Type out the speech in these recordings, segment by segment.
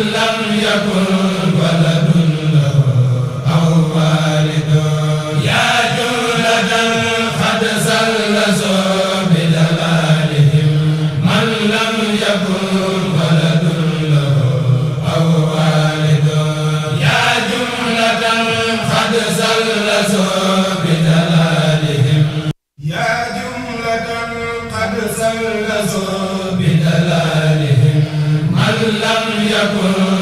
لم يكن ولد له أو والد يا قد زلزوا من لم يكن ولد له أو والد يا جملة قد زلزوا بدلالهم يا جملة قد زلزوا Yaqub.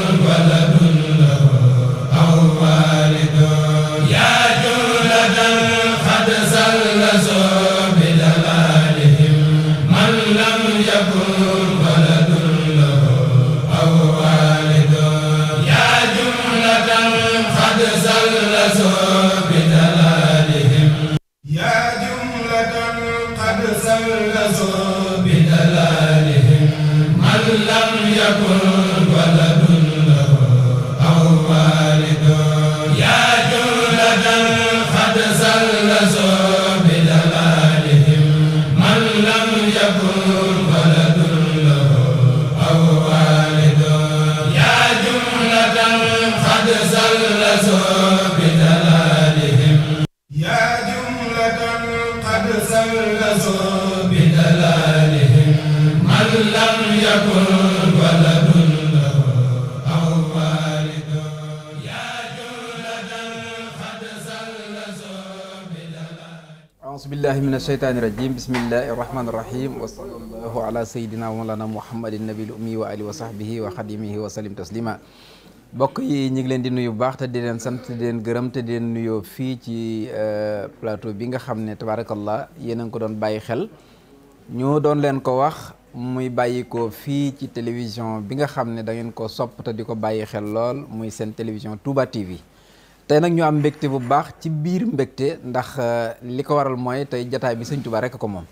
بالله من الشيطان الرجيم بسم الله الرحمن الرحيم وصلى الله على سيدنا مولانا محمد النبي الأمي وآله وصحبه وخدمه وسلم تسليما بقي نجلن دي نيو باخت دي لن سنت دي لن غرم تي دي نيو في تي بلاتو بيغا خامني تبارك الله يينن كو دون باي خيل ньо دون لن كو واخ موي بايكو في تي تلفزيون بيغا خامني دا نين كو سوب تا ديكو باي خيل لول موي سن تلفزيون توبا تي في tey nag ñu am mbégte bu baax ci biir mbégte ndax euh, li ko waral mooy tey jataay bi sëñ Tuubaa rekk ko moom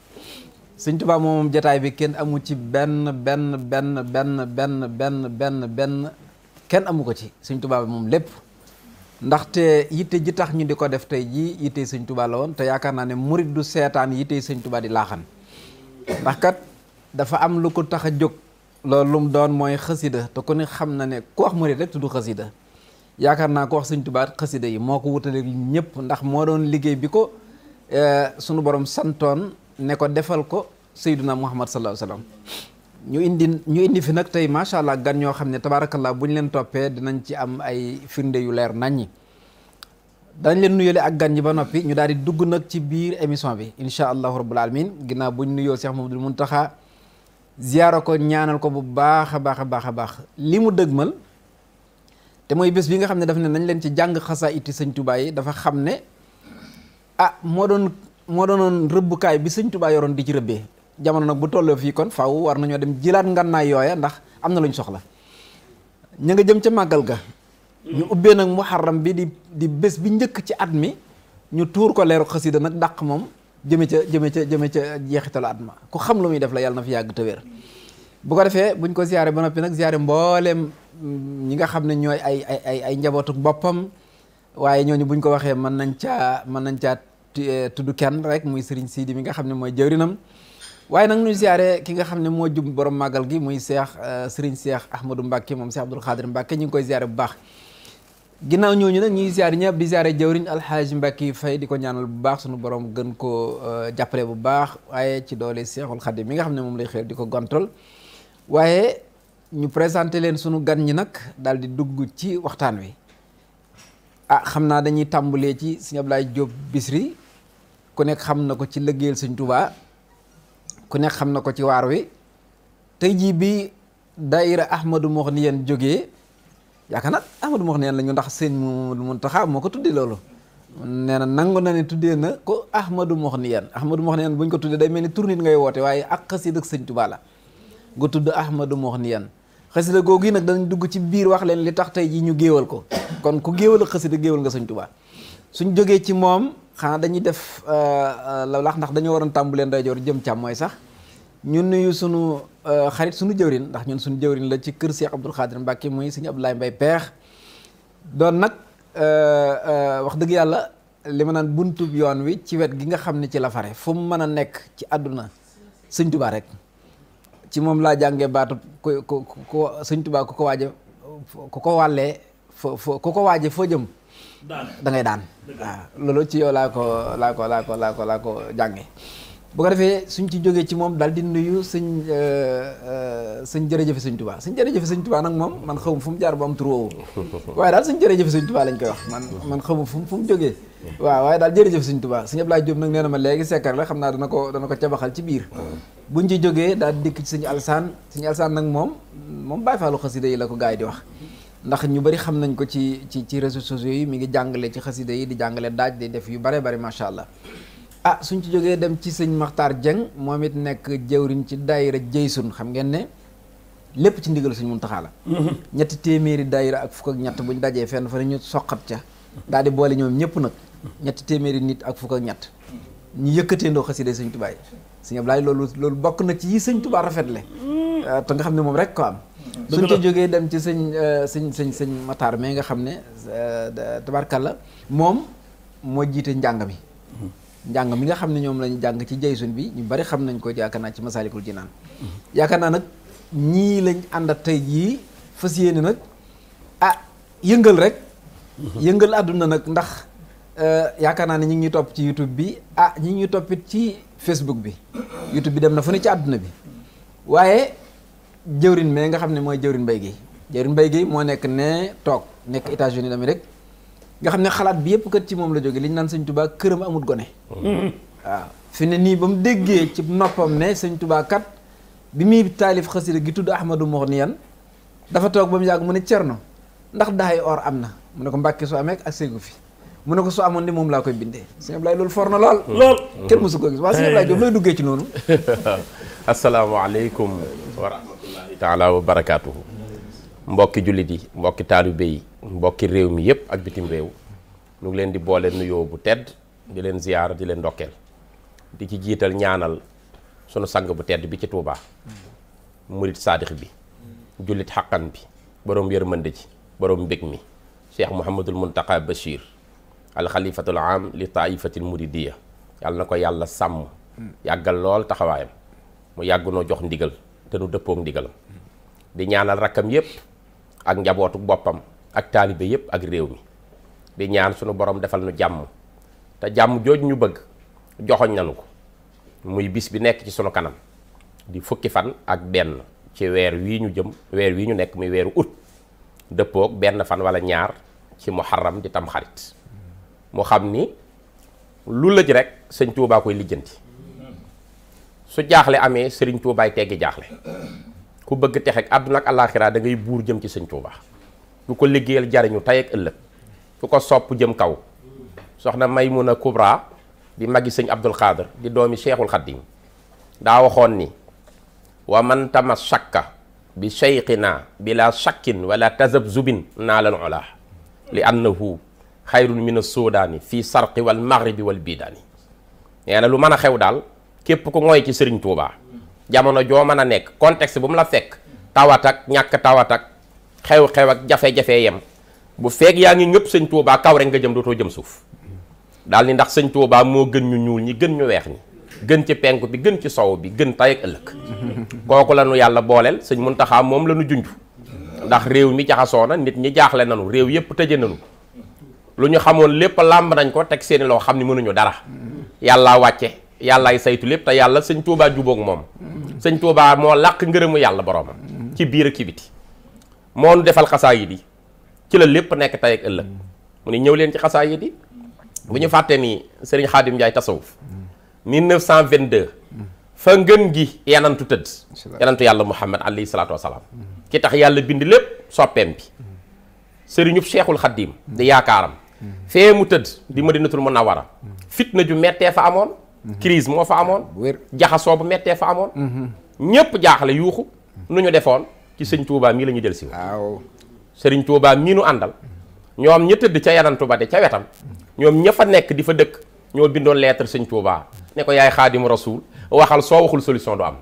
sëñ Tuubaa moom jataay bi kenn amu ci benn benn benn benn benn benn benn benn kenn amu ko ci sëñ Tuubaa bi moom lépp ndaxte yitte ji tax ñu di ko def tey jii yitte sëñ Tuubaa la woon te yaakaar naa ne murit du seetaan yitte sëñ Tuubaa di laaxan ndax kat dafa am lu ko tax a jóg loolu lum doon mooy xasida te ku ne xam na ne ku wax murit rek tudd xasida yaakaar naa ko wax sëñ Tuubaa xasida yi moo ko wutaleeg ñëpp ndax moo doon liggéey bi ko eh, sunu borom santoon ne ko defal ko sayyiduna Muhammad sallallahu alayhi wa sallam ñu indi ñu indi fi nag tey macha allah gan ñoo xam ne tabaarakallaa bu ñu leen toppee dinañ ci am ay firnde yu leer nañ ñi dañ leen nuyoolee ak gan ñi ba noppi ñu daal di dugg nag ci biir émission bi incha allahu rabbul alamin ginnaaw bu ñu nuyoo Cheikh Mamadou taxa ziyaara ko ñaanal ko bu baax a baax a baax a baax li mu dëgmal te mooy bés bi nga xam ne daf ne nañ leen ci jàng xasaayiti sëñ Tuubaa yi dafa xam ne ah moo doon moo doon doonoon rëbbukaay bi sëñtubaay yoroon di ci rëbbee jamono nag bu tolloo fii kon faw war nañoo dem jilaat ngannaay yooya ndax am na lu ñu soxla ña nga jëm ca màggal ga ñu ubbee nag muharram bi di di bés bi njëkk ci at mi ñu tuur ko leeru xasida nag dàq moom jëme ca jëme ca jëme ca jeexitalu at ma ku xam lu muy def la yàlla na fi yàgg te wér bu ko defee buñ ko ziyaare ñi nga xam ne ñooy ay ay njabootu boppam waaye ñooñu buñ ko waxee mën nañ ca mën nañ caa eh, tudd kenn rek muy Serigne Sidi mi nga xam ne mooy jëwrinam waaye nag ñuy siyaare ki nga xam ne moo jub borom màggal gi muy Cheikh eh, Serigne Cheikh Ahmadou Mbacke moom Cheikh Abdoul Khadir Mbacke ñu ngi koy siyaare bu baax ginnaaw ñooñu nag ñuy siyaare ñëpp di siyaare jëwriñ Alxaaji Mbacke Faye di ko ñaanal bu baax suñu borom gën koo eh, jàppale bu baax waaye ci doole Cheikhul Khadim mi nga xam ne moom lay xëer di ko gontal waaye ñu présenté leen sunu gan ñi nag daal di dugg ci waxtaan wi a ah, xam naa dañuy tàmbalee ci sëñ Ablaye Diop Bichri ku nekk xam na ko ci lëggéeyal sëñ Touba ku nekk xam na ko ci waar wi tey jii bi daayira Ahmadou Mouhniyane jógee yaakaar naa Ahmadou Mouhniyane la ñu ndax sëñ mun Mountakha moo ko tuddee loolu nee na nangu na ne tuddee na ko Ahmadou Mouhniyane Ahmadou bu buñ ko tuddee day mel ni tournit ngay woote waaye ak xasida ak sëñ tubaa la nga tudd Ahmadou Mouhniyane xasida googu yi nag dañu dugg ci biir wax leen li tax tey ji ñu géewal ko kon ku géewal ak xasida géewal nga sëñ Tuubaa suñ jógee ci moom xanaa dañuy def euh, euh, la lawlax ndax dañoo waroon tàmbulee ndeyjoor jëm càmmooy sax ñun nuyu sunu euh, xarit sunu jëwrin ndax ñun sunu jëwrin la ci kër Cheikh Abdoul Khadir Mbacke muy sëñ Abdoulaye Mbaye Peex doon nag wax dëgg yàlla li ma naan buntub yoon wi ci wet gi nga xam ne ci la fare fu mu mën a nekk ci àdduna sëñ Tuubaa rek ci moom laa jàngee baatu ku ku ku Sëñ Tuubaa ku ko waaje ku ko wàllee fo fo ku ko waaje foo jëm da ngay daan waaw ci yow laa ko laa ko laa ko laa ko laa bu ko defee suñ ci jógee ci moom daal di nuyu sëñ euh, euh, sëñ jërëjëfe sëñ tubaa sëñ jërëjëfe sëñ tubaa nag moom man xawma fu mu jaar bu tur woowu waaye daal sëñ jërëjëfe sëñ tubaa lañ koy wax man man xawma fu mu jógee waaw waaye daal jërëjëf suñ tubaa suñu Ablaye Diop nag nee na ma léegi sekkar la xam naa dana ko dana ko cabaxal ci biir buñ ci jógee daal dikk ci suñu alsaan suñu alsaan nag moom moom bàyyi faalu xasida yi la ko gars yi di wax ndax ñu bari xam nañ ko ci ci ci réseaux sociaux yi mi ngi jàngale ci xasida yi di jàngale daaj di def yu bare bari macha allah ah suñ ci jógee dem ci sëñ Maxtaar Jeng moom it nekk jëwriñ ci daayira jëysun xam ngeen ne lépp ci ndigal suñ Muntaxa la mm-hmm. ñetti téeméeri daayira ak fukk ñett buñ dajee fenn fa ñu soqat ca daal di boole ñoom ñëpp nag ñetti téeméeri nit ak fukk ñett ñu yëkkatee ndoo xasida sëñ Tuubaa yi sëñ Ablaay loolu loolu bokk na ci yi sëñ Tuubaa rafet le mm. te nga xam ne moom rek ko am mm. suñ ko jogee dem ci sëñ euh, sëñ sëñ sëñ Matar mais nga xam ne euh, tabarkalla moom moo jiite njàng mi mm-hmm. njàng mi nga xam ne ñoom lañu jàng ci jaysun bi ñu bari xam nañ ko yaakaar naa ci Masaalikul Jinaan mm-hmm. yaakaar naa nag ñii lañ ànd ak tey jii fas yéene nag ah yëngal rek mm-hmm. yëngal àdduna nag ndax Euh, yaakaar naa ne ñu ngi ñuy topp ci YouTube bi ah ñi ngi toppit ci Facebook bi YouTube bi dem na fu ne ci àdduna bi waaye jëwrin mais nga xam ne mooy jëwrin mbay gi jëwrin Mbaye Guèye moo nekk ne toog nekk États-Unis d'Amérique nga xam ne xalaat bi yëpp kat ci moom la jóge li naan sëñ Touba këram amut nii ba mu déggee ci noppam ne sëñ Touba bi muy taalif xasida gi tudd Ahmadou Mourniyan dafa toog ba mu yàgg mu ne Cerno ndax daay or am na mu ne ko Mbàkke soo amee ak séegu fi mu ne ko su amoon de moom laa koy bindee sëñ Ablaye loolu for na lool. Hmm. lool kenn mosu ko gis waa sëñ Ablaye Diop duggee ci noonu. asalaamaaleykum wa rahmatullahi taala wa mbokki jullit yi mbokki taalibe yi mbokki réew mi yëpp ak bitim réew. ñu leen di boole nuyoo bu tedd di leen ziyaar di leen ndokkeel di ci jiital ñaanal sunu sang bu tedd bi ci Touba. murit saadix bi. jullit xaqan bi. borom yërmande ji borom mbég mi. cheikh Mouhamadul Muntaqa Bachir. al Khalifatul am li taifatil muridiyya yalla nako yalla sam yagal lol taxawayam mu yàgg noo jox ndigal te nu deppok ndigal di ñaanal rakam yep ak njabotu bopam ak talibe yep ak rew mi di ñaan suñu borom defal nu jamu te jamu joj ñu bëgg joxoñ nañu ko muy bis bi nek ci suñu kanam di fukki fan ak ben ci wër wi ñu jëm wër wi ñu nek muy wër ut deppok ben fan wala ñaar ci muharram di tam xarit mo xamni ni lu lëj rek sëñ Touba koy lijeenti su jaxlé amé amee touba ay teggi jaxlé ku bëgg téx ak àdduna ak alakhirah da ngay buur jëm ci sëñ Touba ku ko liggéeyal jarignu tay ak ëlëk ku ko sopp jëm kaw soxna Maymuna Kubra di magi sëñ Abdul Xaadir di domi Cheikhul khadim da waxon ni wa man tamassaka bi cheikhina bila shakkin wala tazabzubin nalal ulah li annahu xayrun min as-sudaani fii sarqi wal maghribi wal bidaani nee na lu mën a xew daal képp ku mooy ci sëriñ Touba jamono joo mën a nekk contexte bu mu la fekk tawat ak ñàkk tawat ak xew-xew ak jafe-jafe yem bu feeg yaa ngi ñëpp sëñ Touba kaw rek nga jëm dootoo jëm suuf daal ni ndax sëñ Touba moo gën ñu ñuul ñi gën ñu weex ñi gën ci penku bi gën ci soow bi gën tay ak ëllëg kooku la yàlla booleel sëñ mun Muntaxa moom la nu junj ndax réew mi jaxasoo na nit ñi jaaxle nanu réew yëpp tëje nanu lu ñu xamoon lépp làmb nañ ko tek seen lo xamni ni mënuñu dara wacce yalla ay saytu ta yalla yàlla touba djubo ak mom sëñ touba mo laq ngeureum yalla borom ci biir ak ci biti moo nu defal xasaa ci la lepp nek tay ak ëllëg mu ni ñew leen ci xasaa bu ñu fàtte ni sëriñ khadim Njaay tasawuf 1922 fa ngeen gi yanantu teud yanantu yalla Muhammad alayhi salaatu wasalaam ki tax yalla bind lepp soppeem bi sëriñub Seexul khadim fee mu tëdd di a munawwara fitna ju mettee fa amoon crise moo fa amoon jaxasoo bu mettee fa amoon ñépp jaaxle yuuxu nu ñu defoon ci sëñ Touba mii lañuy ñu si waaw sëriñ Touba mii nu àndal ñoom ña tëdd ca yanantu ba de ca wetam ñoom ña fa nekk di fa dëkk ñoo bindoon lettre sëñ Touba ne ko yaay xaadimu rasuul waxal soo waxul solution du am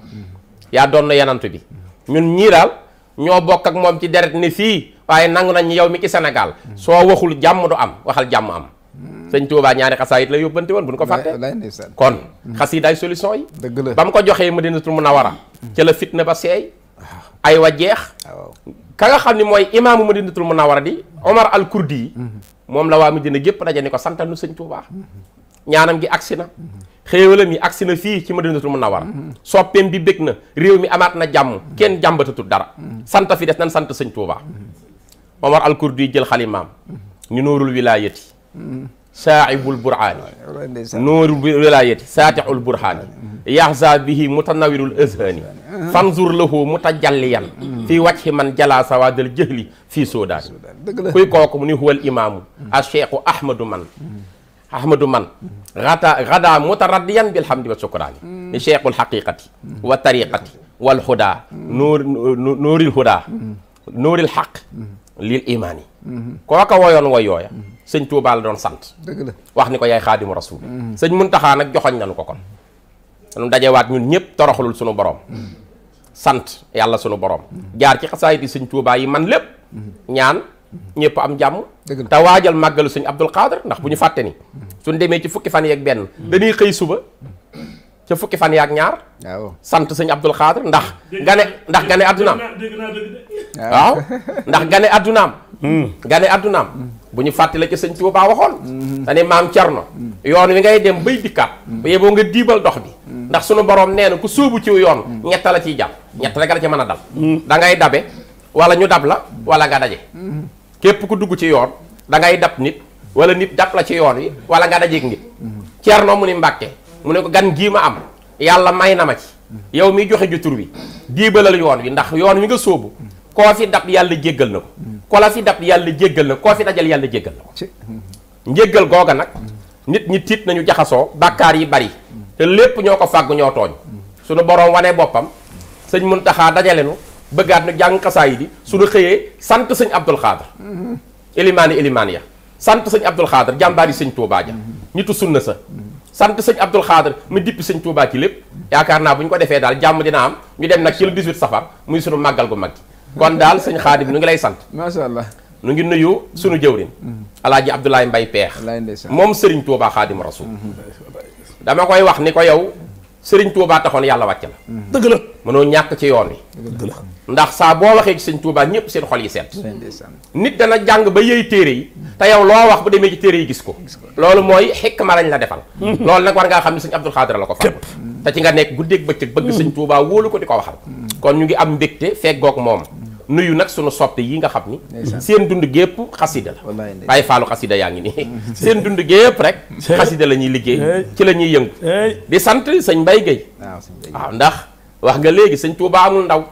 yaa doon na yanantu bi ñun ñii daal ñoo bokk ak moom ci deret ni fii waaye nangu nañ yow mi ci senegal soo waxul jàmm du am waxal jàmm am sëñ Tuubaa ñaari xasaayit la yóbbante woon bu ko fàtte kon mm. xasiidaay solution yi ba mu ko joxee Madinatul Munawwara mm. ca la fitna ba seey ah. ay wa jeex ka nga xam ne mooy imaamu Madinatul Munawwara di mm. Omar al Kurdi mm-hmm. moom la waa Madina gépp daje ni ko santal nu sëñ Tuubaa mm-hmm. ñaanam gi agsi na mm-hmm. xéewalam mi agsi na fii ci Madinatul munawwar soppeem bi bekna rew mi amat na jàmm kenn jàmbatatul dara sante fi def nan sante seigne touba Omar al Kurdi jël khalimam ni noorul wilayati sa'ibul burhan noorul wilayati saatixul burhan yahza bihi mutanawirul azhani fanzur lahu mutajalliyan fi wajhi man jala sawadul jahli fi soodaani kuy kokum ni huwal imam al sheikh ahmadu man ahmadu man gada gada mutaradiyan bilhamdi wa sukrani li cheikhul haqiqati wa tariqati wal huda nuur nuuril huda nuuril haq lil imani kooka woyoon woy yooya Tuubaa la doon sant wax ni ko yaay xaadimu rasul mm-hmm. sëñ Muntaxaa nag joxoñ nañu ko kon nu dajewaat ñun ñëpp toroxlul sunu borom mm-hmm. sant yàlla sunu borom mm-hmm. jaar ci xasaayidi sëñ Tuubaa yi man lépp ñaan ñepp am jamu, ta wajal màggalu Abdul Qadir, ndax buñu faté ni suñu démé ci fukki fan yeeg ben dañuy xey suba ci fukki fan ñaar sant Abdul Qadir, ndax gane ndax gane adunam, waaw ndax gane adunam, hmm. gane adunam, buñu faté la ci sëñ touba waxon hmm. dañé maam Cerno hmm. yoon wi ngay dem bay dikka bu yebo nga dibal dox bi ndax sunu borom néna ku soobu ciw yoon ñetta la ciy jàpp ñett rek la ci mëna dal da ngay dabe wala ñu dab la wala nga daje képp ku dugg ci yoon da ngay dab nit wala nit dab la ci yoon yi wala nga dajeeg nit ceerno mu ni mbàkke mu ne ko gan gi ma am yalla may na ma ci yow mi joxe ju tur bi diibalal yoon wi ndax yoon wi nga sóobu ko fi dab yalla jéggal nako ko la fi dab yalla jéggal nako ko fi dajal yalla jéggal na njéggal googa nit ñi tit nañu jaxaso yi bari te lepp ñoko ko ñoo tooñ suñu borom wane bopam señ muntaha dajalenu bëggaat nag jàng xasaayid yi suñu xëyee sant sëñ Abdul Xaadar élimaani élimaan ya sant sëñ Abdul jàmbaar yi sëñ Tuubaa ja nitu sunna sa sant sëñ Abdul Xaadar mu dippi sëñ Tuubaa ci lépp yaakaar naa bu ñu ko defee daal jàmm dina am ñu dem nag ci le 18 safar muy sunu màggal gu mag kon daal sëñ Xaadim nu ngi lay sant macha allah nu ngi nuyu sunu jëwrin alaaji Abdoulaye Mbay Peex moom sëriñ Tuubaa Xaadim Rasuul mm-hmm. dama koy wax ni ko yow sëriñ Touba taxoon yàlla wàcc la. Mm-hmm. dëgg la mënoo ñàkk ci yoon wi. ndax saa boo waxee ci sëñ tuubaa ñëpp seen xol yi set. nit dana jàng ba yëy téere yi. te yow loo wax bu demee ci téere yi gis ko. loolu mooy ma lañ la defal. Mm-hmm. loolu nag war ngaa xam ne sëñ Abdul Xaadir la ko fàggu. te ci nga nekk guddeeg bëccëg bëgg sëñ mm-hmm. Touba wóolu ko di ko waxal. kon ñu ngi am mbégte feggoog moom. nuyu nag sunu sopp yi nga xam ni seen dund gépp xasida la bàyyi faalu xasida yaa ngi nii seen dund gépp rek xasida la ñuy liggéey ci la ñuy yëngu di sant sañ Mbay Gey waaw ndax wax nga léegi sëñ Tuubaa mu ndaw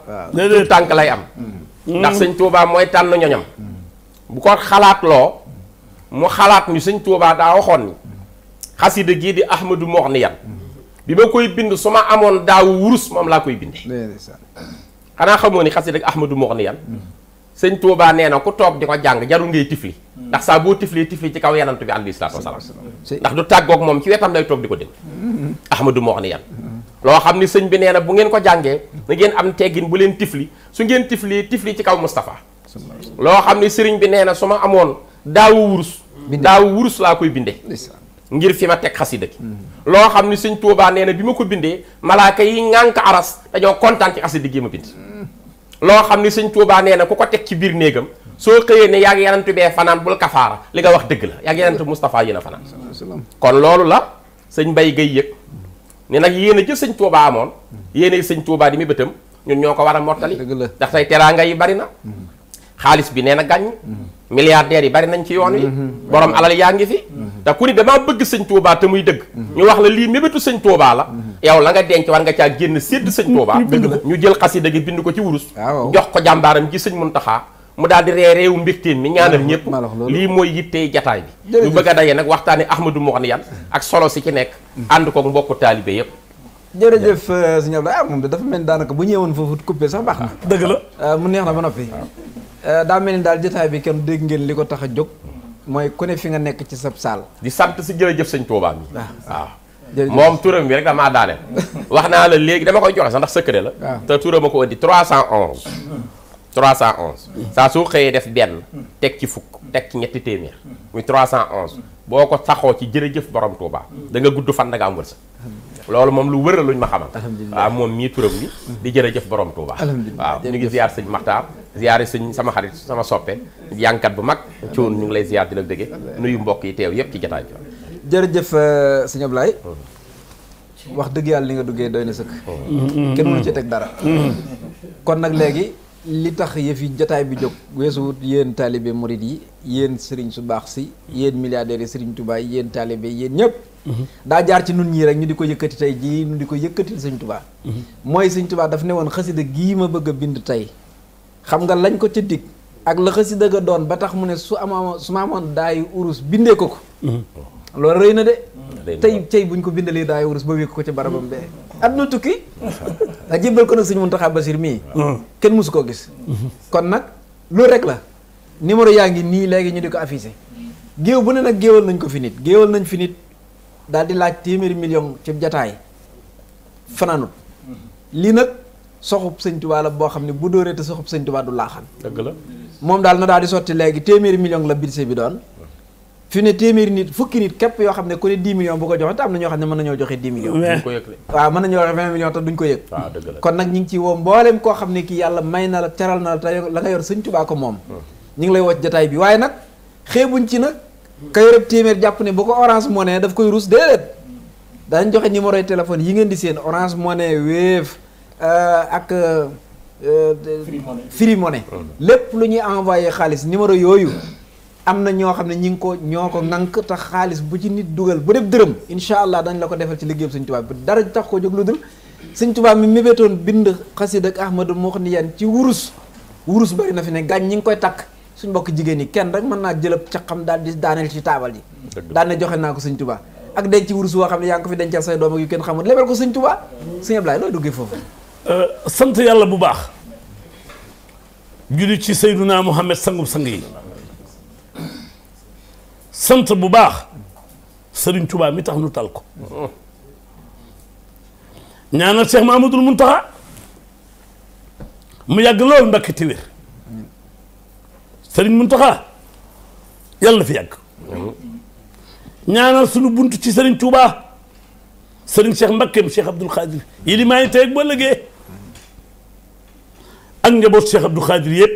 tout tànk lay am mm. ndax sëñ Tuubaa mooy tànn ñoñam mm. bu ko xalaat loo mu xalaat ni sëñ Tuubaa daa waxoon ni xasida gii di Ahmadu Moxniyan mm. bi ma koy bind su ma amoon daaw wurus moom laa koy binde xanaa xamoo ni xasida ak Ahmadou Mourniyan mm-hmm. sëñ Touba nee na ku toog di ko jàng jarul ngay tifli mm-hmm. ndax saa boo tiflee tifli ci kaw yanantu bi alayhi salaatu wasalaam mm-hmm. ndax du tàggoog moom ci wetam lay toog di ko dégg Ahmadou Mourniyan loo xam ni sëñ bi nee na bu ngeen ko jàngee na ngeen am teggin bu leen tifli su ngeen tifli tifli ci kaw Moustapha loo xam ni sëriñ bi nee na su ma amoon daawu wurus daawu wurus laa koy binde ngir fi ma teg xasida gi loo xam ni sëñ Touba nee na bi ma ko bindee malaaka yi ŋànk aras dañoo kontaan ci xasida gi ma bind loo xam ne sëñ Tuubaa nee na ku ko teg ci biir néegam soo xëyee ne yaa ngi yanantu bee fanaan bul kafaara li nga wax dëgg la yaa ngi yanantu Moustapha yi na fanaan kon loolu la sëñ bay Gay yëg ne nag yéen a jël sëñ Tuubaa amoon yéen a sëñ Tuubaa di mi bëtam ñun ñoo ko war a mottali ndax tey teraanga yi bari na xaalis bi ne na gàññ milliardaires yi bari nañ ci yoon wi mm-hmm. borom alal yaa ngi fi mm-hmm. te ku ni damaa bëgg sëñ Tuubaa te muy dëgg mm-hmm. ñu wax la lii mébétu sëñ Tuubaa la yow la nga denc war nga ca genn sedd sëñ toba ñu jël xasida gi bind ko ci wurus jox ko jambaram gi sëñ muntaha mu dal di ree réewu mbégteem mi ñaanal ñepp li moy yitte jataay bi ñu bëgg a nak waxtani waxtaane Ahmadou Mouhniyane ak solo si ci nek and ko mbokku taalibe yëpp jërëjëf euh, sëñ abdou ah mom dafa mel ni daanaka bu ñëwoon fofu coupé sax baxna na ah. dëgg la euh, mu neex na ba nopi ah. euh, da mel dal daal bi kenn dégg ngeen liko ko tax a ku ne fi nga nek ci sab sal di sant si jërëjëf sëñ Tuuba mi waaw ah. moom turam bi rek damaa daaneel. wax naa la léegi dama koy joxe sax ndax secret la. te turam a ko indi cent 311. saa soo xëyee def benn. teg ci fukk teg ci ñetti téeméer. muy cent 311. boo ko saxoo ci jërëjëf borom Touba. da danga gudd fan da nga am wërsëg. loolu moom lu wër la luñ ma xamal. waaw moom mii turam bi di jëf borom Touba. waaw ñu ngi ziar sañ Maxtaar. ziyaare sëñ sama xarit sama soppe. yànkat bu mag. ci woon ñu ngi lay ziar di la dëgge nuyu mbokk yi teew yëpp ci jotaay bi. jërëjëf euh, sëñ Ablaye wax dëgg yàlla li nga duggee doy na sëkk kenn mënu ci teg dara kon nag léegi li tax yëf yi jotaay bi jóg weesuwut yéen taalibe murid yi yéen sëriñ su baax si yéen milliardaires yi sëriñ Touba yi yéen taalibe yéen ñëpp daa jaar ci nun ñii rek ñu di ko yëkkati tey jii ñu di ko yëkkatil sëñ Touba mooy sëñ Touba daf ne woon xasida gii ma bëgg a bind tey xam nga lañ ko ca dig ak la xasida ga doon ba tax mu ne su ama su ma amoon daayu urus bindee ko ko loolu rëy na de. tey tey buñ ko bindalee daay wurus ba wékk ko ci barabam mm-hmm. at àdduna tukki. a ah, jébbal ko nag sëñ Muntaxa Basiir mii. Mm-hmm. kenn mosu koo gis. Mm-hmm. kon nag loolu rek la numéro yaa ngi nii léegi ñu di ko affiché. géew bu ne nag géewal nañ ko fi nit géewal nañ fi nit daal di laaj téeméeri million ci jataay fanaanut lii nag soxub sëñ Tuubaa la boo xam ne bu dóoree te soxub sëñ Tuubaa du laaxam dëgg la moom daal na daal di sotti léegi téeméeri million la budget bi doon. fi ne téeméeri nit fukki nit képp yoo xam ne ku ne 10 millions bu ko joxoon te am na ñoo xam ne mën nañoo joxe 10 millions waaw mën nañoo joxe 20 te duñ ko yëg ah, kon nag ñi ngi ci woo mboolem koo xam ne ki yàlla may na la teral na la te la nga yor sëñ Tuubaa ko moom hmm. ñi ngi lay wocc jataay bi waaye nag xeebuñ ci nag ka yoreb téeméer jàpp ne boo ko orange monnaie daf koy ruus déedéet dañ joxe numéro yi téléphone yi ngeen di seen orange monnaie wave euh, ak euh, free monnaie hmm. lépp lu ñuy envoyé xaalis numéro yooyu am na ñoo xam ne ñi ngi ko ñoo ko ŋànk tax xaalis bu ci nit dugal bu def dërëm incha allah dañ la ko defal ci liggéeyam sëñ tubaab bi dara tax ko jóg lu dul sëñ tubaab mi mébétoon bind xasid ak ahmadou moo xam ne yan ci wurus wurus bari na fi ne gaañ ñi ngi koy takk suñ mbokk jigéen yi kenn rek mën naa jëlab ca xam daal di daaneel ci taabal yi daal joxe naa ko sëñ tubaab ak denc wurus woo xam ne yaa fi dencal say doom ak yu kenn xamul lebal ko sëñ tubaab sëñ Ablaay looy duggee foofu euh, sant yàlla bu baax julli ci sayduna muhammad sangub sang yi sant bu baax Serigne Touba mi tax nu tal ko ñaanal Cheikh Mamadou Mountakha mu yàgg loolu ndakk ti wér Serigne Mountakha yàlla na fi yàgg ñaanal sunu bunt ci Serigne Touba Serigne Cheikh Mbakkeem Cheikh Abdoul Khadir yi li maa ngi tey ba léegi ak njaboot Cheikh Abdoul Khadir yëpp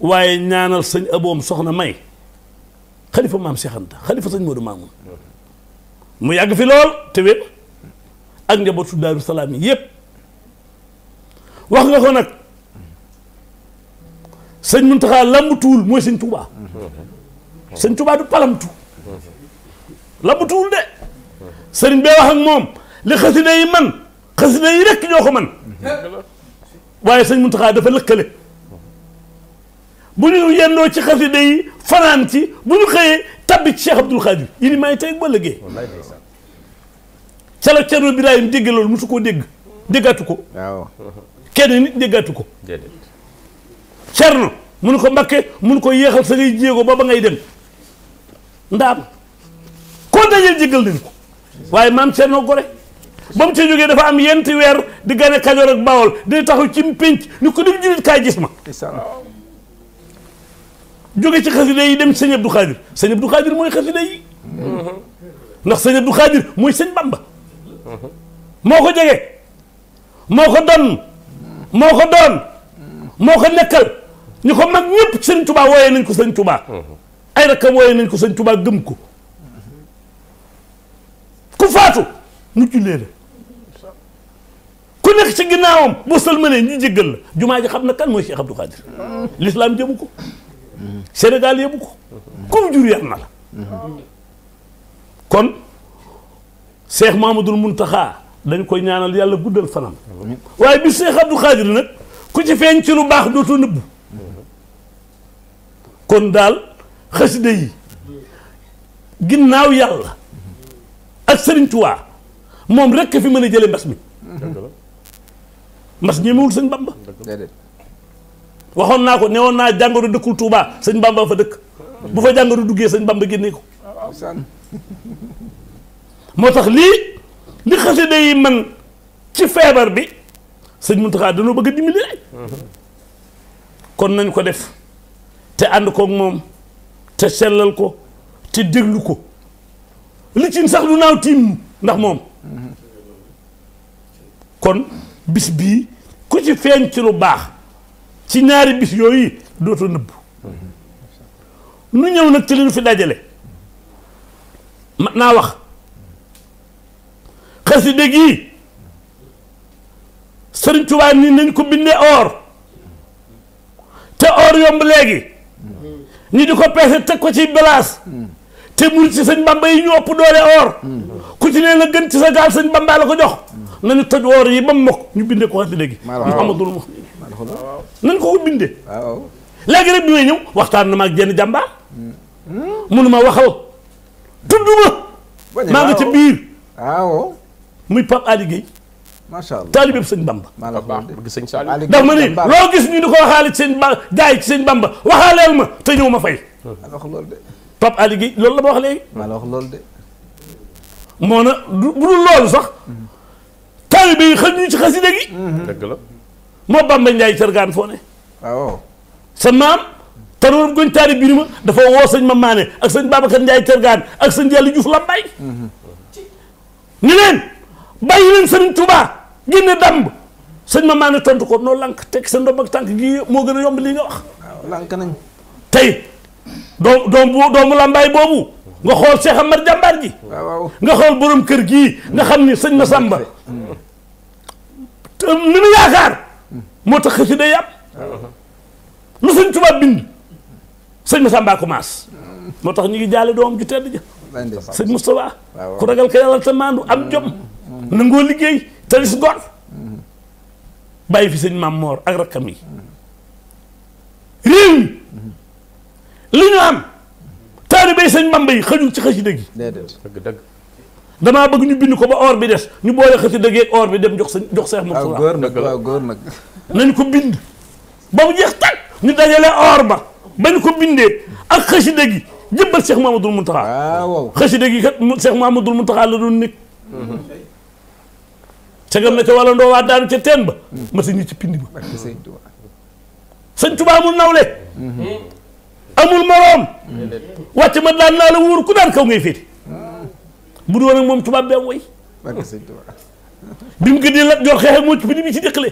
waaye ñaanal sëñ aboom soxna May. خليفه مام سيخنده خليفه سيدنا مولى مامون مو ياغ في لول تيبي اك نيبوت دار السلام ييب واخ نك سيدنا منتخا لامتول مو سيدنا توبا سيدنا توبا دو بالامتو لامتول دي سيدنا بي واخ موم لي خزينه يمن خزينه يرك نيوخو من واي سيدنا منتخا دا فا لكلي bu ñu yendoo ci xasida day fanaan ci bu ñu xëyee tabbi ci Cheikh Abdoul Khadir yi ni may tey ba lëggee calo Cerno Birahim dégg loolu mosu koo dégg déggatu ko kenn nit déggatu ko Cerno mun ko mbakke mun ko yéexal sa ngay jéego ba ba ngay dem ndaam koo dajal jéggal nañ ko waaye maam Cerno gore ba mu ci jógee dafa am yenti weer di gane Kajoor ak Bawol di taxaw ci mpénc ni ko dem jullit kaay gis ma jóge ci xasida yi dem sëñ Abdou Khadir sëñ Abdou Khadir mooy xasida yi ndax sëñ Abdou Khadir mooy sëñ Bamba moo ko jege moo ko doon moo ko doon moo ko nekkal ñu ko mag ñëpp sëñ Touba wooyee nañ ko sëñ Touba ay rakkam wooyee nañ ko sëñ Touba gëm ko ku faatu mu jullee la ku nekk ci ginnaawam boo sëlmalee ñu jéggal la jumaa ji xam na kan mooy Cheikh Abdou Khadir l'islam jëmu ko Sénégal yóbbu ko. comme jur yar na la. kon Cheikh Mamadou muntaxaa dañ koy ñaanal yàlla guddal fanam. waaye bi Cheikh Abdou Khadir nag ku ci feeñ ci lu baax dootoo nëbbu. kon daal xasida yi ginnaaw yàlla ak Sëriñ Tuubaa moom rekk fi mën a jële mbas mi mbas ñemewul sëñ Bamba waxoon naa ko ne naa jàngoro dëkkul Touba sëñ Bamba fa dëkk bu fa jàngoro duggee sëñ ba génne ko moo tax lii li xasida yi man ci feebar bi sëñ Mountakha dañoo bëgg a dimbali rek kon nañ ko def te ànd koog moom te sellal ko te déglu ko li ci sax lu naaw tiim ndax moom kon bis bii ku ci feeñ ci lu baax ci ñaari bis yooyu dootoo nëbbu nu ñëw nag ci li ñu fi dajale mat naa wax xasida gi sëriñ Tuubaa ni nañ ko bindee or te or yomb léegi ñi di ko peese teg ko ci balaas te murit ci sëñ Bamba yi ñu ëpp doole or ku ci nee la gën ci sa gaal sëñ Bamba la ko jox nañu toj woor yi ba mu mokk ñu bindee ko xasida gi Muhammadul Muxtaar nañ ko ko bindee léegi rek bi may ñëw waxtaan na ma ak jenn jàmbaar munu ma waxal tudd ma maa nga ca biir waaw muy Pape Ali Guèye macha allah taalibe bi sëñ Bamba. maanaam bëgg sëñ Saliou. daf ma ni loo gis ñu di ko waxaale ci sëñ Ba gars yi ci sëñ Bamba waxaaleel ma te ñëw ma fay. maanaam wax loolu de. Pape Ali Guèye loolu la ma wax léegi. maanaam wax loolu de. moo na bu dul loolu sax. taalibe yi xëy ñu ci xasida gi. Mhm. dëgg la. moo Bamba Ndiaye Thiergane foo ne. waaw ah, oh. sa maam. taroon goñ taari birima dafa woo sëñ ma maane ak sëñ Babacar Ndiaye gaan ak sëñ Yàlla Diouf Lambaye. Mhm. ni leen bàyyi leen sëñ Touba génne damb sëñ ma maane tontu ko noo lank teg sa ndoom ak tànk gi moo gën a yomb li nga wax. waaw ah, lank nañ. tey doo doomu doomu boobu. nga xool Cheikh Amar jàmbaar ji nga xool borom kër gi nga xam ni sëñ Massamba te ni mu yaakaar moo tax xëcc day yàpp lu sëñ Tuubaa bind sëñ Massamba ko maas moo tax ñu ngi jaale doom ju te ja sëñ Moustapha ku ragal ko yàlla te maandu am jom nangoo liggéey talis gor bàyyi fi sëñ Maam Moor ak rakkam yi réew mi li ñu am taalibe sëñ Bamba yi xëjul ci xasida gi dëgg dëgg damaa bëgg ñu bind ko ba or bi des ñu boole xasida gi ak or bi dem jox sëñ jox seex Murtada góor nag waaw góor nag nañ ko bind ba mu jeex tag ñu dajale or ba bañ ko bindee ak xasida gi jëbbal seex Mamadul Muntaxa waaw xasida gi kat seex Mamadul Muntaxa la doon nekk segam na ca wala ndoo waa daanu ca teen ba ma sa ñi ci pind ba sëñ Tuubaa mu nawle mm-hmm. amul moroom wàcc ma daan naa la wóor ku daan kaw ngay féete bu doon ak moom tubaab bi am way bi mu gënee la joor xeexe moo ci bi bi ci dëkkale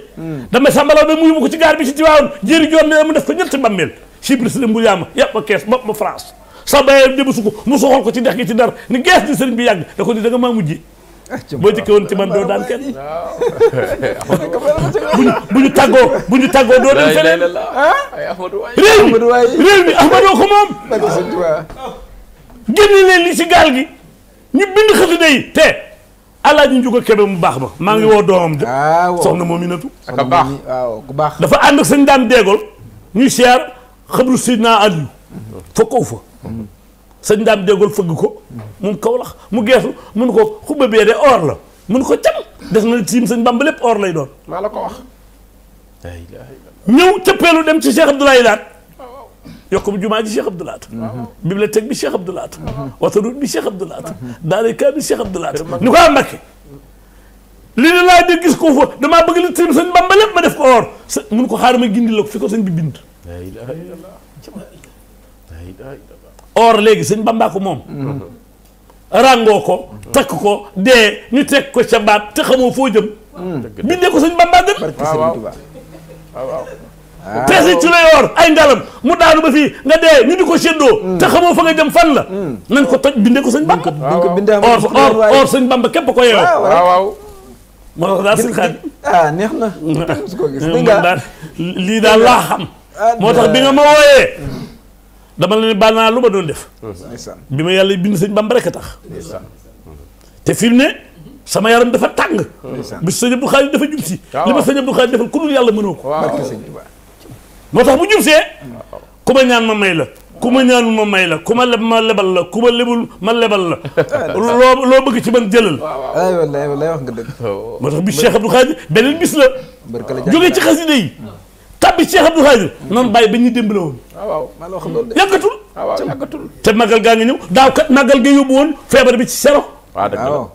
dama sàmbalaw da mu yóbbu ko ci gaar bi ci tiwaawoon jéeri joor ne mu def ko ñetti mbammeel chibre si la mbur yaama yàpp ma kees bopp ma France sa bayee déba su ko mu soxal ko ci dex gi ci dar ni gees di sëriñ bi yàgg da ko ni da nga maa mujjee boo jëkkee woon ci man doo daan kenn. bu ñu tàggoo bu ñu tàggoo doo dem feneen. réew mi réew mi Ahmadou ko moom. génne leen li ci gaal gi ñu bind xasida yi te alaaji njuga kebe mu baax ma maa ngi woo doomam de ah, soxna moom inatu ak baax ku baax dafa ànd ak sañ daan deegol ñuy siyaar xabru sidna aliyu fa kaw fa mm-hmm. sëñ daam déggul fëgg ko moom kaw lax mu geesu mun ko xubba bee de or la mun ko cam def na tiim sëñ bamba lépp or lay doon maa la ko wax ñëw cëppeelu dem ci Cheikh Abdoulaye Laat yokkum jumaa ji Cheikh Abdoulaye Laat bibliothèque bi Cheikh Abdoulaye Laat autoroute bi Cheikh Abdoulaye Laat daara kaa bi Cheikh Abdoulaye Laat ni ko am Mbakke li ne laa de gis ko fa damaa bëgg li tiim sëñ bamba lépp ma def ko or mun ko xaar ma gindi la ko fi ko sëñ bi bind or léegi sëñ Bamba ko moom. ràngoo ko. takk ko dee ñu teg ko ca baat te xamoo foo jëm. bindee ko sëñ Bamba gën. waaw waaw waaw ah. ci la yor ay ngalam mu daanu ba fi nga dee ñu di ko séddoo. Hmm. te xamoo fa nga jëm fan la. Hmm. nañ ko toj bindee ko sëñ Bamba. or or or sëñ Bamba ko yeewoo. moo tax daal ah neex na. lii daa laa xam. Ah, moo tax bi nga ma wooyee. Hmm. dama la ne baal lu ma doon def bima yalla bind seigne bamba rek tax te fi ne sama yaram dafa tang, bi seigne Abdou Khadre dafa jumsi si li ma sëñ Abdou Khadre defal ku yalla yàlla barke seigne ba motax bu jub see ku ma ñaan ma may la ku ma ñaanul ma may la ku ma leb ma lebal la ku ma lebul ma lebal la lo bëgg ci man jëlal ay wallahi wallahi wax nga deug motax bi Cheikh Abdou Khadre benen bis la joge ci khasside yi tàbbi Cheikh Abdou Khadir noonu bàyyi ba ñu dimbale woon ah, waaw maa la wax loolu de yàggatul ah, waaw yàggatul te màggal gaa ngi ñëw daaw kat màggal ga yóbbu feebar bi ci sero waaw ah, dëgg la waaw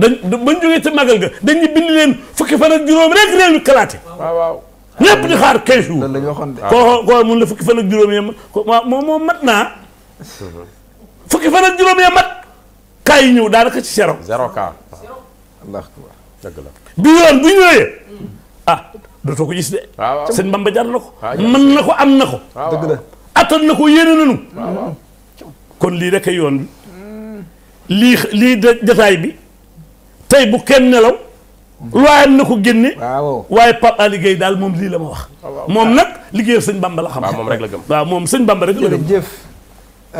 dañ bañ jógee ga dañu bind leen fukki fan ak juróom rek réew mi kalaate waaw waaw ñëpp di xaar quinze jours loolu la mun la fukki fan ak juróom yee mat waaw moom mat naa fukki fan ak juróom yee mat cas yi ñëw daanaka ci sero zéro cas bu ñëwee dootoo ko gis de. waaw sëñ Bamba jar na ko. mën na ko am na ko. dëgg la attan na ko yéene nañu. kon lii rek yoon bi. lii lii jataay bi. tey bu kenn nelaw. waaye na ko génne. waaye Pape liggéey Gueye daal moom lii la ma wax. moom nag liggéey sëñ Bamba la xam. waaw moom rek la gëm waaw moom sëñ Bamba rek la gëm. jërëjëf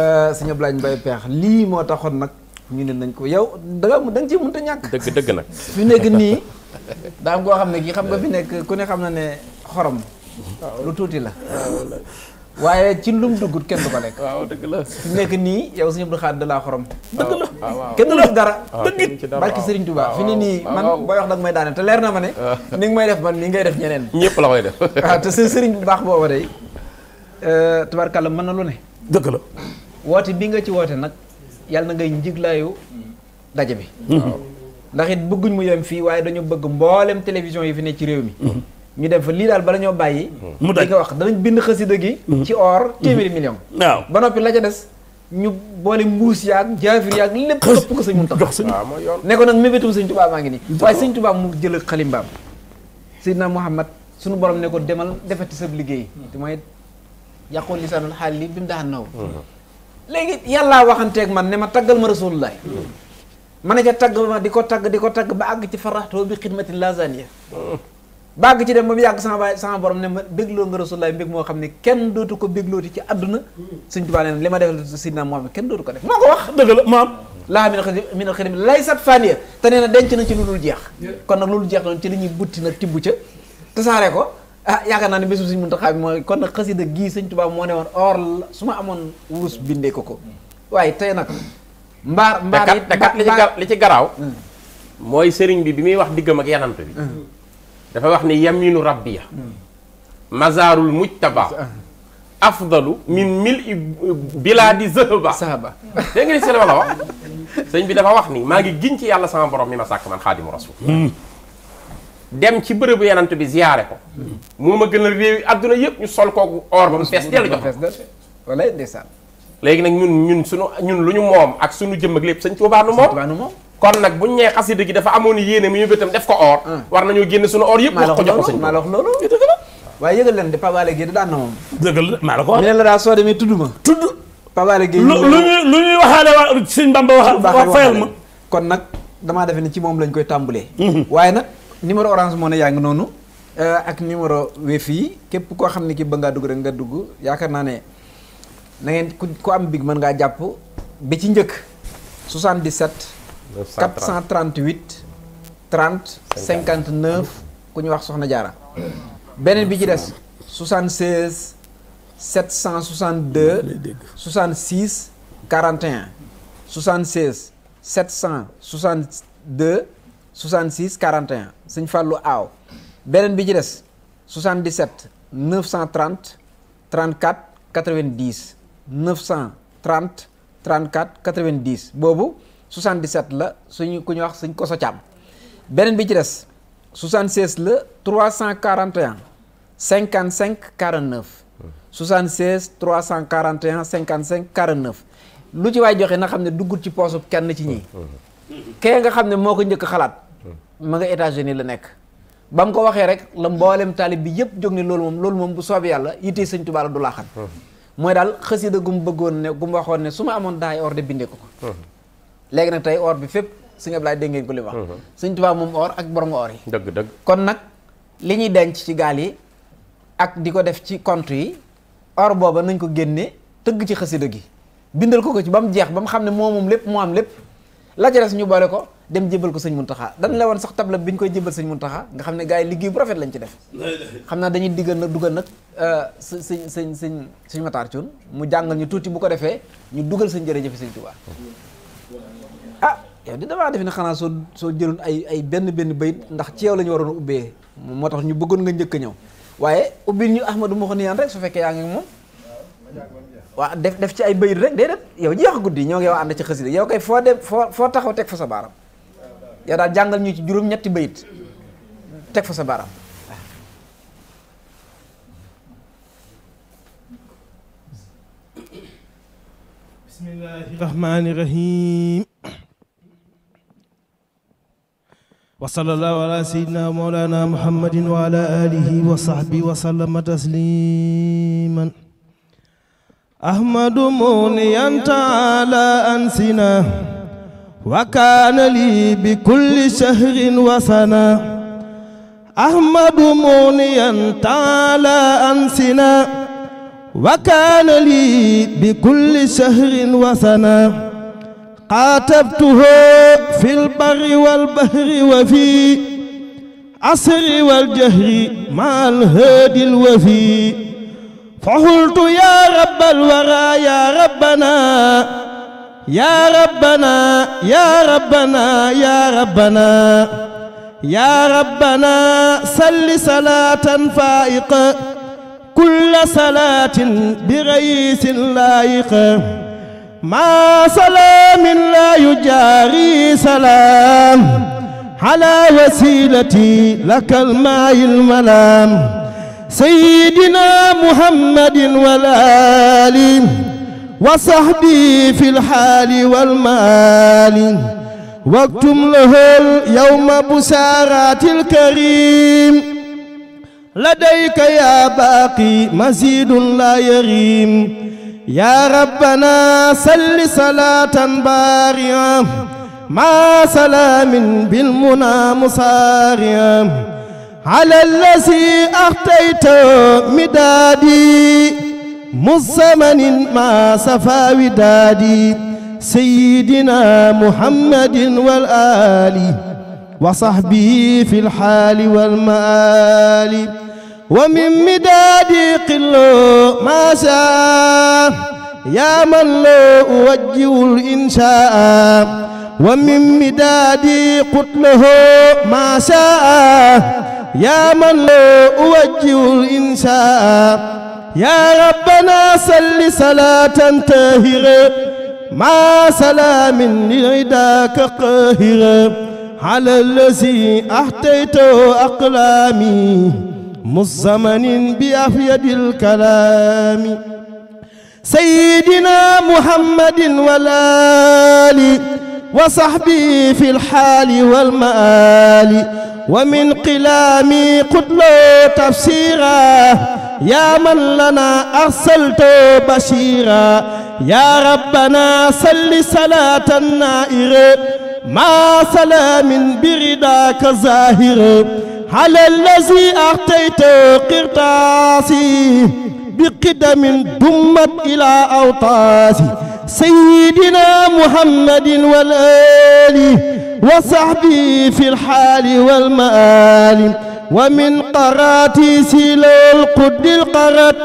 euh, sëñ Ablaye Mbaye Peex lii moo taxoon nag ñu ne nañ ko yow da nga da nga ciy mënut ñàkk. dëgg dëgg nag fi nekk nii. daa koo xam ne kii xam nga fi nekk ku ne xam na ne xorom. lu tuuti la. waaye cin lum duggut kenn du ko lekk. waaw dëgg la fi nekk nii yow sëñ Abdou Khadre da laa xorom. dëgg la kenn du def dara. dëgg barki Serigne Touba fi ne nii man booy wax da nga te leer na ma ne. Ah. ni nga may def man ni ngay def ñeneen. ñëpp la koy def. waaw te seen bu baax booba day euh, tubarkalla mën na lu ne. dëgg la. woote bi nga ci woote nag yàlla na ngay njiglaayu daje bi. Hmm. ndax it bëgguñ mu yëm fi waye dañu bëgg mboolem télévision yi fi ne ci réew mi mhm. ñu dem fa lii daal bala ñoo mhm. mu dañ ko wax dañu bind xëssida gi mhm. ci or 100 millions waaw ba nopi la ca dess ñu boole mbuus yaak jafir yaak lepp ëpp ko sëñ mun tax ne ko nak mebetum sëñ tuba ma ngi ni waaye sëñ tuba mu jël xalimbaam seydina muhammad sunu borom ne ko demal defati sa liggey te moy yaqul lisanul xaal li bi daan naw léegi man ne ma tagal ma rasulullah man ne ca tagg ma di ko tagg di ko tagg ba àgg ci faraxtoo bi xidmatin lazania ba àgg ci dem ba mu yàgg sama baay sama borom ne ma bégloo nga rasulaay mbég moo xam ne kenn dootu ko béglooti ci àdduna suñ tubaa ma defal sidna Muhammad kenn dootu ko def moo ko wax dëgg la maam laa min min al xidmati laysat faniya te nee na denc na ci lu dul jeex kon nag lu dul jeex doon ci li ñuy butti nag tibb ca tasaare ko ah yaakaar naa ne bésu suñ Muntaxaa bi mooy kon nag xasida gii sëñ tubaa moo ne woon or su ma amoon wurus bindee ko ko mm. waaye tey nag mbaar mbaar yi kat li ci garaaw. Hmm. mooy sëriñ bi bi muy wax diggam ak yanant bi. Hmm. dafa wax ni yaminu rabbiya. Hmm. mazaarul mujtaba afdalu min mil i bilaadi zahaba sahaba dégg nga ni sëriñ la wax sëñ bi dafa wax ni maa ngi giñ ci yàlla sama borom mi ma sàkk man xaadimu rasul dem ci bërëb yanant bi ziyaare ko moo ma gën a réew yi àdduna yëpp ñu sol kooku or ba mu fees dellu jox ko léegi nag ñun ñun suñu ñun lu ñu moom ak suñu jëm ak lépp sëñ Tuubaa nu moom kon nag buñ ñee xasida gi dafa amoon yéene mu ñu bëtam def ko or ah. war nañoo génne suñu or yëpp wax ko jox ko sëñ maa la wax loolu dëgg la waaye yëgal leen de Pabaale Gueye daan na moom dëgg la maa la ko wax ne la daa soo demee tudd ma tudd Pabaale Gueye lu ñuy lu ñuy waxaale waa sëñ Bamba wax fayal ma kon nag damaa defe ne ci moom lañ koy tàmbalee mhm. waaye nag numéro orange moo ne yaa ngi noonu euh, ak numéro Wave yi képp koo xam ne ki ba ngaa dugg rek nga dugg yaakaar naa ne na ngeen ku am big man nga japp bi ci njëkk 77 438 30 59 ku ñu wax soxna jaara benen bi ci dess 76 762 66 41 76 762 66 41 seigne Fallou Aw benen bi ci dess 77 930 34 90 930 34 90 boobu 77 la suñu ku ñu wax suñ koso caam beneen bi ci des 76 le, 341 55 49 76 341 55 49 lu ci waay joxe na xam ne duggut ci poosu kenn ci ñii kee nga xam ne moo ko njëkk xalaat ma nga États-Unis la nekk ba mu ko waxee rek la mboolem taalib bi yëpp jóg ne loolu moom loolu bu soobee yàlla yittee sëñ Tuubaa la du laaxan mooy daal gu mu bëggoon ne mu waxoon ne su ma amoon daay or de bindee ko ko léegi nag tey or bi fépp sëñ Ablaye dégg ngeen ko li wax sëñ Tuubaa moom or ak borom or yi dëgg dëgg kon nag li ñuy denc ci gaal yi ak di ko def ci compte yi or booba nañ ko génne tëgg ci xasida gi bindal ko ko ci ba mu jeex ba mu xam ne moo moom lépp moo am lépp la ca des ñu boole ko dem jëbël ko sëñ Muntaxa dañ la won sax tabla biñ koy jëbël sëñ Muntaxa nga xamné gaay liggéey bu rafet lañ ci def xamna naa dañuy diggal nag dugal euh sëñ sëñ sëñ sëñ Matar Cuun mu jangal ñu tuuti bu ko défé ñu dugal sëñ jëf sëñ touba ah yow di dama def ne xana so so jëlun ay ay benn benn bayit ndax ci yow la ñu waroon a ubbee tax ñu bëggoon nga ñëk a ñëw waaye ubbil ñu Ahmadou Mouhniyane rek su fekkee yaa ngi mom wa def def ci ay bayit rek dedet yow jeex guddi ñoo ngi wa and ci xasida yow kay fo dem fo taxaw tek fa sa baram yow daal jàngal ñu ci juróom-ñetti bayit teg fa sa baaraam bismillahi rahmani rahim wa sallallahu ala sayyidina mawlana muhammadin wa ala alihi wa sahbihi wa sallama tasliman ahmadu muniyan taala ansina وكان لي بكل شهر وسنة أحمد مونيا تعالى أنسنا وكان لي بكل شهر وسنة قاتبته في البر والبهر وفي عصر والجهر مع الهادي الوفي فقلت يا رب الورى يا ربنا يا ربنا يا ربنا يا ربنا يا ربنا صل صلاة فائقة كل صلاة برئيس لائق ما سلام لا يجاري سلام على وسيلتي لك الماء الملام سيدنا محمد والآل وصحبي في الحال والمال واكتم له يوم بسارات الكريم لديك يا باقي مزيد لا يريم يا ربنا صل صلاة بارية مع سلام بالمنى مصاريا على الذي أخطيت مدادي مزمن ما سفى ودادي سيدنا محمد والآل وصحبه في الحال والمآل ومن مداد قلو ما شاء يا من لو أوجه الإنشاء ومن مداد قتله ما شاء يا من لو أوجه الإنشاء يا ربنا صل صلاة تاهرة مع سلام لعداك قاهرة على الذي أحتيت أقلامي مزمن بأفيد الكلام سيدنا محمد والآلي وصحبي في الحال والمآل ومن قلامي قد له تفسيرا يا من لنا أرسلت بشيرا يا ربنا صل صلاة نائرة مع سلام برداك زاهر على الذي أعطيت قرطاسي بقدم دمت إلى أوطاسي سيدنا محمد والآل وصحبي في الحال والمآل ومن قراتي سيل القد القرد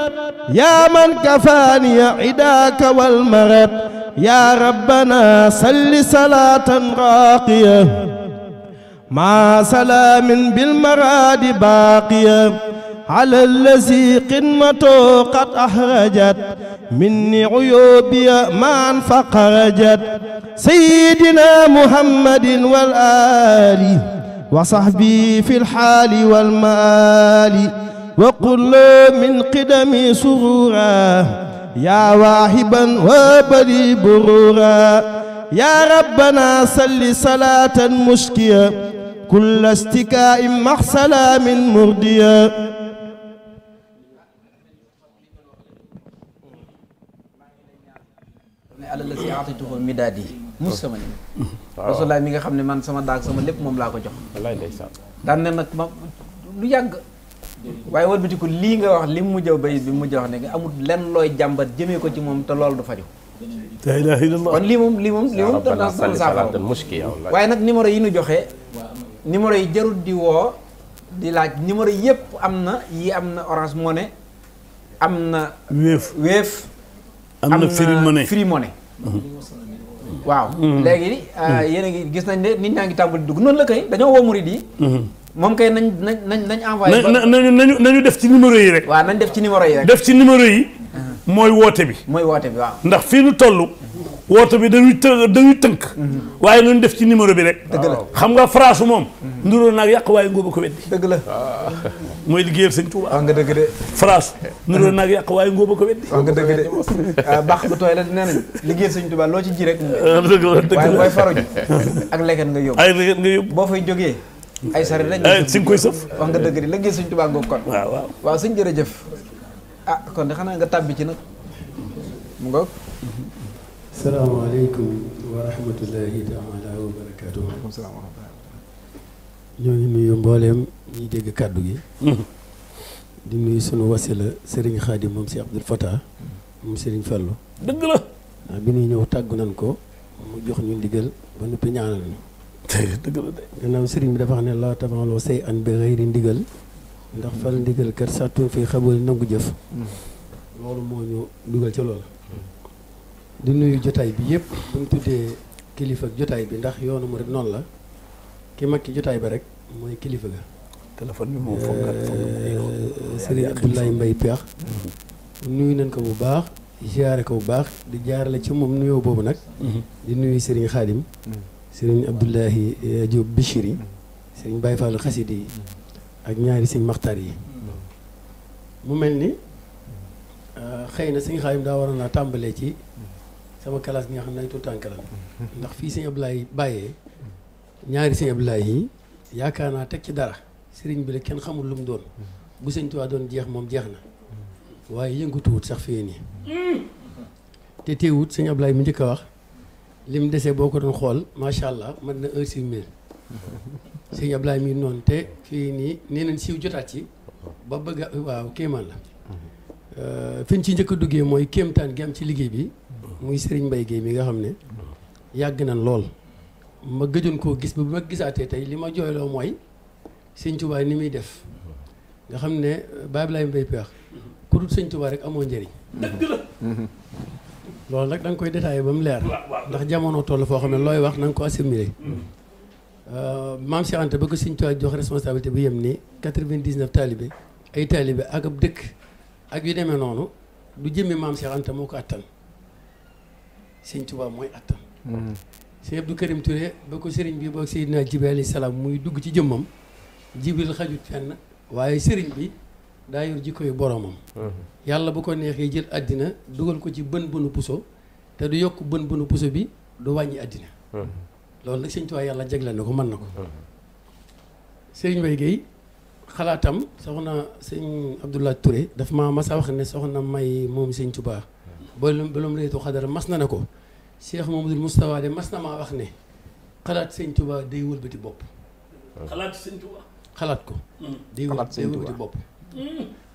يا من كفاني عداك والمرد يا ربنا صل صلاة راقية مع سلام بالمراد باقية على الذي قمته قد أحرجت مني عيوبي معا فخرجت سيدنا محمد والآله وصحبي في الحال والمال وقل من قدمي سرورا يا واهبا وبلي برورا يا ربنا صل صلاة مشكية كل استكاء محصلا من مرديا على الذي أعطيته المدادي مسلمين rasulaay mi nga xam ne man sama daag sama lépp moom laa ko jox wallaay ndeysaan daan ne nag ma lu yàgg waaye wëlbatiku lii nga wax li mu mujj bay bi mujj wax ne nga amul lenn looy jàmbat jëmee ko ci moom te loolu du faju la ilaha illallah kon lii moom lii moom lii moom dana saafara muskil waaye nag numéro yi ñu joxe numéro yi jarul di woo di laaj numéro yëpp am na yi am na orange money am na wéef wéef am na free money mhm. waaw mm-hmm. léegi ah, mm-hmm. yéen a ngi gis nañ ne nit ñaa ngi tàmbali dugg noonu la kay dañoo woo murid yi mm-hmm. moom kay nañ nañ nañ nañ na nañu nañu def ci numéro yi rek waaw nañ def ci numéro yi rek def ci numéro yi mooy woote bi. mooy woote bi ndax fii nu toll. woote bi dañuy të dañuy tënk. Mm-hmm. waaye nu def ci numéro bi rek. dëgg xam nga phrase moom. Mm-hmm. nduróo naag yàq waaye ngóoba ko weddi. dëgg la mooy liggéeyal sëñ Tuuba. waaw nga dëgg de. phrase nduróo naag yàq waaye ngóoba ko weddi. waaw nga dëgg de ah, baax bu tooy la nee nañ liggéeyal sëñ Tuuba loo ci ji rek. Ah, dëgg la dëgg la waaye nga yóbbu. boo fay jógee. ay saret lañ. si nga koy sëf. wax nga dëgg de liggéeyal sëñ Tuuba ngoog kon. waaw waaw waaw a jëf ah kon de xanaa nga tàbbi ci nag mu ngoog. salaamaaleykum wa rahmatullahi taala wa barakaatu. ñoo ngi nuyu mbooleem ñi dégg kàddu gi. Mm-hmm. di nuyu sunu wasila Serigne Khadim moom si Abdoul Fatah moom Serigne Fallou. dëgg la. ah bi ñuy ñëw tàggu nañ ko mu jox ñu ndigal ba noppi ñaanal ñu. dëgg la de. gannaaw Serigne bi dafa xam ne laa tabaloo say an bi xëyri ndigal. ndax fal ndigal kat sàttu fi xabari nangu jëf hmm. loolu moo ñu dugal ca loola di nuyu jotaay bi yëpp bu ñu tuddee kilifa ak jotaay bi ndax yoonu mu rek noonu la ki mag ki jotaay ba rek mooy kilifa ga téléphone bi moo fonkat sëriñ Abdoulaye Mbaye Peex hmm. nuyu nen ko bu baax ziyaare ko bu baax di jaarale ci moom nuyoo boobu nag hmm. di nuyu sëriñ Xaadim sëriñ Abdoulahi euh, Diop Bichiri sëriñ Baye Fall xasidi ak ñaari sëñ maxtar yi mu mel ni euh, xëy na sëñ xaalim daa waroon naa tàmbalee ci sama classe bi nga xam ne ay tuutànk la ndax fii sëñ Ablaye bàyyee ñaari sëñ Ablaye yi yaakaar naa teg ci dara sëriñ bi la kenn xamul lu mu doon bu sëñ Tuubaa doon jeex moom jeex na waaye yëngatuwut sax fii nii te teewut sëñ Ablaye mu njëkk a wax li mu desee boo ko doon xool macha allah mën na heure sur mille sëñ Ablaye mi noonu te kii nii nee nañ siiw jotaat ci ba bëgg a waaw kéemaan la euh, fi ñu ci njëkk duggee mooy kéemtaan gi am ci liggéey bi muy sëriñ Mbaye Guèye mi nga xam ne yàgg na lool ma gëjoon koo gis ba ma gisaatee tey li ma jooyloo mooy sëñ Touba ni muy def nga xam ne euh, Baye lay Mbaye peex ku dul sëñ rek amoo njëriñ dëgg la loolu nag da koy détaillé ba mu leer ndax jamono toll foo xam ne looy wax na nga ko assimilé mm-hmm. Euh, maam Cheikh Anta bëgg Sëñ Tuubaa jox responsabilité bi yem ni 99 taalibe ay taalibe ak ab dëkk ak yu demee noonu du jëmmi maam Cheikh Anta moo ko attan Sëñ Tuubaa mooy attan. Mm-hmm. Sëñ Abdou Karim Touré ba ko sëriñ bi boog Seydina Jibril alayhi salaam muy dugg ci jëmmam Jibril xajut fenn waaye sëriñ bi daa yor jikko boromam. Mm-hmm. yàlla bu ko neexee jël àddina dugal ko ci bën bënu puso te du yokk bën bënu puso bi du wàññi àddina. Mm-hmm. لول سيغن توي يالا جيغلا نكو مان نكو سيغن باي غي خلاتام سوخنا سيغن عبد الله توري داف ما مسا واخ ني سوخنا ماي موم سيغن توبا بلوم بلوم ريتو خدر مسنا نكو شيخ محمود المستوى دي مسنا ما واخ ني خلات سيغن توبا دي وول بيتي بوب خلات سيغن توبا خلات كو دي وول بيتي بوب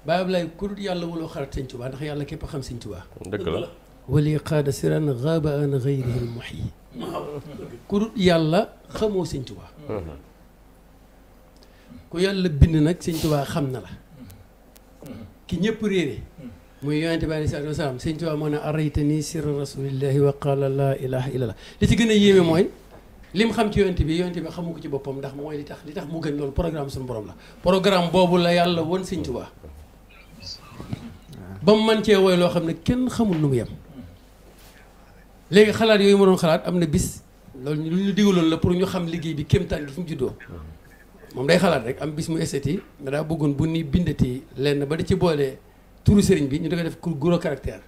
باب لاي كورد يالا ولو خرات سيغن توبا ناخ يالا كيبا خام سيغن توبا ولي قاد سرا غاب عن غيره المحيي ku dul yàlla xamoo sëñ Tuubaa ku yàlla bind nag sëñ Tuubaa xam na la ki ñëpp réere muy yonente bi aleyhi sa wa salaam sëñ Tuubaa moo ne araytani sirra rasulillahi wa qaala laa ilaha illallah li ci gën a yéeme mooy lim xam ci yonente bi yonente bi xamu ko ci boppam ndax mooy li tax li tax mu gën loolu programme suñu borom la programme boobu la yàlla woon sëñ Tuubaa ba mu man cee woy loo xam ne kenn xamul nu mu yem léegi xalaat yooyu ma doon xalaat am na bis loolu lu ñu digaloon la pour ñu xam liggéey bi kéemtaan gi fu mu juddoo moom day xalaat rek am bis mu eseti nga daa bëggoon bu ni bindati lenn ba di ci boolee turu sëriñ bi ñu da ko def gros caractère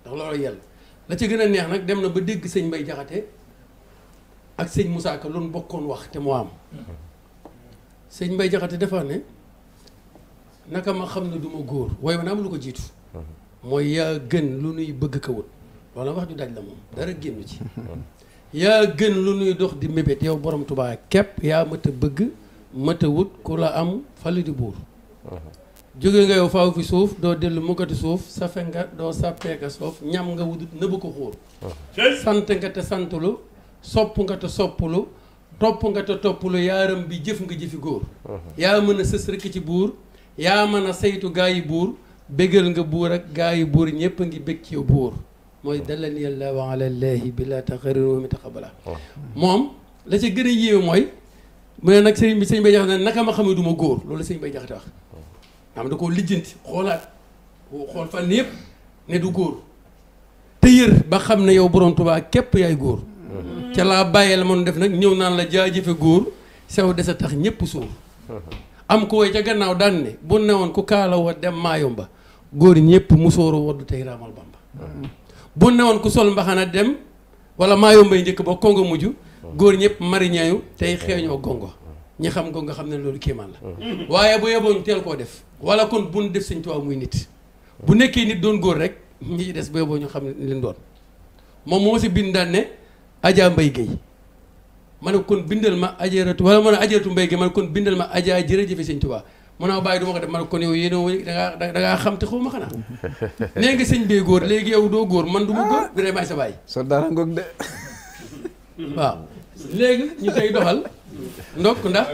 ndax loolu yàlla la ci gën a neex nag dem na ba dégg sëñ Mbay Jaxate ak sëñ Moussa Ka loolu bokkoon wax te moo am sëñ Mbay Jaxate dafa ne naka ma xam ne du ma góor waye man am lu ko jiitu mooy yaa gën lu nuy bëgg ka wut wala wax ju daj la moom dara génn ci yaa gën lu nuy dox di mébét yow borom tubaa képp yaa mat bëgg mat a wut ku la am falu di buur jóge nga yow faaw fi suuf doo dellu mukkati suuf safe nga doo sàppeeka suuf ñam nga wudut nëbb ko xóor sant nga te santlu sopp nga te sopplu topp nga te topplu yaaram bi jëf nga jëfi góor yaa mën sës rekk ci buur yaa mën a saytu gaa yi buur bégal nga buur ak gaa yi buur ñépp a ngi bég ci buur mooy dalani yàlla wa ala allah bila taqarir wa mitaqabala mom la ci gëna a moy mu ne nag sëriñ bi sëñ bay jaxate ne naka ma xamee duma góor loolu la bay jaxate wax am da koo lijjanti xoolaat xol fa yëpp ne du góor te yër ba xam ne yow borom tuba kep yaay góor ci la bayel mon def nak ñëw naan la jaajëfe góor sew desa tax ñépp suur am ko way ca gannaaw daan ne bu neewon ku kaala wa dem mayumba góor ñëpp musóoru waddu tay ramal bamba bu newoon ku sol mbaxana dem wala mbay njëkk ba kongo mujj góor ñëpp mariñaayu tey xeeñoo gongo ñi xam gongo xam ne loolu kéemaan la waaye bu yeboon teel koo def wala kon bu def sëñ Tuubaa muy nit bu nekkee nit doon góor rek ñi des bu yeboo ñu xam ne leen doon moom moo si bind ne Adja Mbaye Guèye ma ne kon bindal ma ajaratu wala ma ne mbay Mbaye Guèye kon bindal ma jër Adja jërëjëfe sëñ Tuubaa mun naa bàyyi du ma ko def man kon yow yéen a dangaa xam te xaw ma xanaa nee nga sëñ bee góor léegi yow doo góor man du ma góor bi day bàyyi sa waaw doxal ndokk ndax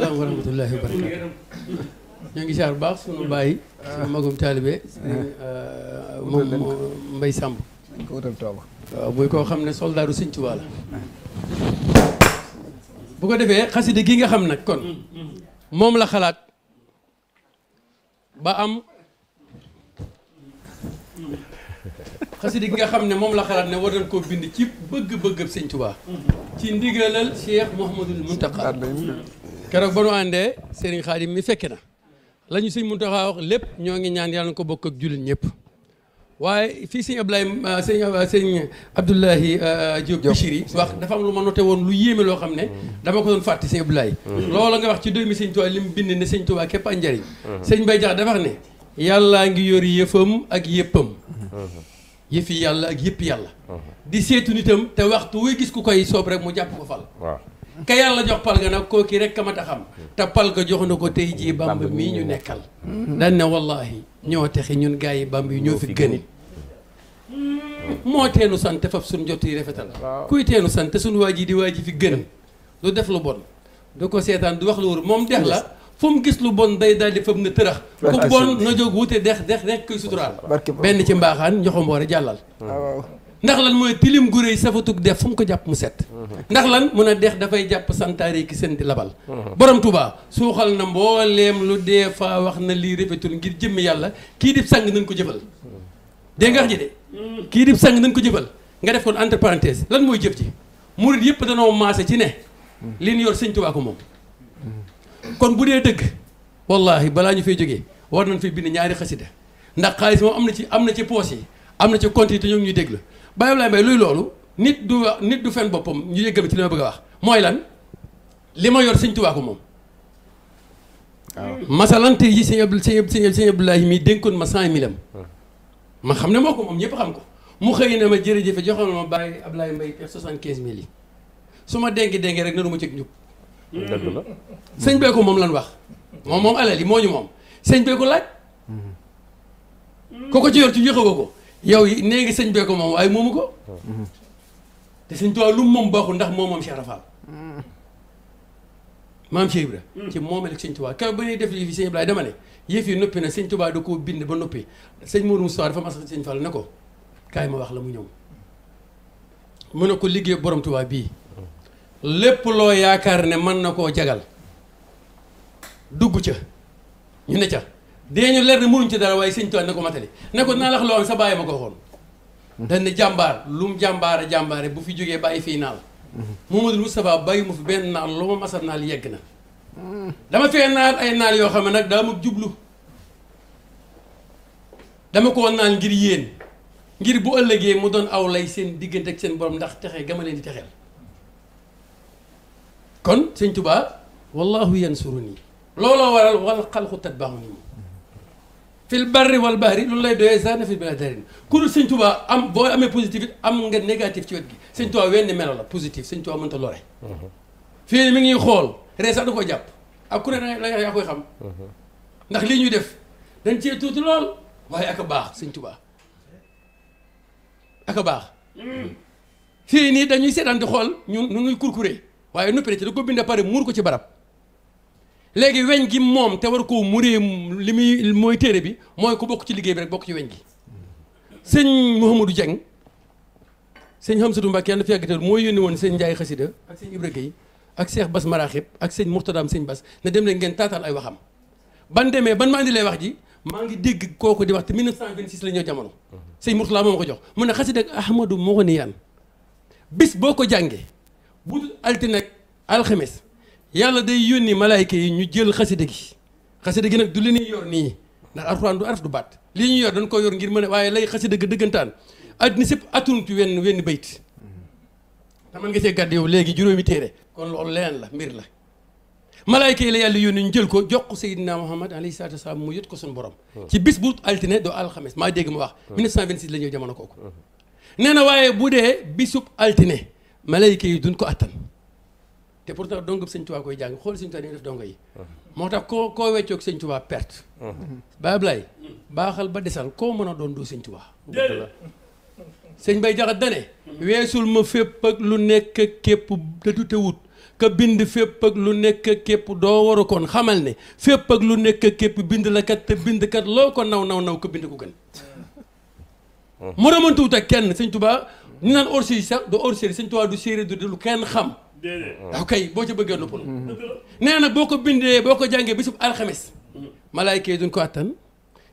aleykum ngi siyaar bu baax suñu bàyyi suñu magum taalibe euh, moom Mbay Sàmb waaw muy koo xam ne soldaaru Sëñ Tuubaa la bu ko defee xasida gi nga xam nag kon moom la xalaat ba am xasida gi nga xam ne moom la xalaat ne war nañ koo bind ci bëgg-bëgg sëñ Tuubaa ci ndigalal Cheikh Mouhamadul Mountakha keroog ba nu àndee Serigne Khadim mi fekke na la ñu sëñ Mountakha wax lépp ñoo ngi ñaan yàlla na ko bokk ak jullit ñëpp waaye fii sëñ Ablaye ah, sëñ ah, sëñ Abdoulahi ah, Diop Bichiri wax dafa am lu ma noté woon lu yéeme loo xam ne dama ko doon fàtte sëñ Abdoulaye mm-hmm. loola nga wax ci doomi sëñ Tuubaa li mu bind ne sëñ Tuubaa képp a njariñ mm-hmm. sëñ Mbay Jax dafa wax ne yàllaa ngi yor yëfam ak yëppam mm-hmm. yëfi yàlla ak yëpp yàlla di seetu nitam te waxtu wuy gis ku koy soob rek mu jàpp ko fal ka yàlla jox pal ga nag kooki rek ka mat xam te pal ga jox na ko tey jii bamb mii ñu nekkal daan ne wallaahi ñoo texi ñun gars yi bamb yi ñoo fi gënit moo teenu sant faf suñ jot yi rafetal kuy teenu sant suñ waa ji di waa ji fi gën du def lu bon du ko seetaan du wax lu wóor moom dex la fu gis lu bon day daal di fëb na tërax ku bon na jóg wute dex dex rek kuy suturaal benn ci mbaaxaan ñoxom war a jàllal ah, ndax lan mooy tilim gu rëy safatug def fu mu ko jàpp mu set ndax lan mun a dex dafay jàpp santaare ki seen di labal borom tubaa suuxal na mbooleem lu dee fa wax na lii rafetul ngir jëmmi yàlla kii dib sang nañ ko jëfal dégg nga wax ji de kii dib sang nañ ko jëfal nga def kon entre lan mooy jëf ji murit yëpp danoo maase ci ne li ñu yor sëñ tubaa ko moom kon bu dee dëgg wallahi balaa ñu fay jógee war nañ fay bind ñaari xasida ndax xaalis moom am na ci am na ci poos yi am na ci compte ñoo ñuy déglu Baye Ablaye Mbaye luy loolu nit du nit du fen boppam ñu yëggal ci wax mooy lan li ma yor sëñ Tuubaa ko moom. waaw hmm. masalan tey jii sëñ Abdou sëñ dénkoon ma cent mille hmm. ma xam ne moo ko moom ñëpp xam ko mu xëy na ma jërëjëf joxoon ma Baye Ablaye Mbaye soixante-quinze su ma déngi déngi rek nanu ma cëg ñub hmm. dëgg ko moom lan wax moom moom alal yi moo ñu moom sëñ bee ko laaj. ko ko ci yor ci joxe ko ko. yow yi nee sëñ bee ko moom waaye moomu ko. Mm-hmm. te sëñ Tuubaa lu mu moom baaxul ndax moom moom Cheikh Rafal. Mm-hmm. maam Cheikh Ibra mm-hmm. ci moomeel ak sëñ Tuubaa kaw ba ñuy def lii fi sëñ Ibrahima dama ne yëf yi noppi na sëñ Tuubaa da koo bind ba noppi sëñ Mourou Moussa dafa mas sëñ Fall ne ko kaay ma wax la mu ñëw. mu ne ko liggéey borom Tuubaa bii lépp loo yaakaar ne mën na koo jagal dugg ca ñu ne ca. dee ñu leer ne mënuñ ci dara waaye sëñ Tuubaa na ko matali ne ko naa lax sa bàyyi ma ko waxoon dañ ne jàmbaar lu mu jàmbaare jàmbaare bu fi jógee bàyyi fii naal Muhammadul Moustapha bàyyi mu fi benn naal lu ma masal naal yegg na dama fee naal ay naal yoo xam ne nag daa ma jublu dama ko naal ngir yéen ngir bu ëllëgee mu doon aw lay seen diggante ak seen borom ndax texe gama leen di texeel kon sëñ Tuubaa wallaahu yansuruni looloo waral wal xalqu fil barri wal bahri loolu lay doyee sax na fil a darin ku dul sëñ Tuubaa am boo amee positif it am nga négatif ci wet gi sëñ Tuubaa wenn melo la positif sëñ Tuubaa mënta lore mhm. fii xool ree sax jàpp ak ku ne la yaa koy xam mhm. ndax lii ñuy def dañ cee tuuti lool waaye ak a baax sëñ Tuubaa ak a baax mm. fii nii dañuy seetaan di xool ñu nu ñuy kurkuree waaye noppi ci da ko bindee pare muur ko ci barab léegi weñ gi moom te war koo muree li muy mooy téere bi mooy ku bokk ci liggéey bi rek bokk ci weñ gi sëñ Mouhamadou Dieng sëñ Hamsatou Mbacke kenn fi yàgg te mooy yónni woon sëñ Ndiaye Xasida ak sëñ Ibra Gueye ak Cheikh Bas Maraxib ak sëñ Mourtadaam sëñ Bas ne dem leen ngeen taataan ay waxam ban demee ban maa indi lay wax ji maa ngi dégg kooku di wax te 1926 la ñëw jamono sëñ Mourtada moo ma ko jox mu ne xasida ak Ahmadou Mouraniyan bis boo ko jàngee bu altine ak yàlla day yónni malaayka yi ñu jël xasida gi xasida gi nag du li ñuy yor nii ndax alxuraan du araf du baat lii ñu yor dañ ko yor ngir mën a waaye lay xasida gi dëggantaan àddina sépp atun ci wenn wenn bayt te mën nga see gàdd yow léegi juróomi téere kon loolu leneen la mbir la malaayka yi la yàlla yónni ñu jël ko jox ko Seydina Muhammad alayhi salaatu wasalaam mu yët ko suñu borom hmm. ci bis bu altine doo alxames maa dégg ma wax 1926 hmm. la ñëw jamono kooku hmm. nee na waaye bu dee bisub altine malaayka yi duñ ko attan te pourtant dongam sëñ Tuubaa koy jàng xool sëñ Tuubaa ni def dongo yi moo tax koo koo weccoog sëñ Tuubaa baaxal ba desal koo mën a doon doo sëñ Tuubaa sëñ bay jaxat dane weesul ma fépp lu nekk fépp ak lu nekk képp doo waru koon xamal ne fépp ak lu nekk képp bind la kat te bind loo ko naw naw naw ko bind ko gën moromantuwut ak kenn sëñ Tuubaa ñu naan hors-série sax du hors-série sëñ Tuubaa du séeréer du lu kenn xam waaw mm-hmm. ah, boo ca bëggee noppalu mm-hmm. nee na boo ko bindee boo ko jàngee bisub alxames mm-hmm. malaayka yi duñ ko attan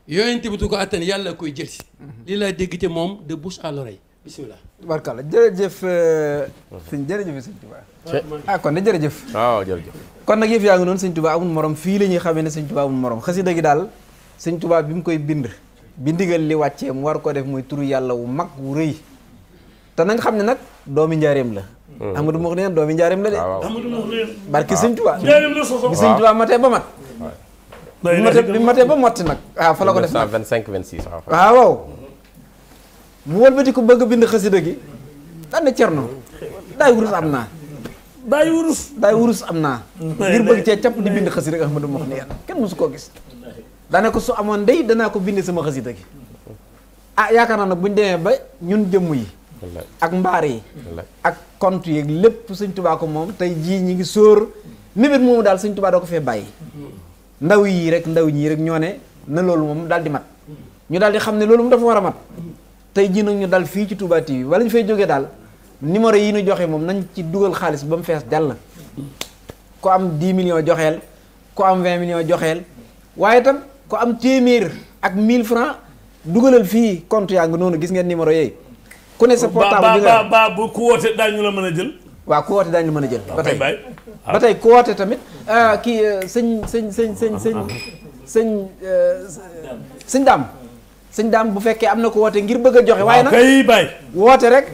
yonent bi du ko attan yàlla koy jël si lii laa dégg ci moom de bouche à l'oreille bismillah barkalla jërëjëf euh, sëñ jërëjëf sëñ Tuubaa ah kon de jërëjëf waaw kon nag yëf yaa ngi noonu sëñ Tuubaa amul morom fii la ñuy xamee ne sëñ Tuubaa moroom morom xasida gi daal sëñ Tuubaa bi mu koy bind bi ndigal li wàccee mu war ko def muy turu yàlla wu mag wu rëy te nag xam ne nag doomi njaareem la amadou mouhniyane doomi njaarim la de amadou mouhniyane barki seigne touba njaarim la soso bi sëñ tuba ba mat bi matee ba motti nak ah fa la ko def 25 26 waaw waaw mu wëlbati ko beug bind xasida gi tan ne cerno daay wurus amna day wurus day wurus amna ngir hmm. beug ci ciap di bind xasida gi amadou mouhniyane ken musu ko gis dané ko su amone dey dana ko bind sama xasida gi ah yaakaar nak buñ demee ba ñun jëm yi ak mbaar yi ak compte yeeg lépp sëñ tubaa ko moom tey jii ñi ngi sóor mébét moomu daal sëñ tubaa doo ko fee bàyyi ndaw yii rek ndaw ñii rek ñoo ne na loolu moom daal di mat ñu daal di xam ne loolu mu dafa war a mat tey jii nag ñu dal fii ci Touba TV wala ñu fay jógee daal numéro yi nu joxe moom nañ ci dugal xaalis ba mu fees dell ku am 10 million joxeel ku am 20 millions joxeel waaye tam ku am téeméer ak mille francs dugalal fii compte yaa ngi noonu gis ngeen numéro yooyu ku ne sa portable bi nga ba bu ku woote daañu la mën a jël. waaw ku woote daañu la mën a jël. ba tey ba tey ku woote tamit ah, kii euh, sëñ sëñ sëñ sëñ sëñ sëñ euh, sëñ daam sëñ daam bu fekkee am na ko woote ngir bëgg a joxe. waaye nag kay bay woote rek.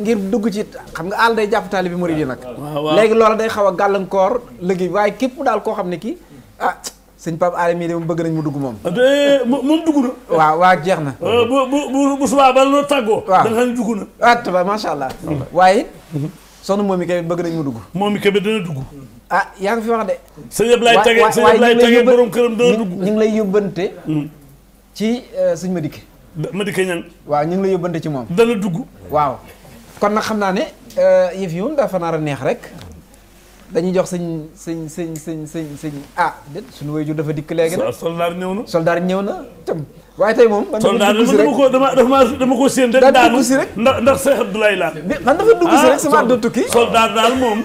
ngir dugg ci xam nga àll day jàpp taalibe murid yi nag léegi loola day xaw a gàllankoor léegi waaye képp daal koo xam ne kii ah, sëñ Pape Alé mii de moom bëgg nañ mu dugg moom. Ah, moom dugg na. waaw waaw jeex na. Ah, bu bu bu subaa ba la tàggoo. waaw xam ne dugg na. ah allah. waaye it. moom mi kay bëgg nañ mu dugg. moom mi kay dana dugg. ah yaa ngi fi wax de. sëñ Ablaye Tage sëñ Ablaye Tage borom këram dana dugg. ñu ngi lay yóbbante. Hmm. ci euh, sëñ Madické. Madické ñan. waaw ñu ngi lay yóbbante ci moom. dana dugg. waaw kon nag xam naa ne euh, yëf yi moom dafa nar a neex rek. dañuy jox sañ sëñ sëñ sëñ sëñ sëñ sëñ ah déet suñu wayjur dafa dikk léegi nag soldaar ñëw na soldaar ñëw na tam waaye tey moom man soldaar dama ko dama dama dama ko séen rek daanu si rek ndax ndax Cheikh Abdoulaye Laat man dafa dugg si rek ah, sama àdduna tukki soldaar daal moom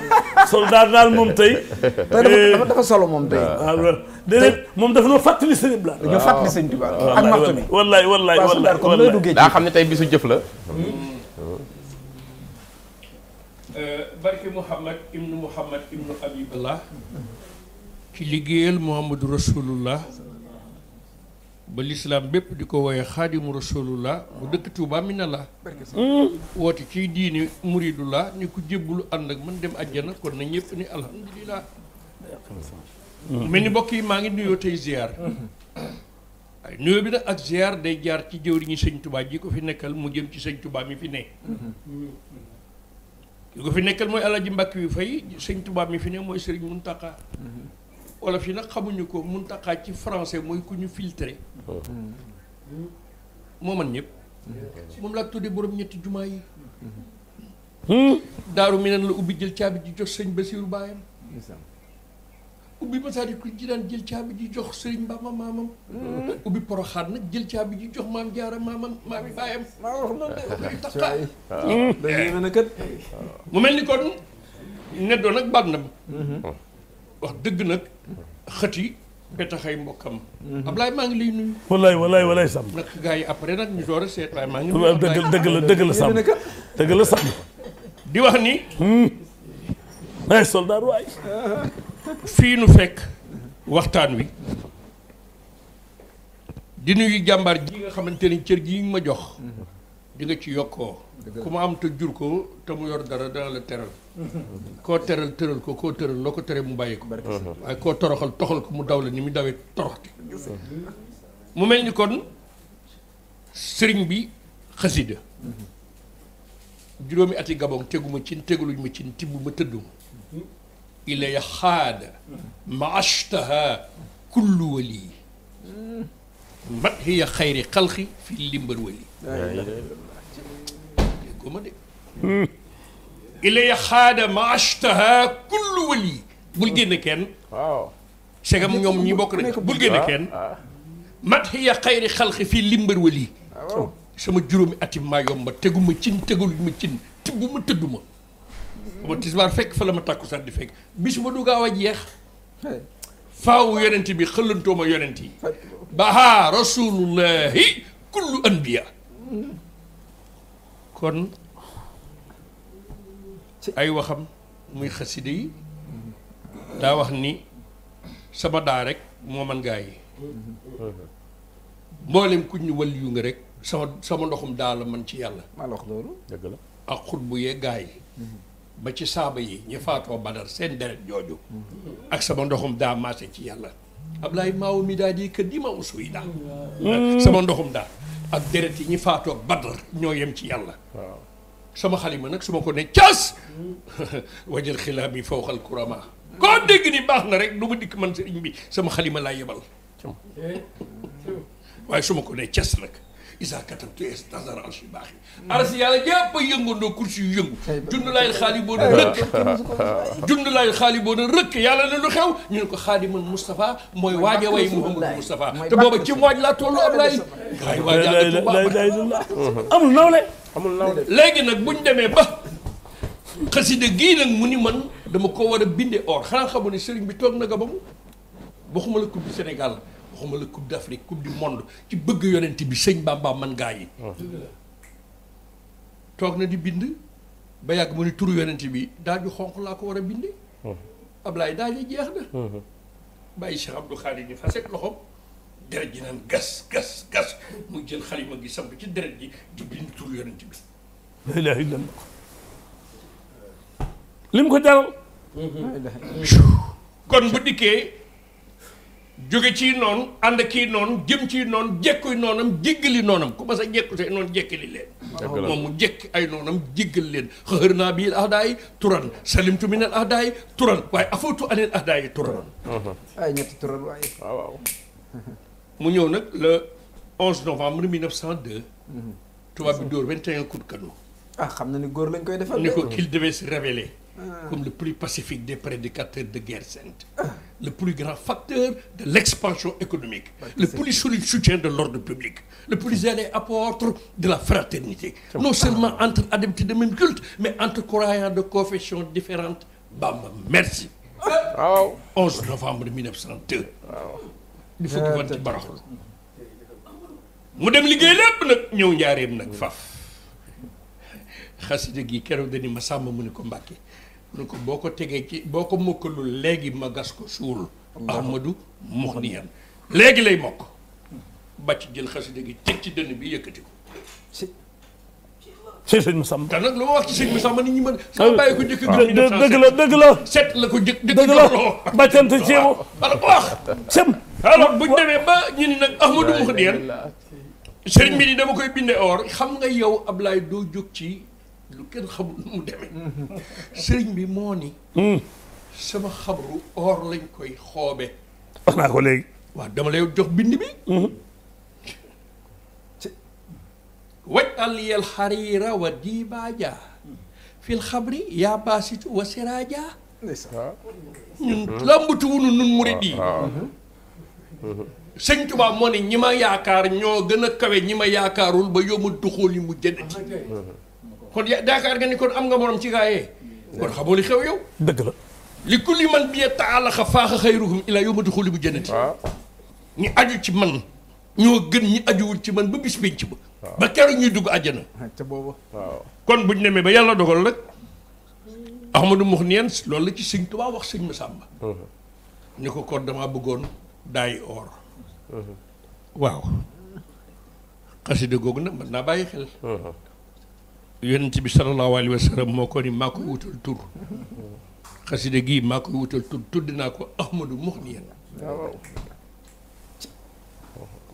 soldaar daal moom tey eh. dafa dafa solo moom tey ah, ah, waaw déedéet moom dafa noo fàttali sëñ Abdoulaye dañoo fàttali sëñ Tuubaa ak maxtu mi wallaay wallaay wallaay wallaay daa xam ne tey bisu jëf la hmm? Euh, barke Muhammad ibnu Muhammad ibnu Habiballah ci liggéeyal Muhammadu Rasulullah ba lislaam bépp di ko woowee xaadimu rasulullah mu dëkk Tuuba mi na la woote ciy diini la ni ku jébbulu ànd ak man dem àjjana kon na ñëpp ni alhamdulilah mel ni mbokk yi maa ngi nuyoo tey ziar nuyoo bi nag ak ziar day jaar ci jëwriñu sëñ Tuuba ji ko fi nekkal mu jëm ci sëñ Tuuba mi fi ne ñu ko fi nekkal mooy El ji Mbàkke yu fay sëñ tubaab mi fi ne mooy Serigne Mountakha. Mm-hmm. olof yi nag xamuñu ko mun taqaa ci français mooy ku ñu filtré. Mm-hmm. moo man ñëpp. Mm-hmm. moom laa tuddee borom ñetti jumaa yi. Hmm? daaru mi neen la ubbi jël caabi ji jox sëñ ba Basiru baayam ubbi Masaalikul Jinaan jël caabi ji jox Serigne Bamba maamam. Hmm. ubbi Poroxaan nag jël caabi ji jox maam jaara maamam maami baayam. maa wax noonu a hmm. hmm. mu mel ni kon neddoo nag bànnam. wax dëgg nag xët yi ba taxay mbokkam. Ablaye maa ngi lay nuyu. wallaay wallaay wallaay Samb. nag gars après nag ñu door a seet waaye maa ngi. dëgg dëgg la dëgg la Samb dëgg la di wax ni. ay eh, soldat waay. fii nu fekk waxtaan wi di nuyu jàmbaar ji nga xamante ni cër gi ma jox di nga ci yokkoo ku ma am te jur ko te mu yor dara dana la teral koo teral tëral ko koo tëral loo ko teree mu bàyyi ko waaye koo toroxal toxal ko mu daw la ni mu dawee toroxte mu mel ni kon sëriñ bi xasida juróomi ati gabon teguma cin tegaluñ ma cin tibb ma tëdduma الى يحاد ما عشتها كل ولي ما هي خير قلخي في الليمبر ولي الى يحاد ما عشتها كل ولي بلغينا كان سيغم يوم نيبوكنا بلغينا كان آه. ما هي خير خلقي في الليمبر ولي سما آه. جروم اتي ما يوم ما تغوم تين تغول ما تين تبوم تدوم ba tisbaar fek fa la ma tàkkusaan di fekk bis ma du gaaw a jeex faaw yonent bi xëllantoo ma baha yi rasulullahi kullu anbiya kon ay waxam muy xaside yi daa wax ni sama daa rek man gaa yi mboolem ku ñu wàll yu nga rek sama sama ndoxum man ci yàlla wax bu ba ci saaba yi ñu faatoo badar seen deret jooju ak sama ndoxum daa maase ci yàlla ablaay maawu mi daa di kër di ma usu daal hmm. sama ndoxum daa ak deret yi ñu faatoo badar ñoo yem ci yàlla sama xalima nag su ma ko ne caas wajal xilaa bi fawxal kurama koo dégg ni baax na rek du ma dikk man sëriñ bi sama xalima laa yebal waaye su ma ko ne cas nag isa katabtu es tasar al si baax yi arasi yàlla jàpp a yëngandoo kursi yu yëngu jund laayil xaali boo na rëkk jund laayil xaali boo na rëkk yàlla ne lu xew ñu ne ko xaadimal Moustapha mooy waaje way Mouhamadou Moustapha te booba ci waaj laa tollu am laay ay waajàlla amul nawle amul léegi nag buñ demee ba xasida gii nag mu ni man dama ko war a binde or xanaa xamu ne sëriñ bi toog na ga ba mu waxuma la coupe du waxuma la coupe d'Afrique coupe du monde ci bëgg bi sëñ Bamba man gaa yi toog na di bind ba yàgg mu bi daaju xonq laa ko war a bind Ablaye daaju jeex na bàyyi Cheikh Abdou mu jël xalima gi samp ci deret ji di bind turu yonent kon bu dikkee jóge ci noonu ànd ki noonu jëm ci noonu jekkuy noonam jéggali noonam ku ma sa jekku see noonu jekkali leen moom mu jekki ay noonam jéggal leen xëhër naa bii ah daay turan salimtu min al ah daay turan waaye afootu aneen ah daay turan ay ñetti turan waaye waaw waaw mu ñëw nag le 11 novembre 1902 tubaab bi dóor 21 coup de canon ah xam na ni góor lañ koy defal ni ko qu'il devait se révéler ah. comme le plus pacifique des prédicateurs de guerre sainte ah. le plus grand facteur de l'expansion économique. Bah, le plus solide soutien de l'ordre public. Le plus élevé apôtre de la fraternité. Non seulement entre adeptes de même culte, mais entre croyants de confessions différentes. Bam, merci. 11 novembre 1902. il faut que euh, ni ko boo ko tegee ci boo ko mokkalul léegi ma gas ko suul ahmadu muxniyan léegi lay mokk bàcc jël xasida gi teg ci dënn bi yëkkati ko ci sëñ Masamba te nag lu ma wax ci sëñ Masamba nit ñi mën ah, sama bàyyi ko jëkk gën dëgg la dëgg la set la ko jëkk dëgg la bàccante ceebu wala ko wax sëm alors buñ demee ba ñu ni nag ahmadu muxniyan sëriñ bi dama koy binde or xam nga yow ab Ablaye doo jóg ci lu kenn xamul nu mu demee mhm. sëriñ bi moo ni hmm. sama xabru or lañ koy xoobe wax naa ko léegi waaw dama lay jox bind mi mhm. waj al yel xariira wa dibaaja fil xabri yaa baasitu wa siraaja ñun làmbatu wunu nun murid yi ah, ah. Mhm. sëñ Tuubaa moo ne ñi ma yaakaar ñoo gën a kawe ñi ma yaakaarul ba yomul duxóol yi mu jëndati kon ya, dakar nga ni kon am nga morom ci eh. gaa kon xamoo xew yow deug la li kulli man bi ta'ala faaxa khayruhum ila yawm xuli bi jannati ni aju ci man ño gën aju wul ci man ba bis penc ba ba kéro ñuy dugg aljana ca bobu kon buñ némé ba yalla dogal nak ahmadou muxniyan loolu ci seigne touba wax seigne masàmba hmm. ni ko kon dama bëggoon day or hmm. waaw qasida googu na man na baye xel yonent bi sallallahu alayhi wa sallam moo ko ni maa koy wutal tur xaside gii maa koy wutal tur tudd naa ko ahmadu muxniyan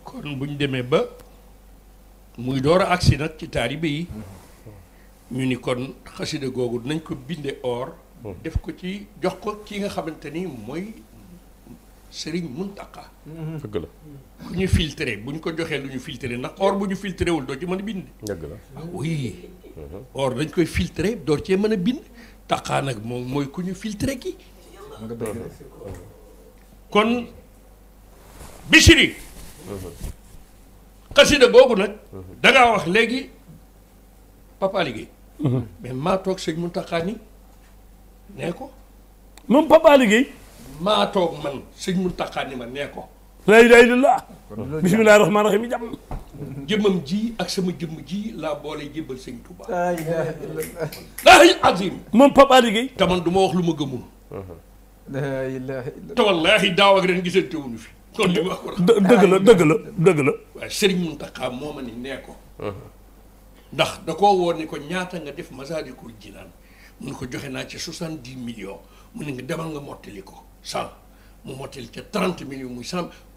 kon bu ñu demee ba muy door a agsi nag ci taalibe yi ñu ni kon xaside googu nañ ko binde or def ko ci jox ko ki nga xamante ni mooy sëriñ Muntaqa dëgg la bu ñu filtré bu ñu ko joxee lu ñu filtré ndax or bu ñu filtré wul doo ci mën a bind dëgg la ah or dañ koy filtré door cee mën a bind taqaa nag moom mooy ku ñu filtré ki kon Bichri xasida googu nag dangaa wax léegi Papa Alioune Guèye mais maa toog sëñ Mountakha ni nee ko moom Papa Alioune Guèye maa toog man sëñ Mountakha ni ma nee ko la ilaha illallah bismillahi rahmani rahim jàmm jëmmam ji ak sama jëmm ji laa boole jébbal sëñ Touba laahi azim moom Pape Aly Gueye te man du ma wax lu ma gëmul la ilaha illallah te wallaahi daaw ak ren gisante wuñu fi kon li ma wax ko dëgg la dëgg la dëgg la waaye Serigne Mountakha moo ma ni nee ko ndax da koo woon ni ko ñaata nga def Masaalikul Jinaan mun ko joxe naa ci soixante-dix millions mu ne nga demal nga mottali ko cent mu mottali ca trente millions muy cent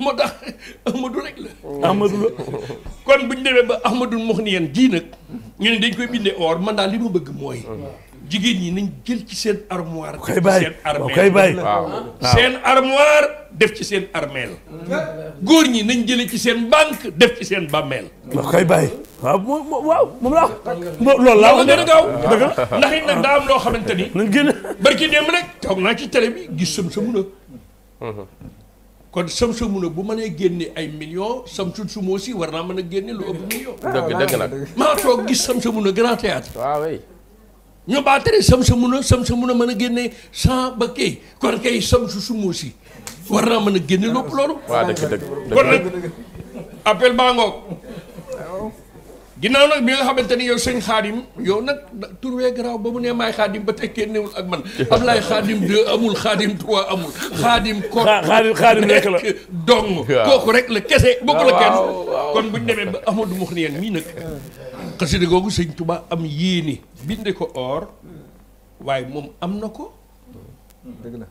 moo tax Ahmadou rek la. Ahmadou la kon bu ñu demee ba Ahmadou Mouhniyane jii nag ñu ne dañ koy bindee or man daal li ma bëgg mooy. jigéen ñi nañ jël ci seen armoire. koy bàyyi koy bàyyi seen armoire def ci seen armeel. góor ñi nañ jëlee ci seen banque def ci seen bàmmeel. koy bàyyi. waaw moom waaw moom la loolu laa wax gën a gaaw ndax it nag daa am loo xamante ni. nañ génn barki démb rek toog naa ci télé bi gis sam samu na kon Samsu mu ne bu mënee génne ay millions Samsu su ma war naa mën a génne lu ëpp millions. Ah, dëgg dëgg nag maa toog gis Samsu mu na grand théâtre waaw oui. ñu baatere Samsu mu ne Samsu mu ne mën a génne cent ba kii kon kay Samsu su si war naa mën a génne lu ëpp loolu. waaw dëgg dëgg kon nag appel ginnaaw nag bi nga xamante ni yow sëñ xaadim yow nag turwee garaaw ba mu nee maay xaadim ba tey kenn newul ak man Ablaye xaadim deux amul xaadim trois amul xaadim ko xaadim xaadim rek la dong kooku rek la kese bokku la kenn kon buñ demee ba Amadou Mouhniyane mii nag xasida googu sëñ Tuubaa am yéene bindee ko or waaye moom am na ko dëgg la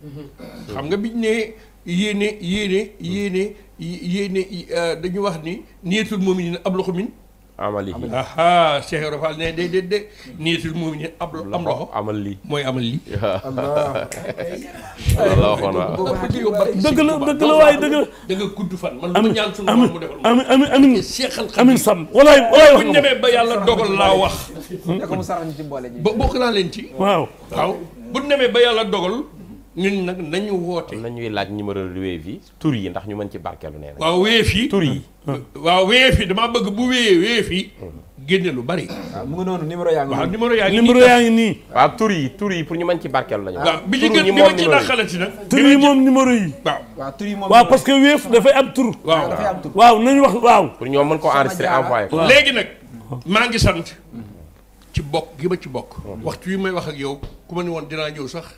xam nga biñ nee yéene yéene yéene yéene euh, dañu wax ni niyetul moomin ab loxo min amalihi aha Cheikh Ibra Fall ne de de de niyatul mu'minin ab am loxo amal lii mooy amal lii. dëgg la dëgg la waaye dëgg la. da nga gudd fan man lu ma ñaan suñu mu defal ma. amiin amiin amiin amiin Sam. walaay walaay wax bu ñu demee ba yàlla dogal laa wax. bokk naa leen ci. waaw waaw bu ñu demee ba yàlla dogal. ñun nag nañu woote. am na ñuy laaj numéro Wave yi tur yi ndax ñu mën ci barkeelu nee na. waaw Wave yi tur yi. damaa bëgg bu wéyee Wave yi. Hmm. lu bari. waaw ah, mu ngi noonu numéro yaa ngi nii waaw numéro yaa ngi nii numéro tur yi tur yi pour ñu mën ci barkeelu la ñu. waaw bi ci gën li ma moom numéro yi. waaw waaw tur parce que Wave dafay am tur. waaw ah, dafay am nañu wax waaw. pour ñoo man ko enregistrer envoyé ko. léegi nag maa ngi sant. ci bokk gi ma ci bokk. Hmm. waxtu yi may wax ak yow ku ma ne woon dinaa ñëw sax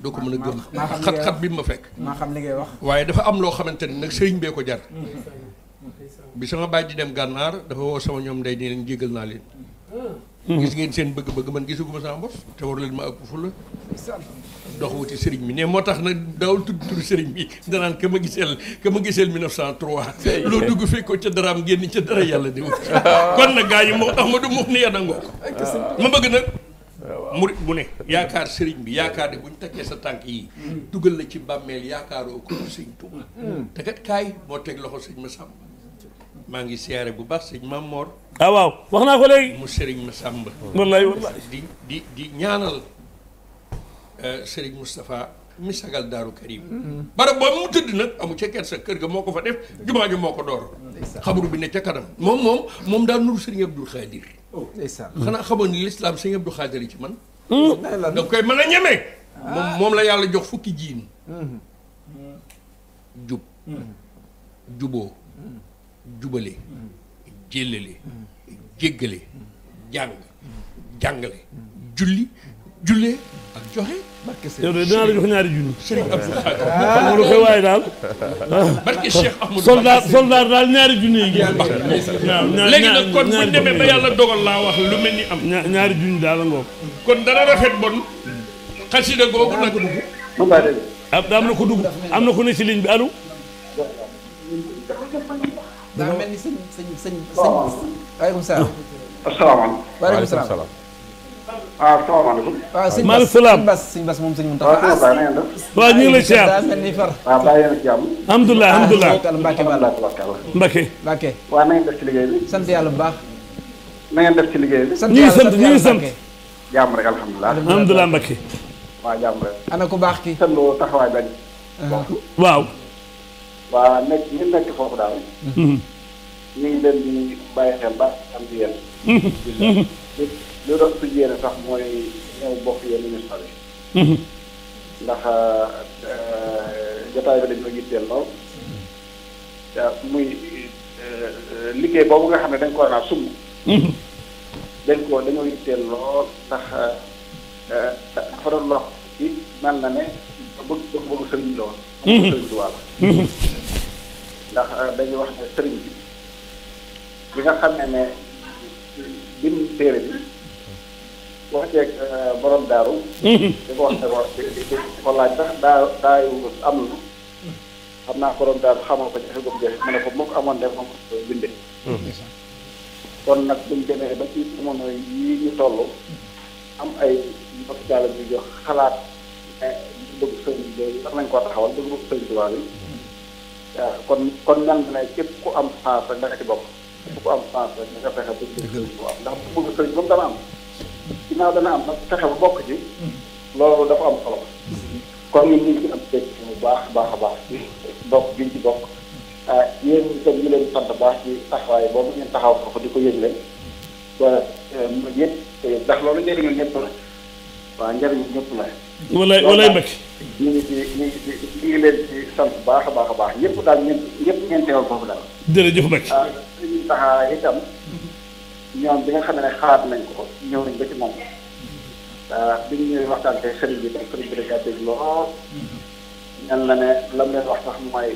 do ko mën a gëm xat xat bi ma fekk ma xam li ngay wax waaye dafa am loo xamante ne nag sëriñ bee ko jar mm. bi sama bàyyi di dem gànnaar dafa woo sama ñoom ndey ni leen jégal naa leen mm. gis ngeen seen bëgg-bëgg man gisuguma sama bopp te war leen ma ëpp fula dox wuti sëriñ bi ne moo tax nag daawul tudd tudd sëriñ bi danaan ka ma giseel ka ma giseel 1903 loo dugg ca génn ca dara yàlla di wut kon nag gars yi moo Amadou Mouf ni ma bëgg nag murit bu ne yaakaar sëriñ bi yaakaar ne bu ñu takkee sa tànk yi dugal la ci bàmmeel yaakaaroo ko sëñ Tuuba hmm. te kat kaay moo teg loxo sëñ Masamba maa ngi siyaare bu baax sëñ Maam Moor ah waaw wax naa ko léegi mu sëriñ Masamba wallaay di di di ñaanal euh, sëriñ Moustapha mi sagal daaru karim barab boobu mu tëdd nag amu ca kersa kër ga moo ko fa def jumaa ji moo ko door xabru bi ne ca kanam moom moom moom daal nuru sëriñ Abdul Xaadir xanaa xamoon ni lislaam sëriñ Abdul Xaadir ci man hmm? da koy mën a ñeme ah. moom moom la yàlla jox fukki jiin hmm. jub hmm. jubale jëllale jéggale jàng jàngale julli jullee ak joxe yow de dinaa la jox ñaari junni. xam nga lu koy waaye daal. barke Cheikh Ahmadou soldat soldat daal ñaari junni yi. waaw léegi nag kon bu ñu demee ba yàlla dogal laa wax lu mel ni am. ñaari junni daal la ngoog. kon dana rafet bon. xasida googu nag. am na ko dugg am na ko ne ci ligne bi allo. daa mel ni sëñ sëñ sëñ. waaleykum salaam. waaleykum salaam. waaw salaamaaleykum. waaw sëñ Bas sëñ Bas sëñ Bas moom sëñ Mountakha. waaw sëñ Bas waaw ñu ngi lay ziar daa mel ni far. waaw ah, bàyyi na jàmm. alhamdulilah alhamdulilah Mbacke Balla Mbacke. Mbacke. waaw na ngeen def ci liggéey bi. sant lu doon suñu yéene sax mooy ñëw bokk yéen ministre mhm. ndax euh, euh, jotaay bi dañ ko yitteel muy euh, liggéey boobu nga xam ne dañ ko naa mhm. ko dañoo yitteel loo ci ne la woon mhm. la ne sëriñ bi bi téere bi wax ceeg euh, borom daaru. Mhm. di ko laaj daa daa am na. xam naa borom daaru ko jafe boobu jafe mu ne ko moo ko amoon de moom ko bindee. Mhm. kon nag buñ demee ba ci jamono yii ñu ay mbokk jox xalaat ne eh, bëgg nañ ko taxawal bëgg bëgg sëñ tubaab yi. waaw kon kon ñan ne képp ku am chance rek danga ci bokk. képp ku am chance rek danga fexe bëgg sëñ tubaab ndax bëgg sëñ moom dana am. ginnaaw dana am nag fexe ba bokk ci. loolu dafa am solo. kon ñun ñu ngi ci am dégg bu baax a baax a baax ci bokk ci bokk ah, yéen itam ñu leen sant baax ci taxawaay boobu ngeen taxaw ko di ko yëgle ba ñëpp eh, eh, ndax loolu njëriñu ñëpp la waaw njëriñu ñëpp la. walaay walaay mbëkk. ñu ngi ci ñu ngi ci ñu ngi leen ci sant baax a baax a baax ñëpp daal daal. jërëjëf mbëkk. ah suñu itam. ñoom bi nga xam ne xalaat nañ ko ñëw nañ ba ci moom bi ñu ñuy waxtaan tey sëriñ bi tey sëriñ bi dañ dégg lool ñan la ne la mu leen wax sax mooy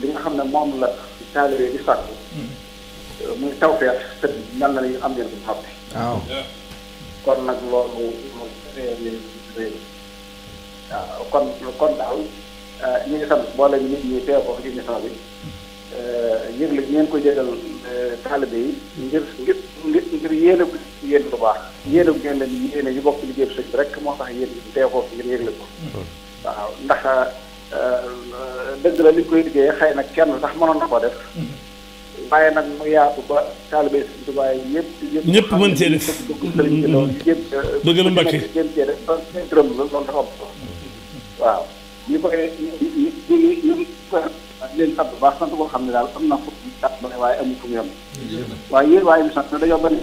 li nga xam ne moom la taalibe di sàkku muy tawfeex sëriñ ñan la ne ñu am leen bu noppi waaw kon nag loolu loolu waaw kon kon daal ñu ngi sant boole nit ñi teew ko ci émission bi Euh, yëgle gi ngeen ko jëgal euh, taalibe yi ngir ngir ngir yéene ko yéen lu baax yéene ko ngeen leen yéene yu bokk liggéey bi sëñ bi rek moo tax yéen tee ko ngir yëgle ko waaw ndax euh, dëgg la li koy liggéey xëy nag kenn sax mënoon na ko def waaye nag mu yaatu ba taalibe sëñ Tuubaa yëpp ñëpp mën cee def dëgg la mm-hmm. Mbàkke jéem cee def seen dërëm la loolu dafa am mm-hmm. waaw ñu koy ñu ñu ñu di leen sant baax sant boo xam ne daal am na fu mu gàtt ba waaye amul fu mu yem. waaye yéen waaye ñu sant dañoo bañ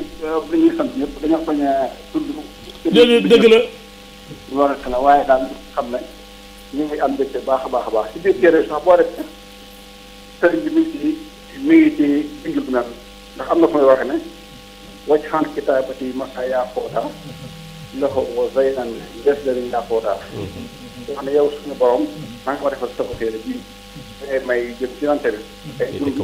li ñuy sant ñëpp dañoo bañ a tudd. dëgg waaye daal xam ne ñu ngi am mbégte baax a baax a baax si biir téere sax boo def sëriñ mi ngi ndax am na fu muy waxee ne wàcc xaan kitaabati masa yaa footaa loxo wa zaynan des la yaa footaa wax ne yow suñu borom maa ngi ko defal sa téere bii day may jëm ci yonante bi. day dund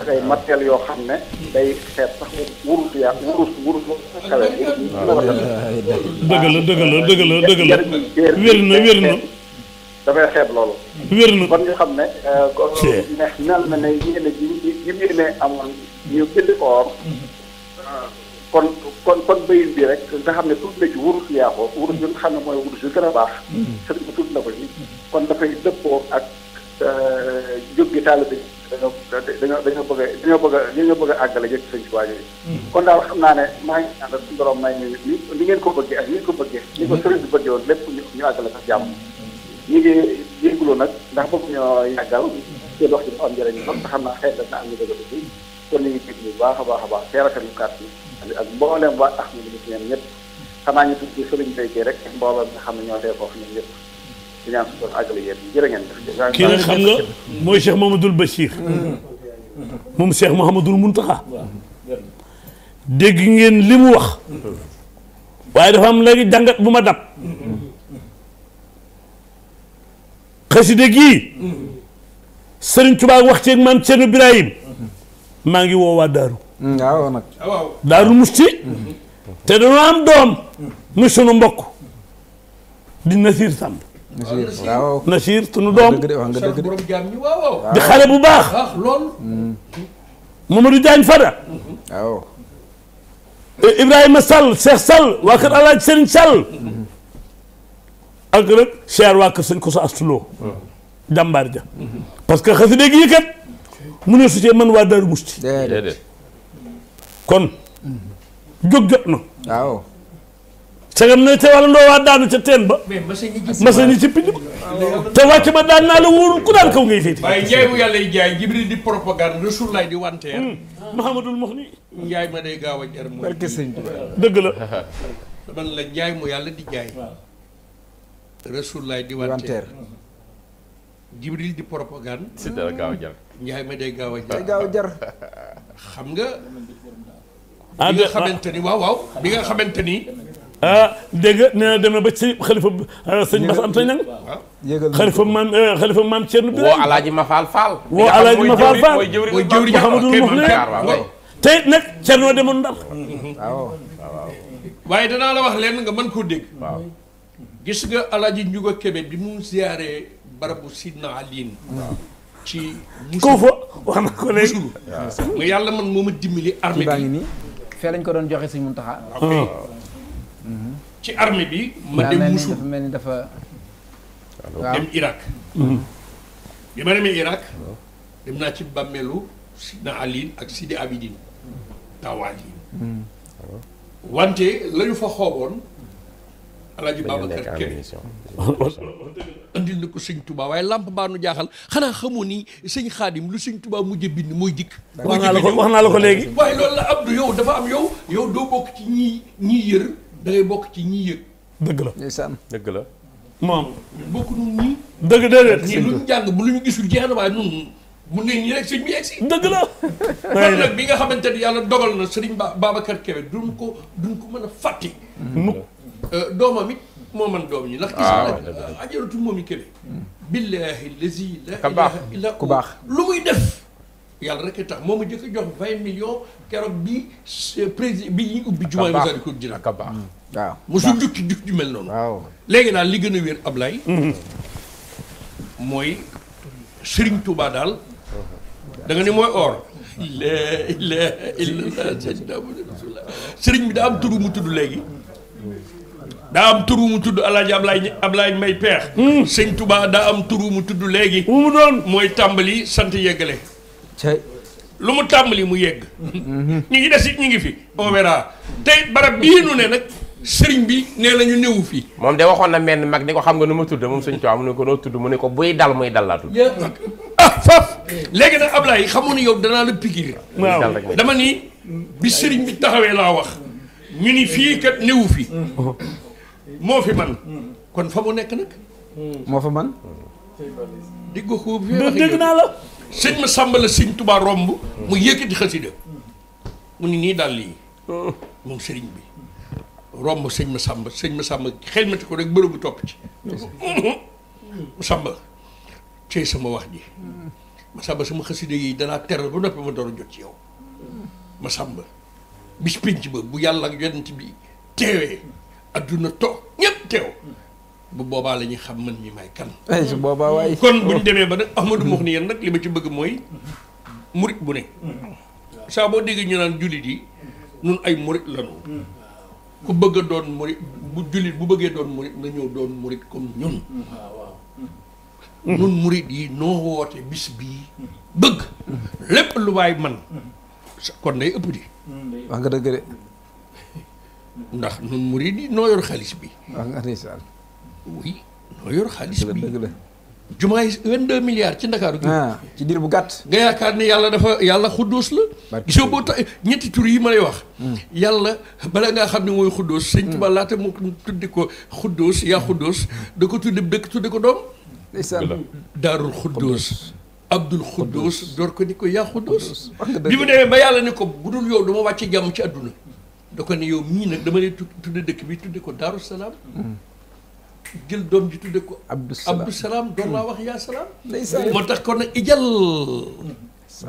ak ay matériel yoo xam ne. day xeet sax wurus ya wurus wurus xale. waaw dëgg la dëgg la dëgg la dëgg la wér na wér na. dafay xeet loolu. wér na kon ñu xam ne. Euh, neex nal na ne yéen a ji yi mu ne amoon ñu bind oor. Mm-hmm. kon kon kon bayit bi rek nga xam ne tudd na ci wurus yaa ko wurus yi nga xam ne mooy wurus yu gën a baax. Mm-hmm. sëriñ bi tudd na ko ci mm-hmm. kon dafay dëppoo ak. jóg gi taalibe dañoo dañoo dañoo bëgg a dañoo bëgg a dañoo bëgg a àggale jëkk sëñ Tuubaa hmm. kon daal xam naa ne maa ngi ñaan suñu borom may ñu ni ni ngeen ko bëggee ak ni ko hmm. ko sëriñ bi bëggee lépp ñu àggale sax jàmm ñu ngi jégalu nag ndax bëgg ñoo yàggal seen wax ji dafa am njëriñ lool te xam naa xëy na am ñu dëgg dëgg kon ñu baax a baax a baax teel a seetlu kàtt bi ak mboolem waa tax ñu ngi ñeen ñëpp xanaa ñu tudd sëriñ Mbay rek mboolem nga xam ne ñoo dee foofu ñun di ñaan suñu doon àggale yéen jërë ngeen def. kii nag xam nga mooy Cheikh Mouhamadoul Bachir. Mm-hmm. moom Cheikh Mouhamadoul Mountakha. dégg ngeen li mu wax. Mm-hmm. waaye dafa am léegi jàngat bu ma dab. Mm-hmm. xaside gii. Serigne Touba wax ci maam Thierno Birahim. maa ngi woowaa Daaru. Ah, waaw nag ah, Daaru Musti. te dañoo am doom. muy sunu mbokk. di Nasir Samb. نشير تنودوم دي خالي بو باخ مومدو جان فدا ابراهيم سال شيخ سال واخر الله سيرن سال اغرك شير واخر سن كوسا استلو دمبارجا باسكو خاسي ديغي كات منو سوتي من وادر مستي كون جوجتنا واو sagam na te wala ndoo waa daanu ca teen ba masa ñi ci pind ba te wàcc ma daan naa la wóorul ku daan kaw ngay féete waaye njaay bu yàlla jaay jibril di propagande rasulaay di wanteer mahamadul hmm. mox ni njaay ma day gaaw a jar la man la yàlla di jaay rasulaay di wanteer jibril di ma xam nga ah, bi nga xamante waaw waaw bi nga xamante ah dégg nga nee na dem na ba ci xalifa ah, sëñ Bass Anta Ñaŋ xalifa maam eh, xalifa maam Thierno Birame woo alaaji Mafal Fall woo alaaji Mafal Fall mooy jëwriñ Mouhamadul Moukhtar te it nag Thierno demoon danaa la wax leen nga mën koo dégg gis nga alaaji Ndiouga Kébé bi mu ziyaaree barabu Sidna Aliin ci kaw fa wax na ko léegi nga yàlla man moo ma dimbali armée bi fee lañ ko doon joxe sëñ Muntaxa ah. ci arme bi. ma dem musul mel ni dafa dem Irak. Mhm. bi ma demee Irak. dem naa ci bàmmeelu Sidna Ali ak Sidi Abidin taawaal yi. Mhm. wante la ñu fa xooboon. alaaji Babacar Kébé andil na ko sëñ Touba waaye làmp baa nu jaaxal xanaa xamoo ni sëñ Xaadim lu sëñ Touba mujj bind mooy dikk. wax naa la ko wax naa la ko léegi. waaye loolu la Abdou yow dafa am yow. yow doo bokk ci ñii ñii yër. da bokk ci ñi yëg. dëgg la ndeysaan dëgg la. moom bokk nun ñi. dëgg déedéet bu lu ñu gisul jeex na waaye nun mun nañ ñi rek sëñ bi yegg si. dëgg la. kon bi nga xamante ni yàlla dogal na Serigne Ba Babacar Kébé duñ ko duñ ko mën a fàtte. mukk euh, doomam it moo man doom ñi ndax. gis nga ah, ajaratu moom i Kébé. billaahi lazi baax lu muy def. yàlla rek tax moo ma jëkk jox vingt millions keroog bi euh, président bi ñuy ubbi jumaay Massalikul Jinaan ak baax waaw mosu jukki jukki mel noonu léegi daal li gën a wér Ablaye mm-hmm. mooy Serigne Touba daal da nga ni bi daa am turu mu tudd léegi daa am turu mu tudd alaaji Ablaye Ablaye May Peex mm. sëñ tubaa daa am turu mu tudd léegi mu doon mooy tàmbali sant yeggale lu mu tàmbali mu yegg. ñu ngi des it ñu ngi fi on verra tey barab bii nu ne nag sëriñ bi nee nañu néewu fii. moom de waxoon na menn mag ni ko xam nga nu ma tudd moom suñu coow mu ne ko mu ne ko buy dal muy dal laa tudd. Ah, léegi nag Ablaye xamu ne yow danaa la pikiir. waaw dama ni bi sëriñ bi taxawee laa wax ñu ni fii kat néewu fi. moo fi man kon fa mu nekk nag. moo fa man. dégg ko dégg naa la. sëñ ma sàmba la sëñ tubaa romb mu yëkkati xasida mu ni nii dàll li moom sëriñ bi romb sëñ ma sàmba sëñ ma sàmba xelmati ko rek bërëbu topp ci che sàmba cey sama wax ji ma sàmba sama xasida yi danaa teral ba noppi ma door jot ci yow ma sàmba bis pénc bu ak yonent bi teewee adduna to ñépp teew bu boobaa la ñuy xam man mi may kan. ay su boobaa waay. kon bu ñu demee ba nag Ahmadou ni yéen nag li ma ci bëgg mooy murit bu ne. saa boo déggee ñu naan jullit yi nun ay murit lañu. ku bëgg doon murit bu jullit bu bëggee doon murit na ñëw doon murit comme ñun. ñun murit yi noo woote bis bi bëgg lépp lu waay man kon day ëpp di wax nga ndax ñun murit yi noo yor xaalis bi. oui noo yor xaalis bi dëgg la jumaay 22 milliards ci Ndakaaru gi. Ah, ci bu gàtt. nga yaakaar ni yàlla dafa yàlla xudduus la. gisoo boo tax ñetti tur yi ma lay wax. Hmm. yàlla bala ngaa xam ne mooy xudduus. sëñ hmm. Tuba laata mu tuddi ko xudduus yaa hmm. xudduus da ko tuddi dëkk tuddi ko doom. ndeysaan daarul xudduus. abdul xudduus door ko ni ko yaa xudduus. bi mu demee ba yàlla ni ko bu dul yow du ma wàcce jàmm ci adduna da ko ne yow mii nag dama lay tuddi dëkk bi tuddi ko daaru salaam. jël doom ji tudde ko Abdou Salaam Abdou wax yaa salaam ndeysaan moo tax kon nag ijal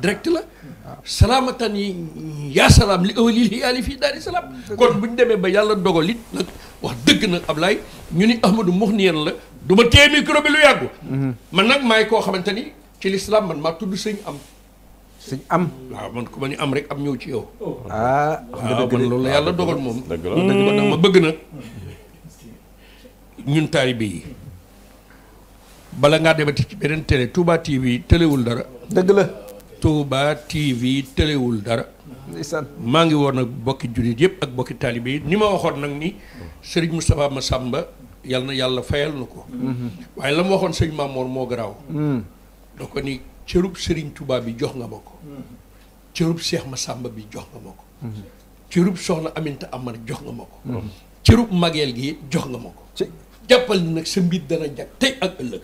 direct la salaamatan yi yaa salaam li awali li yaali fii daari salaam kon bu ñu demee ba yàlla dogal it nag wax dëgg nag laay ñu ni Ahmadou Mouhniyane la du ma téye micro bi lu yàggu mhm. man nag maay koo xamante ni ci lislaam man maa tudd sëñ am sëñ am waaw man ku ma ni am rek am ñëw ci yow ah loolu la yàlla dogal moom dëgg mm. ma bëgg na mm. ñun taalibe yi bala ngaa demati ci beneen télé Touba TV tëlewul dara. dëgg la. Touba TV tëlewul dara. ndeysaan maa ngi woon nag bokki jullit yëpp ak bokki taalibe yi ni ma waxoon nag ni sëriñ Moustapha Massamba yal na yàlla fayal na ko. waaye la ma waxoon sëriñ Mamour moo garaaw. Hmm. da ko ni cërub sëriñ Touba bi jox nga ma ko. cërub Cheikh bi jox ma ko. Hmm. cërub Soxna Aminta Amar jox nga ma ko. Hmm. cërub Mageel gi jox nga ma ko. jàppal ni nag sa mbir dana jag tey ak ëllëg.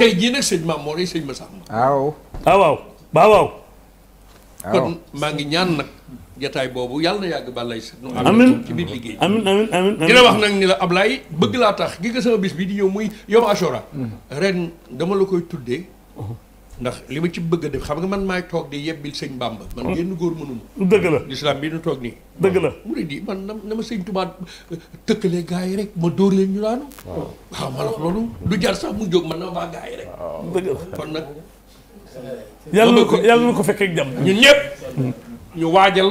tey jii nag sëñ Maam Mor sëñ Massa Amar. Ah, waaw. waaw kon maa ngi ñaan nag jataay boobu yàlla na yàgg bàllay sa. amiin ci biir liggéey amiin amiin amiin dina wax nag ni la Ablaye bëgg laa tax gi nga sama bis bi di ñëw muy yow Ashura. Mm-hmm. ren dama la koy tudde uh-huh. ndax li ma ci bëgg a def xam nga man maay toog di yebbil sëñ Bamba man mm. génn góor mënuma dëgg la lislaam bi nu toog nii dëgg la mu ne di man na ma sëñ Tuubaa tëkkale gars yi rek ma dóor leen ñu daanu waaw ma loolu du jar sax mu jóg ma na waa gars yi rek dëgg la kon nag yàlla na ko yàlla na ko fekk ak jàmm ñun ñëpp ñu waajal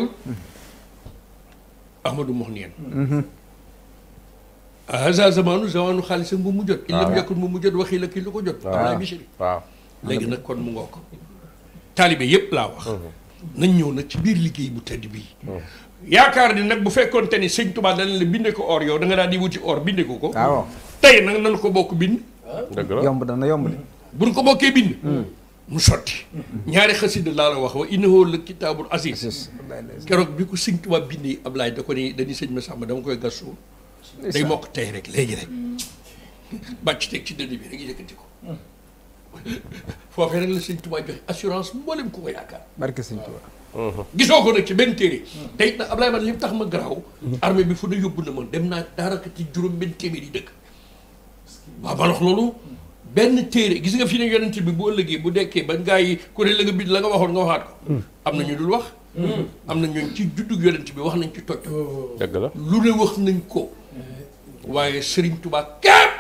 Ahmadou Mouhniyane mm-hmm. haza zamanu zamanu xaalisam bu mu jot ah, illam yakun bu mu jot waxii la kii lu ko jot am naa léegi nag kon mu ngoo ko taalibe yëpp laa wax mhm. nañ ñëw nag ci biir liggéey bu tedd bii mhm. yaakaar ni nag bu fekkoonte ni sëñ Tuubaa dana la bindee ko or yow danga nga daal di wuti or bindee ko ko ah, waaw tey nag nan ko bokk bind dëgg la yomb dana yomb de buñ ko bokkee bind hmm. mu sotti ñaari xasida laa la wax wa innahu la kitaabul aziz keroog bi ko sëñ Tuubaa bindee Ablaay da ko ni dañuy sëñ ma sàmm dama koy gas suul day mokk tey rek léegi rek bàcc teg ci dënn bi rek ko hmm. foofee rek la sëñ tubaa joxe assurance mboolem ku ko yaakaar. barke sëñ Tuubaa. gisoo ko nag ci benn téere. te it nag Ablaye man li tax ma garaaw. armée bi fu ne yóbbu na ma dem naa daanaka ci juróom benn téeméeri dëkk. waaw ma wax loolu. benn téere gis nga fi ne yonent bi bu ëllëgee bu dekkee ba gaa yi ku ne la nga bind la nga waxoon nga waxaat ko. Mm. am na ñu lul wax. Mm. am na ñooñ ci juddug yonent bi wax nañ ci toj. la lu ne wax nañ ko. Mm. waaye Serigne tubaa képp.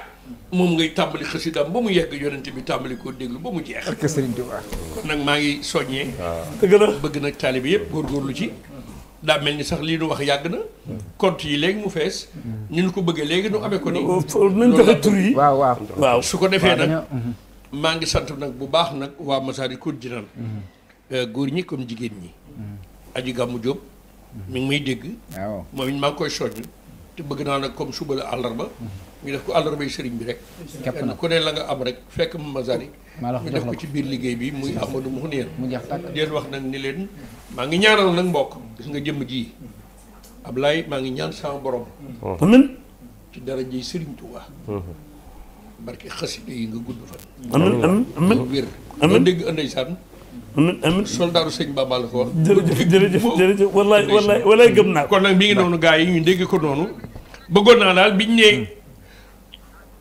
moom ngay tàmbali xasidaam ba mu yegg yonent bi tàmbali koo déglu ba mu jeex. ak kon nag maa ngi soññee. Ah. dëgg bëgg nag taalibe yëpp góor góorgóorlu ci. daa mel ni sax lii nu wax yàgg na compte yi léegi mu fees ni nu ko bëggee léegi nu amee ko ni oh, oh, yi waaw waaw waaw su ko defee nag mhm. maa ngi sant nag bu baax nag waa Massalikul Jinaan mhm. eh, góor ñi comme jigéen ñi mhm. aji gàmmu Jóob mi ngi may dégg moom it maa ngi koy soññ te bëgg naa nag comme suba la àllarba ñu def ko àllarbay sëriñ bi rek. képp na ku la nga am rek fekk mu Masary. ñu def ko ci biir liggéey bi muy Amadou Mouhniyane. mu jeex tàkk leen wax nag ni leen. maa ngi ñaanal nag mbokk gis nga jëmm ji laay maa ngi ñaan sama borom. amiin ci dara ji sëriñ Touba. barke xasida yi nga gudd fan. amiin amiin amiin bu wér. amiin dégg ndeysaan. amiin amiin soldaaru sëñ Bamba ko wax. jërëjëf jërëjëf jërëjëf wallaay wallaay gëm naa ko. kon nag mi ngi noonu gaa yi ñu dégg ko noonu bëggoon naa daal biñ ne hmm.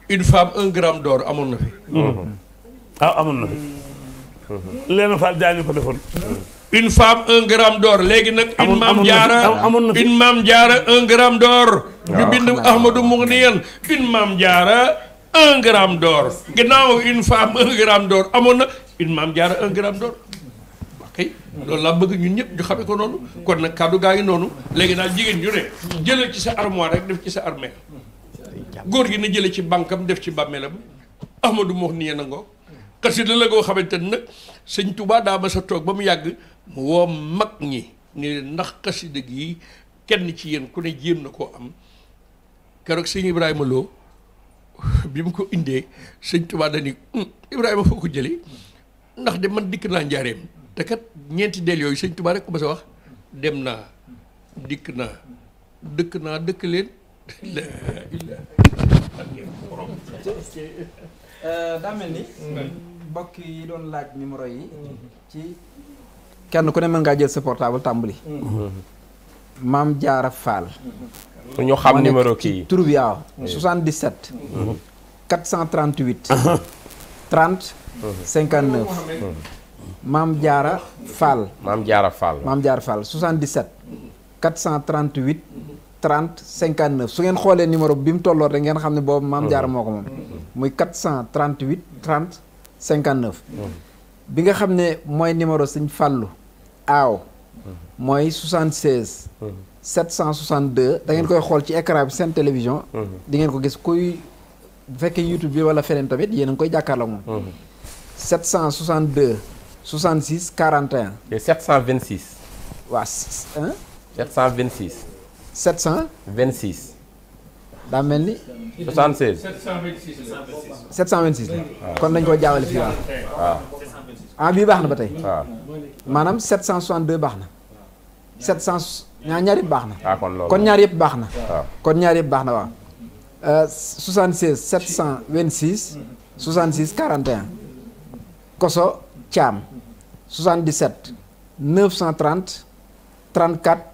une femme un gramme d'or amoon na fi. ah amoon na fa Léna Fall Diagne ko defoon. une femme un gramme d'or léegi nag. une maam jaara une maam jaara un gramme d'or ñu bind Ahmadou Mouniyan une maam jaara un gramme d'or ginnaaw une femme un gramme d'or amoon na une maam jaara un gramme d'or ok laa bëgg ñun ñëpp ñu xamee ko noonu kon nag kàddu gaa ngi noonu léegi daal jigéen ñu ne jëlal ci sa armoire rek def ci sa armée góor gi na jële ci bankam def ci melam, ahmadou mox niye na ngoog xasida la go xamantene nak seigne touba da ma sa toog ba mu yàgg mu woo ni ñi ne ndax gi kenn ci yeen ku ne nako am keroog seigne ibrahima lo, bim ko indee sëñ tubaa dani hmm, ibrahima foo ko jële ndax de man dik na njaareem te kat ñenti del yoy seigne touba rek ko ma sa wax dem na dik na dëkk na dëkk len Euh, daa ni mm. mbokk yi doon laaj numéro yi ci kenn ku ne mën ngaa jël sa portable tàmbali mm-hmm. maam jaara faal pour mm-hmm. ñu xam numéro kii tur bi waaw 77 438 30 59 maam jaara faal maam jaara faal maam jaara faal 77 438 mm-hmm. 30 59 su ngeen xoolee numéro bi mu tolloon rek ngeen xam ne boobu maam jaar mm-hmm. muy 438 30 59 bi nga xamné moy numéro seigne fallu aaw moy 76 762 da ngeen koy xol ci écran bi seen télévision mm-hmm. di ngeen ko gis koy bu YouTube bi wala feneen tamit yéen a ngi koy la moom 762 66 41 et 726 waa 726 726. 26. 76. 726. 726 là. kon dañ koo le fil? waaw. ah, ah bii ba tey. Ah. Madame 762 baax 700 N'y a yëpp baax ah kon loolu kon ñaar 76 726. 66 41. Koso Tcham. 77 930 34.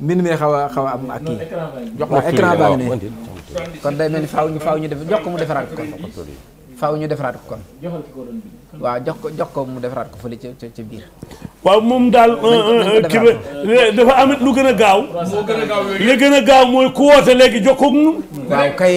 mbind mi xaw a xaw a am ak kii jox ma écran baa ngi ne kon day mel ni faaw ñu faaw ñu def jox ko mu defaraat ko kon faaw ñu defaraat ko kon waaw jox ko jox ko mu defaraat ko fële ca ca biir waaw moom daal euh, euh, ki dafa amit lu gën a gaaw li gën a gaaw mooy ku woote léegi jokkoo ak ñun waaw kay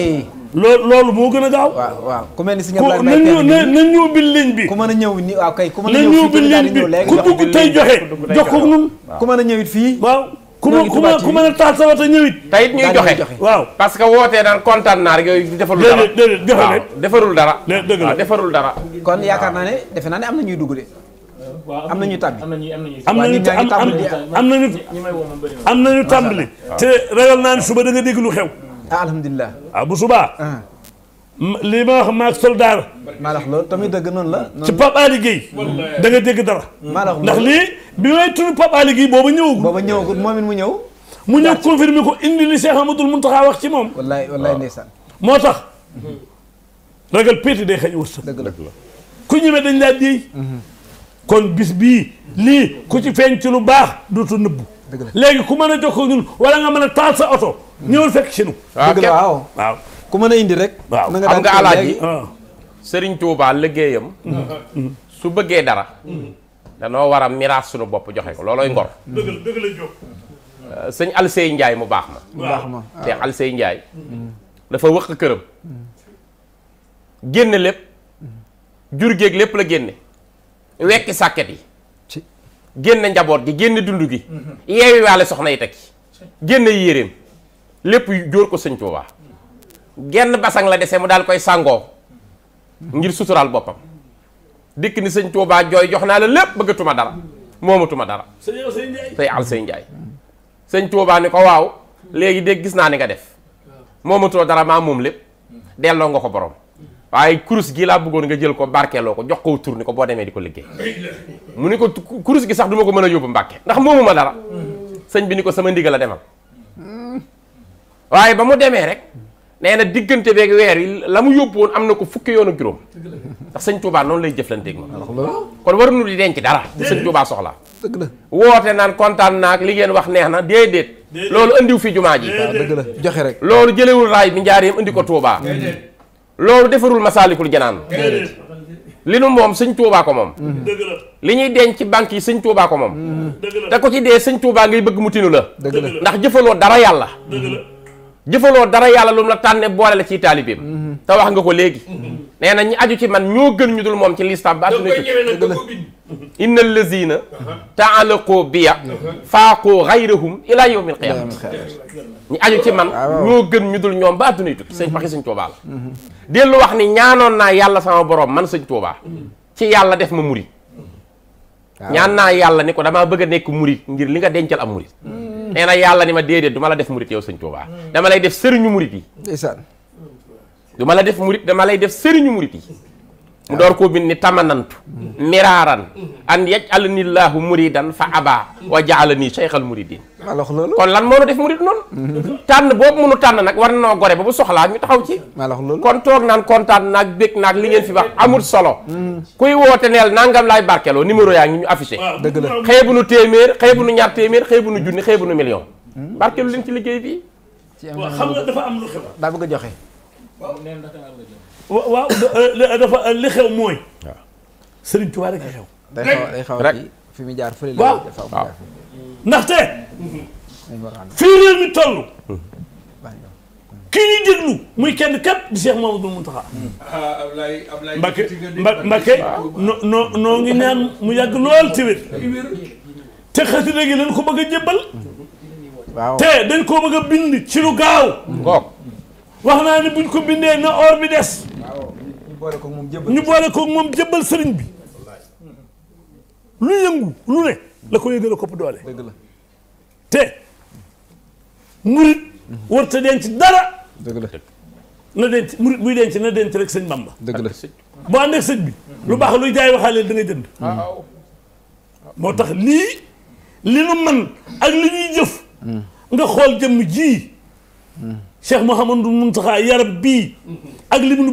loolu loolu moo gën a gaaw. waaw waaw ku mel ni si ñoom nañ ñu nañ ñu ubbi ligne bi. ku mën a ñëw ni waaw kay ku mën a ñëw fii bi ku dugg tey joxe jox ko ñun. ku mën a ñëw it fii waaw. ku ma ku ma ku mën a taal sa wata ñëwit tayit ñuy joxe waaw parce que wootee daan kontaan naar yooyu defarul dara déedéet defarul dara dëgg defarul dara kon yaakaar naa ne defe naa ne am na ñuy dugg de am na ñu tàmbali am nañu am nañu am nañu tàmbali te ragal naa suba da nga dégg lu xew ah alhamdulilah waaw ah, bu subaa ah. lii ma wax maag soldaar. maa tamit dëgg noonu la. ci Pape Ali Guèye. da nga dégg dara. maa la wax ndax lii bi may tudd Pape Ali Guèye booba ñëwagul. booba ñëwagul moom mu ñëw. mu ñëw confirmer ko indi li Cheikh Amadou Mountakha wax ci moom. wallaay wallaay ndeysaan. moo tax. ragal péeti day xëy wërsëg. dëgg la ku ñëwee dañ laa mhm. kon bis bii lii ku ci feeñ ci lu baax dootu nëbbu. léegi ku mën a jokkoo ñun wala nga mën a sa oto. ñëwal fekk ci nu. ku mën a indi rek. waaw xam nga alaaji ah. Serigne Touba liggéeyam. su bëggee dara. danoo war a miraas sunu bopp joxe ko loolooy ngor. dëgg la dëgg la jóg. Euh, sëñ Alsey Ndiaye mu baax ma. mu baax ma te Alsey Ndiaye. Mm-hmm. dafa wëq këram. génne lépp. jur géeg lépp la génne. wekki sàkket yi. génne njaboot gi génne dund gi. Mm-hmm. yeewi waale soxna yi teg génne yéreem lépp jóor ko sëñ Touba. genn basang la dese mu dal koy sango ngir sutural bopam dik ni seigne touba joy joxna naa la lépp bëggatuma dara moomatuma dara say al sëñ Njaay seigne touba ni ko waw léegi de gis na ni nga def moomatoo dara ma mom lepp delloo nga ko borom waye kurus gi la bëggon nga jël ko barké loko jox ko tur ni ko bo démé diko liggé mu ni ko gi sax duma ko mëna ndax dara seigne bi ni sama ndigal la démal waye ba mu démé rek nee na diggante beeg weer yi la mu yóbbu woon am na ko fukki yoon ak juróom ndax sëñ Touba noonu lay jëflanteeg ma kon waruñu di denc dara bu sëñ Touba soxla dëgg la woote naan kontaan naag li ngeen wax neex na déedéet loolu indiw fi jumaa ji dëgg la joxe rek loolu jëlewul raay bi njaareem indi ko Touba loolu defarul masaalikul janaan li nu moom sëñ Touba ko moom dëgg li ñuy denc ci banque yi sëñ Touba ko moom te ko ci dee sëñ Touba ngay bëgg mu tinu la ndax jëfaloo dara yàlla jëfaloo dara yàlla lu mu la tànne boole la ciy taalibeem mhm. te wax nga ko léegi nee na ñi aju ci man ñoo gën ñu dul moom ci listam ba adduna inna allazina taalaqoo biya faaqoo xayrahum ila yawmil qiyaama ñi aju ci man ah, ñoo gën ñu dul ñoom ba addunay tukki sëñ waxi sëñ Tuubaa la mhm. dellu wax ni ñaanoon naa yàlla sama boroom man sëñ Tuubaa ci yàlla def ma murit ñaan naa yàlla ni ko damaa bëgg a nekk murit ngir li nga dencal am murit mhm. nee na yàlla ni ma déedéet du def murit yow sëñ Tuubaa mm. dama lay def sëriñu murit yi. ndeysaan. du la def murit dama lay def sëriñu murit yi. mu door koo bind ni tamanantu miraaran mm-hmm. an yajalani llaahu muridan fa abaa wa jaalani cheikhal muridin kon lan moo nu def murid noonu mm-hmm. tànn boobu munu tànn nag war na noo gore ba bu soxlaa ñu taxaw ci kon toog naan kontaan naag bég naag li ngeen fi wax amul solo mm-hmm. kuy woote neel nangam laay barkeloo numéro yaa ngi ñu affiché dëgg la xeebu nu téeméer xeebu nu ñaar téeméer xeebu nu junni xeebu nu million barkelu leen ci liggéey bi xam nga dafa am lu bëgg a joxe waaw dafa li xew mooy. waaw Serigne Touba rek a xew. day xaw rek fi mu jaar fële la waaw ndaxte. fii réew mi toll. kii ñuy déglu muy kenn képp di Cheikh Mamadou Mountakha. Ablaye Ablaye. Mbakke Mbakke noo noo ngi ñaan mu yàgg lool ci wér. te xasida gi dañ ko bëgg a jébbal. waaw te dañ koo bëgg a bind ci lu gaaw. wax naa ne buñ ko bindee na or bi des. boole ko moom jëbbal ñu boole moom jëbbal sëriñ bi lu yëngu lu ne la ko yëgal kopp doole dëgg la te murit warta denc dara dëgg la na denc murit buy denc na denc rek sëñ Bamba dëgg la boo ànd ak bi lu baax luy jaay waxaale da jënd moo tax lii li nu man ak li ñuy jëf nga xool jëmm ji mm. Cheikh Mouhamadou Mountakha yarab bii ak li mu nu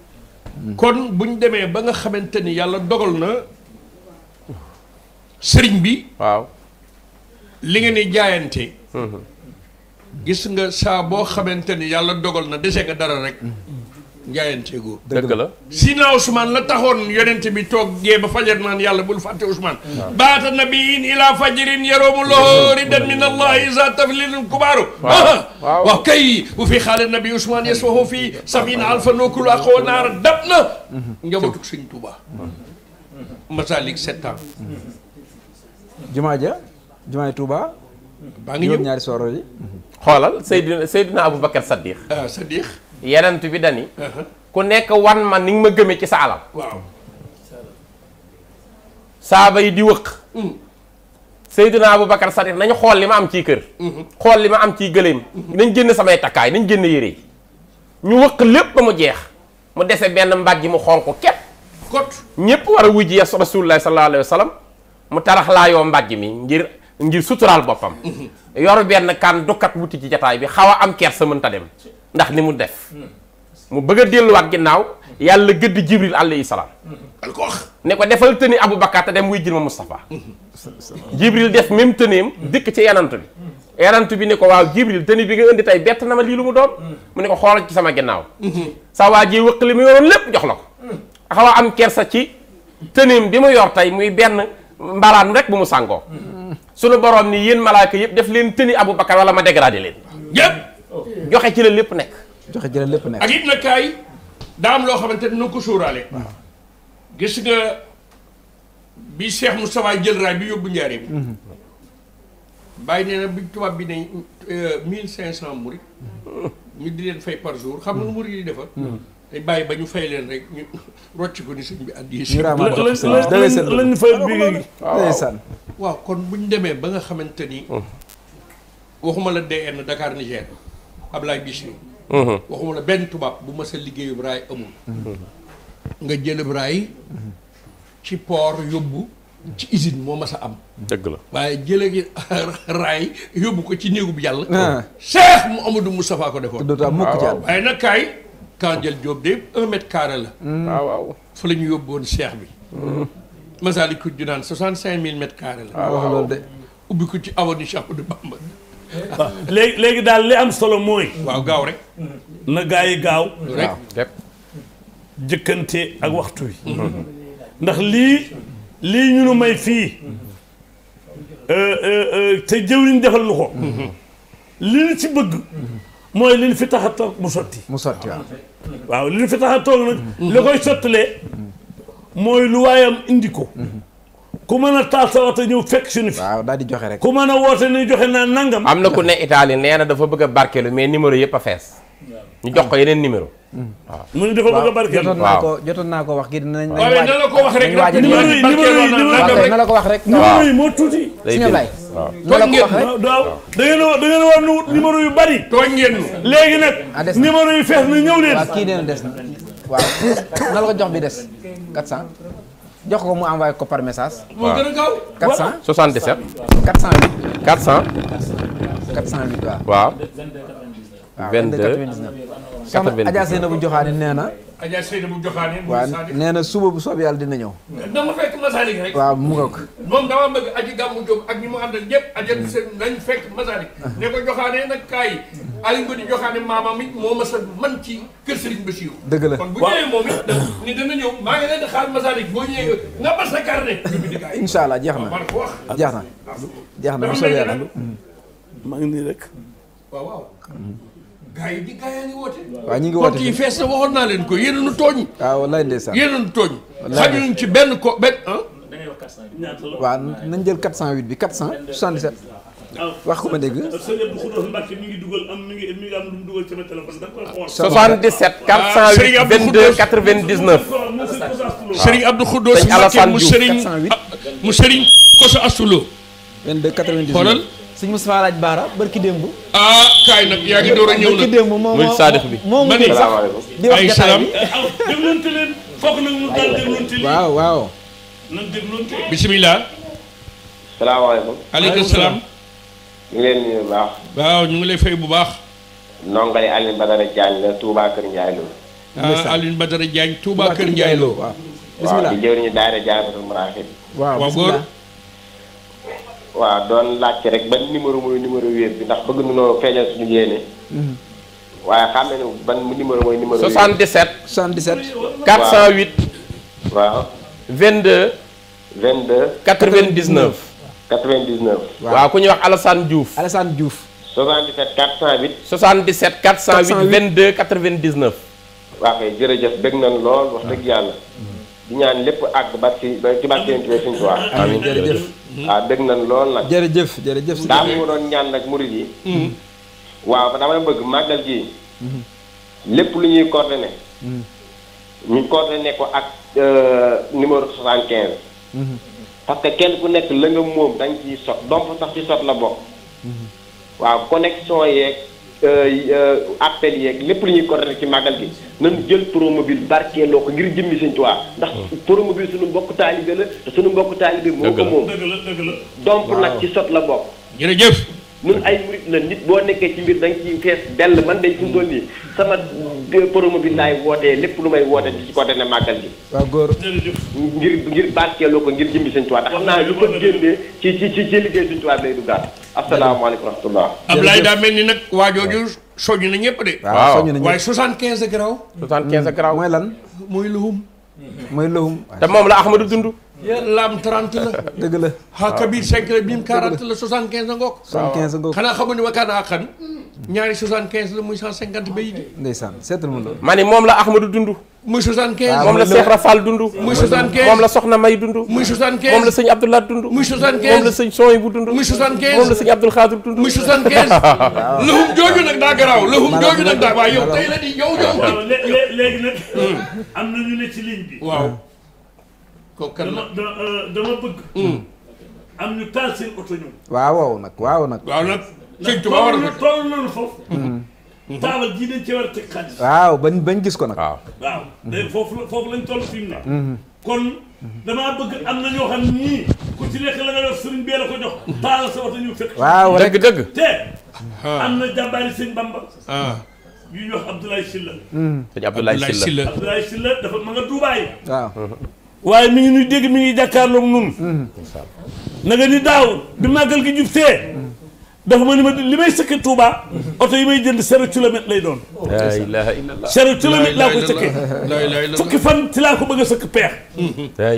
kon buñ demee ba nga xamante ni yàlla dogal na sëriñ bi. waaw li nga ne jaayante. Mm-hmm. gis nga saa boo xamante ni yàlla dogal na dese nga dara rek. jaayanteegoo. dëgg la Sina Ousmane la taxoon yonent bi toog gee ba fajar naan yàlla bul fàtte Ousmane. Hmm. Hmm. baata nabiin ila fajirin yaroomu loho hmm. ridan min allahi isa taflilun kubaaru. Ah, waaw waaw kay bu fi xaale nabi Ousmane yaswahu fii sabina alfa nokulu aqwa naara dab na. njabootu Sëñ Tuubaa. Masalik sept ans. jumaa ja jumaay Tuubaa. baa ngi ñëw ñaari sooro yi. xoolal Seydina Seydina Aboubacar Saddiq. ah Saddiq. yenent bi dani uh-huh. ku nek wan ma ni nga e ma gëme ci salam sahaba yi di wëq hmm. Seydina Aboubacar Sadiq nañ xol li ma am ci kër uh-huh. xol li ma am ci geleem uh-huh. nañ genn samay takkaay nañ genn yere ñu wëq lepp ba mu jeex mu dese benn mbàjj mu xonku kep kot ñepp wara ya rasulullah sallallahu alaihi wasallam, mu tarax laa yoo mbàjj mi ngir ngir sutural bopam yor benn kan dukat wuti ci jotaay bi xaw am kersa ta dem ndax li mu def mu bëgg a delluwaat ginnaaw yàlla gëdd jibril alayhi salaam ne ko defal tëni aboubacar te dem wuy jël ma moustapha jibril def même tëneem dikk ci yanant bi yanant bi ne ko waaw jibril tëni bi nga indi tey bett na ma lii lu mu doon mu ne ko xoolal ci sama ginnaaw sa waa ji wëq li mu yoroon lépp jox la ko xaw a am kersa ci tëneem bi mu yor tey muy benn mbalaan rek bu mu sàngoo suñu borom ni yéen malaaka yëpp def leen tëni aboubacar wala ma dégradé leen joxe ci la lépp nekk. joxe ci la lépp nekk. ak it nag daa am loo xamante ni ko sóoraale. Ah. gis nga bi Cheikh Moustapha jël raay bi yóbbu njaaree mhm. bi. bàyyi nee na tubaab bi ne euh, mille cinq cent murit mhm. ñu di leen fay par jour xam nga murit yi defar. Mhm. bàyyi ba ñu fay leen rek ñu rocc ko ni sëñ bi addi si. ñu lañ fay bi waaw kon bu ñu demee ba nga xamante ni. Oh. waxuma la DN Dakar Niger. Ablaye Bichri mhm. waxuma la benn tubaab bu mës a liggéeyub raay amul mhm. nga jëlub raay ci port yóbbu ci usine moo mës a am dëgg la waaye jëlee raay yóbbu ko ci néegub yàlla ah. Cheikh Mouhamadou Moustapha ko defoon dootaa mukk ci am waaye nag kaay Kandjel de un mètre la waaw mm. ah, waaw fa la ñu yóbbu woon Cheikh bi mm-hmm. Massalikul Jinaan soixante cinq mille mètres carré la ah, waaw ubbi ko ci avenue Cheikh Ahmadou Bamba waaw léegi daal li am solo mooy. waaw gaaw rek. na gaa yi gaaw. rek jëkkante ak waxtu wi. ndax lii lii ñu nu may fii euh, euh, euh, te jëwriñ defal lu ko. li ñu ci bëgg. mooy li ñu fi tax a toog mu sotti. mu sotti waaw. li ñu fi tax toog nag. li koy sottalee. mooy lu waayam indi ko. ku mën a taal sa waxta ñëw fekk suñu fi waaw daal di joxe rek ku mën a woote ni joxe naa nangam am na ku ne Italie nee na dafa bëgg a barkeelu mais numéro yëpp a ñu jox ko yeneen numéro waaw mu ne dafa bëgg a barkeelu jotoon naa ko jotoon naa ko wax gi na la ko wax rek numéro yi na la ko wax rek numéro yi moo tuuti suñu lay na la ko wax rek waaw da ngeen da ngeen lu numéro yu bari tooñ ngeen léegi nag numéro yi fees na ñëw leen waaw kii dina des waaw na la ko jox bi des 400 jox ko mu envoyé ko par message. waaw 400 77. 408. 400. 408 waaw. waaw. 22 99 soxna Adja Seynabou Joxaane nee neena Adja Seydou bu joxaane. waaw suba bu soob yàlla dina ñëw. na ma fekk Masalik rek. waaw mu ak ñi mu àndal mm. nag kaay. Mm. Aliou Ngodi joxaane maamam it moo mas a man ci kër Serigne Bassirou. dëgg da ni dana ñëw maa ngi leen di ma Masalik boo ñëwee nga bas sa carnet. incha allah jeex na jeex na jeex na bu soob yàlla. Mm. nii rek. gars ngi woote. waaw ñu ngi woote kooku fees na waxoon naa leen ko yéen a nu tooñ. waaw ah, wallaahi ndeysaan yéen a nu tooñ. wallaahi xajuñ ci benn ko benn ah. da ngay wax 408. waaw nañ jël 408 bi 477. wax ko ma dégg. sëñ ah, Abdou Mbacke mi ngi dugal am mi ngi mi ngi am lu mu dugal sama téléphone da nga koy xool. 77 408 22 99. waaw Serigne mu Serigne mu Serigne Koso Asulo. 22 98 xoolal sëñ Moustapha laaj Baara barki démb. ah kaay nag yaa ngi door a ñëw nag barki démb moom moo moo saadix bi moo sax di wax jotaay bi waaw waaw. nan déglante. bisimilah. salaamaaleykum. aleykum salaam. ñu ngi leen nuyu bu baax. waaw ñu ngi lay fay bu baax. ndongali Alioune Badara Diagne la Touba Kër Ndiaye Lo. ah Alioune Badara Diagne Touba Kër Ndiaye Lo. waaw bisimilah waaw waaw waaw waaw doon laajte rek ban numéro mooy numéro wéer bi ndax bëgg nañoo feeñal suñu yéene. Mhm. waaye xam ne ban numéro mooy numéro. 77 77. waaw 408. waaw. 22. 22. 99. 99. waaw ku ñuy wax Alassane Diouf. Alassane Diouf. 77 408. 77 408 22 99. waaw kay jërëjëf bëgg nañ lool wax dëgg yàlla. Mhm. di ñaan lépp àgg ba ci ba ci bàttee suñu tuwaar. amiin jërëjëf. waaw mhm. ah, dégg na lool nag. jërëjëf jërëjëf si daal mu doon ñaan nag murid yi. Mhm. waaw dama bëgg màggal gi. Mhm. lépp lu ñuy coordonné. ñu coordonné ko ak euh, numéro 75. parce que kenn ku nekk la nga moom dañ ciy sot domp sax ci sot la bokk. waaw connexion yeeg. Euh, euh, appel yeeg lépp lu ñuy coordonné ci màggal gi nañu jël promobile barkeeloo ko ngir jëmmi Sëñ Tuubaa ndax hmm. promobile suñu mbokk taalibe la te suñu mbokk taalibe moo ko moom domp nag ci sot la bokk jërëjëf ñun ay murit la nit boo nekkee ci mbir da nga ciy fees dell man de fi mu toll nii sama promo bi laay wootee lépp lu may woote di ci côté ne màggal gi. waaw góor ngir ngir barkeeloo ko ngir jëmbi Sëñ Tuubaa xam naa lu ko génnee ci ci ci liggéey Sëñ Tuubaa lay duggaat. asalaamaaleykum wa rahmatulah. daa mel ni nag waa jooju soñu na ñëpp de. waaw soñu na ñëpp waaye 75 graw. 75 hmm, graw mooy lan. mooy luhum. mooy luhum. te moom la Ahmadou dund. laam 30 la. dëgg la waaw Kabir 5 la biim 40 la 75 la ngoog. 75 la ngoog xanaa xamu ne wakkaan a xan ñaari 75 la muy 150 béy di. ndeysaan ma loolu. ma ne moom la Ahmadou dund. muy 75 moom la Cheikh Rafal dund. muy 75 moom la Soxna May dund. muy 75 moom la sëñ Abdoulaye dund. muy 75 moom la sëñ Sooy bu muy 75 moom la sëñ Abdoul Khadir dund. la di yow kooku kan la dama dama euh, bëgg. Hmm. am ñu taal seen oto ñoom. waaw nag waaw nag. waaw nag sëñ Tuba war na toll nañu foofu. Hmm. taalal a waaw bañ bañ gis ko nag. waaw hmm. kon damaa bëgg am na ñoo xam nii ku ci nekk la nga def sëriñ bee la ko jox. taalal sa oto ñu fekk. waaw rek te ah. am na jàmbaari sëñ Bamba. Ah. yu ñuy wax Abdoulaye dafa ma nga waaye mi ngi nuy dégg mi ngi jàkkaarloog nun na nga ni daaw bi màggal gi jub see dafa ma ni ma li may sëkke Touba oto yi may jënd sere kilomètre lay doon laa ilaaha illallaah zéro kilomètre laa koy sëkke fukki fan ci laa ko bëgg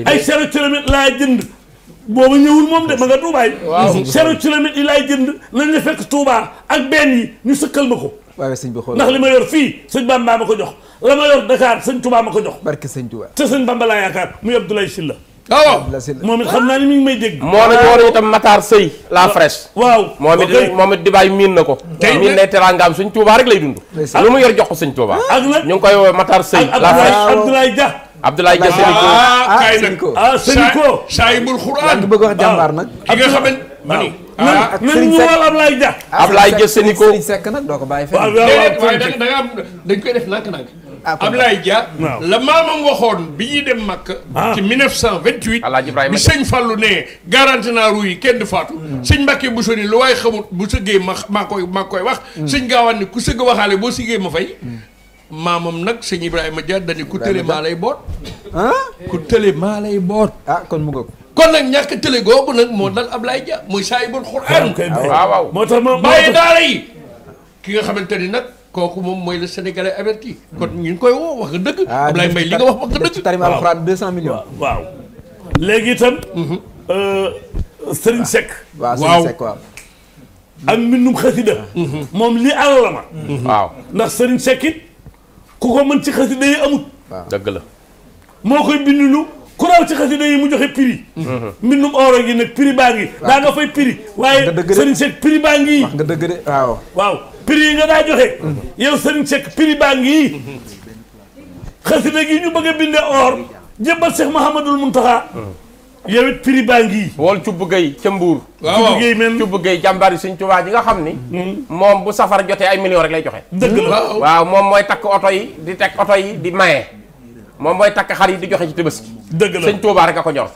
ay zéro kilomètre laa jënd booba ñëwul moom de ma nga Touba yi zéro kilomètre yi laay jënd nañ fekk Touba ak benn yi ñu sëkkal ma ko waaye sëñ bi xool ndax li ma yor fii sëñ Bamba ma ko jox la ma yor Dakar sëñ Touba ma ko jox barke sëñ Touba te sëñ muy oh! Abdoulaye Sylla moom it xam naa mi may dégg moom it woo nañu tam Matar Sëy la fraîche waaw moom it moom it dibaay miin na ko miin na teraangaam sëñ Touba rek lay dund lu mu yor jox ko sëñ Touba ak nag ñu ngi koy woo Matar Sëy la fraîche Abdoulaye Dia Abdoulaye Dia Seniko ah, ah kay nag ah Seniko saahibul Xuraan bëgg wax jàmbaar ah. nag ki nga xamante ma ah même ñu wol Ablaye Dia. Ah, Ablaye Dia sëni ko Serigne Seck nag doo ko bàyyi fenn. waaye da am dañ koy def nànk-nànk. Ah, Ablaye Dia. maamam waxoon bi ñuy dem Makka. Ah. ci 1928. Alaaji Ibrahima bi sëñ Fallou ne garanti naa ru yi kenn du faatu. sëñ Mbacke Bousso ni lu waaye xamut bu ma maa koy koy wax. Hmm. sëñ Gaawaan ku sëgg waxaale boo sëggee ma fay. Hmm. maamam nag sëñ Ibrahima Dia ku tële maa lay boot. ah ku tële maa lay boot. ah kon mu ngoog. kon nag ñàkk télé googu nag moo dal Ablaye Dia muy saayibul Xuraan waaw ah, nga xamante ni nag kooku moom mooy le sénégalais averti kon ñu koy woo wax nga dëgg ah, Ablaye Mbaye li nga wax wax nga dëgg tarima alxuraan deux cent millions waaw léegi itam mhm. euh, Serigne Seck waaw Serigne Seck xasida mhm. moom lii alal la ma mhm. waaw ndax Serigne Seck it ku ko mën ci xasida yi amut dëgg la moo koy bindulu ku raw ci xasida yi mu joxe prix mbindum oro gi nag prix baa ngi daa nga fay prix waaye sëriñ Seck prix baa ngi wax nga dëgg de yi nga daa joxe yow sëriñ Seck prix baa ngi xasida gi ñu bëgg a binde or jëbbal Cheikh Mouhamadul Mountakha yow it baa ngi wool cubb gay ca mbuur cubb gay même cubb gay jàmbaar yi suñ tubaa ji nga xam ni hmm. moom bu safar jotee ay millions rek lay joxe dëgg la hmm. waaw moom mooy takk oto yi di teg oto yi di maye moom mooy takk xar yi di joxe ci Tabaski dëgg la sëñ Touba rek a ko ñor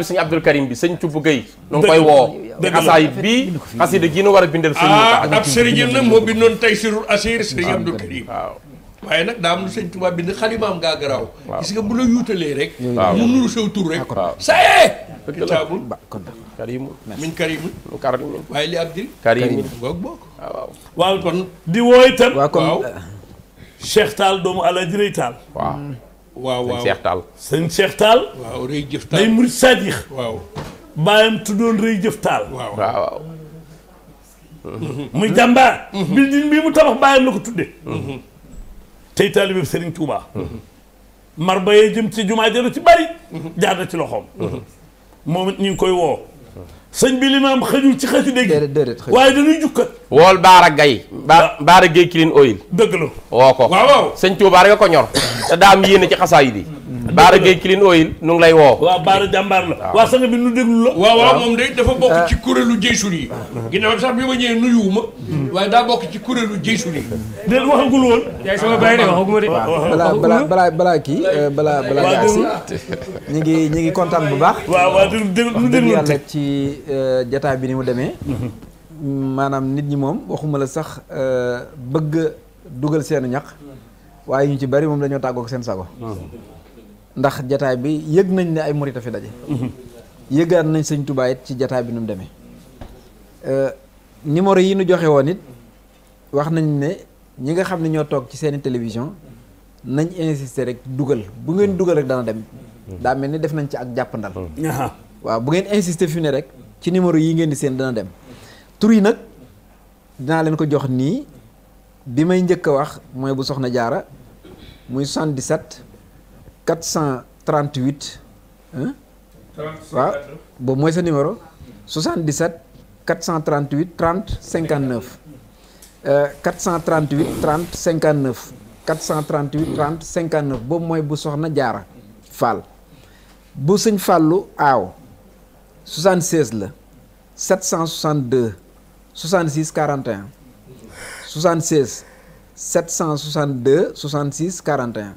bi sëñ Abdul Karim bi sëñ Cubb Gueye nu ngi koy woo di asaayit bii xasida gi nu war a bindal sëñ ah, Moussa ab sëriñam nag moo bindoon Taysirul Asir sëriñ Abdul Karim waaw waaye nag daa am lu sëñ Touba bind xalimaam gaa garaaw gis nga bu la yuutalee rek mu nuru saw tur rek saye kitaabul karimu min ah, waaw waaw di woo itam waaw euh, doomu Alaaji Taal waaw waaw waaw sëñ Cheikh Tall. sëñ Cheikh Tall. waaw rëy jëf Tall day murid sadix. waaw baayam tuddoon rëy jëf Tall. waaw waaw. muy jàmbaar. bildin bii mu tabax baayam la ko tudde tey taalibe Serigne Touba. mar ba yee jëm ci jumaa jëlu ci bari. jaar na ci loxoom. moom it ñu ngi koy woo. sëñ bi limaam xëjul ci xasida gi déedéet waaye dañuy jukkat wool Baara gay ba ah. Baara Gaye Clean Oil dëgg la woo ko waaw waaw sëñ Tuubaa rek ñor te daa am yéene ci xasaayid yi Baara Gueye Clean Oil ngi lay woo waaw jàmbaar la waaw sang bi nu déglu la waaw waaw ah. kuréelu jeysul yi ah. ginnaaw sax bi ma ñëwee nuyuwuma hmm. ci kuréelu jeysul yi déet balaa balaa balaa kii euh, balaa balaa gaa si ngi ñu ngi kontaan bu baax waaw waaw déglu déglu yàlla ci euh, jataa bi ni mu demee hmm. maanaam nit ñi moom waxuma la sax euh, bëgg dugal seenu ñax hmm. waaye ñu ci bari moom lañoo tàggook seen sago ndax jataay bi yëg nañ ne ay murit a fi daje mhm. yëgaat nañ sëñ Tuubaa it ci jataay bi nu mu demee euh, numéro yi nu joxe woon it wax nañ ne ñi nga xam ne ñoo toog ci seeni télévision nañ insister rek dugal bu ngeen dugal rek dana dem mhm. daa mel ni def nañ ci ak jàppandal mhm. waaw bu ngeen insister fi ne rek ci numéro yi ngeen di seen dana dem tur yi nag dinaa leen ko jox nii bi may njëkk a wax mooy bu soxna jaara muy 77 438. Hein? Bon, moi, c'est numéro. 77 438 30 59. 438 30 59. 438 30 59 bon moi bu soxna diara Fall. bu seigne Fallou 76 762 66 41 76 762 66 41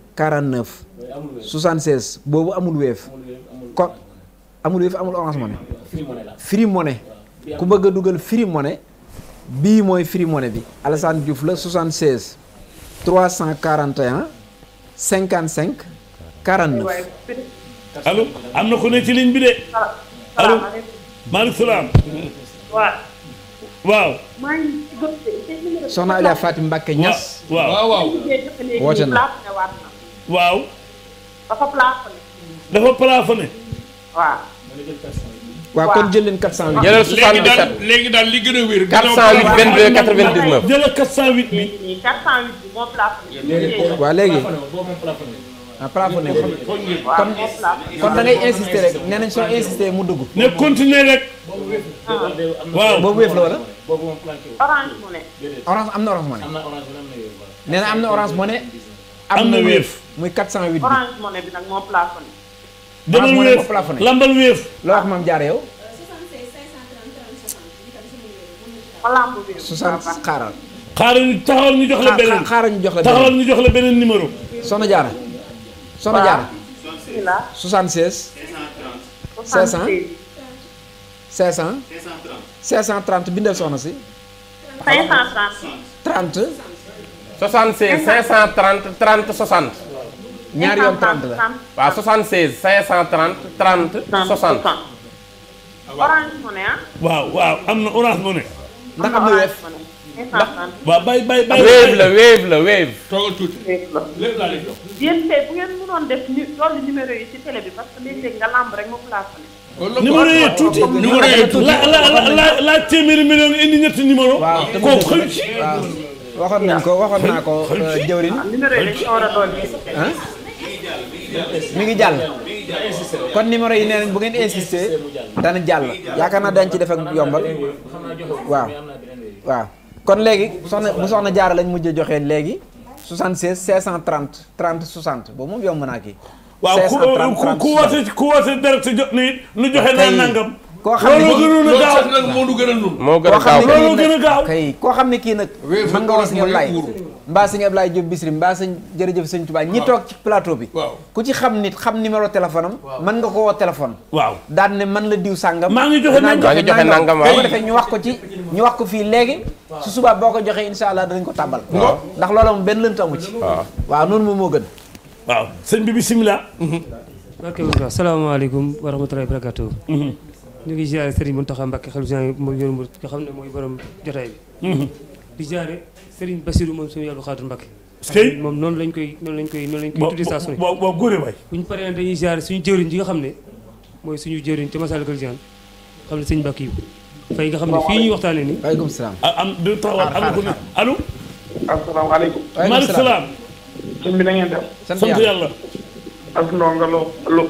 49 76 boobu amul weef ko amul weef amul orange money free money ku bëgg a dugal free money bii mooy free money bi Alassane Diouf la 76 341 55 49 allo am na ku ne ci ligne bi de allo maaleykum salaam waaw. soxna Alia Fatim Mbacke Niass. waaw waaw woote waaw. dafa plafonné. dafa plafonné. kon jël leen 408. jëlal 77 léegi daal li gën a wér. 408 22 99. jëlal 408 bi. 408 bi moo plafonné. waaw léegi. ah plafonné kon kon da ngay insisté rek nee nañ soo insisté mu dugg. ne continuer rek. Ah. boobu wéef la wala. orange am na orange money. nee na am na orange money. am na wéef. muy 408 bi orange money bi demal wéef lambal wéef. la wax maam jaar yow. 60 xaaral. ñu taxawal ñu jox la beneen xaaral ñu jox la beneen taxawal ñu jox la Jaara. Soxna Jaara. 76. 530. 500. 530 bindal soxna si. 530. 30. 76 530 ñaari yoon 30 la waaw 76 530 30 60. orange money ah. waaw waaw na orange money. ndax am na weef. ndax waaw la wave la wave. toogal tuuti. lépp laa lay jox. yéen tey bu ngeen indi ñetti numéro. waaw kooku xëy waxoon nañ ko waxoon naa ko euh, jëwriñ. numéro yi mi ngi jàll kon numéro yi nee nañ bu ngeen insister dana jàll yaakaar naa dañ ci def ak yombal waaw waaw kon léegi soxna bu soxna jaara lañ mujj joxe léegi 76 630 30 60 boobu moom yomb naa kii. 630 30 60 waaw ku ku woote ku woote direct jot nii nu joxe naa nangam. koo xam ne loolu gënoon a a gaaw koo xam ne kii nag mën nga wax si ñu lay mbaa sëñ Ablaye Diop Bichri mbaa sëñ jërëjëf sëñ Touba ñi toog ci plateau bi waaw ku ci xam nit xam numéro téléphone am mën nga ko woo téléphone waaw daan ne man la diw sàngam maa ngi joxe nangam maa ngi joxe nangam waaw bu defee ñu wax ko ci ñu wax ko fii léegi su subaa boo ko joxee insha allah danañ ko tàbbal ndax loolu moom benn lënt amu ci waaw noonu moom moo gën waaw sëñ bi bismillah barke Moussa salaamaaleykum wa rahmatullahi wa barakatuh mm-hmm. ñu ngi ziare Serigne Mountakha Mbacké xelu gen moo yor nga xam ne mooy borom jotaay bi mm-hmm. di ziare Serigne Bassirou moom suñu Abdou moom noonu lañ koy noonu lañ koy noonu lañ koy tuddee saa su ne waaw jëriñ ji nga xam ne mooy suñu jëriñ ca Masalikul Jinaan xam ne sëñ Mbacké yu fay nga xam ne fii ñuy waxtaanee nii waaleykum salaam ah, am deux trois am ko allo asalaamaaleykum salaam sëñ bi na ngeen def sant yàlla ak ndonga lu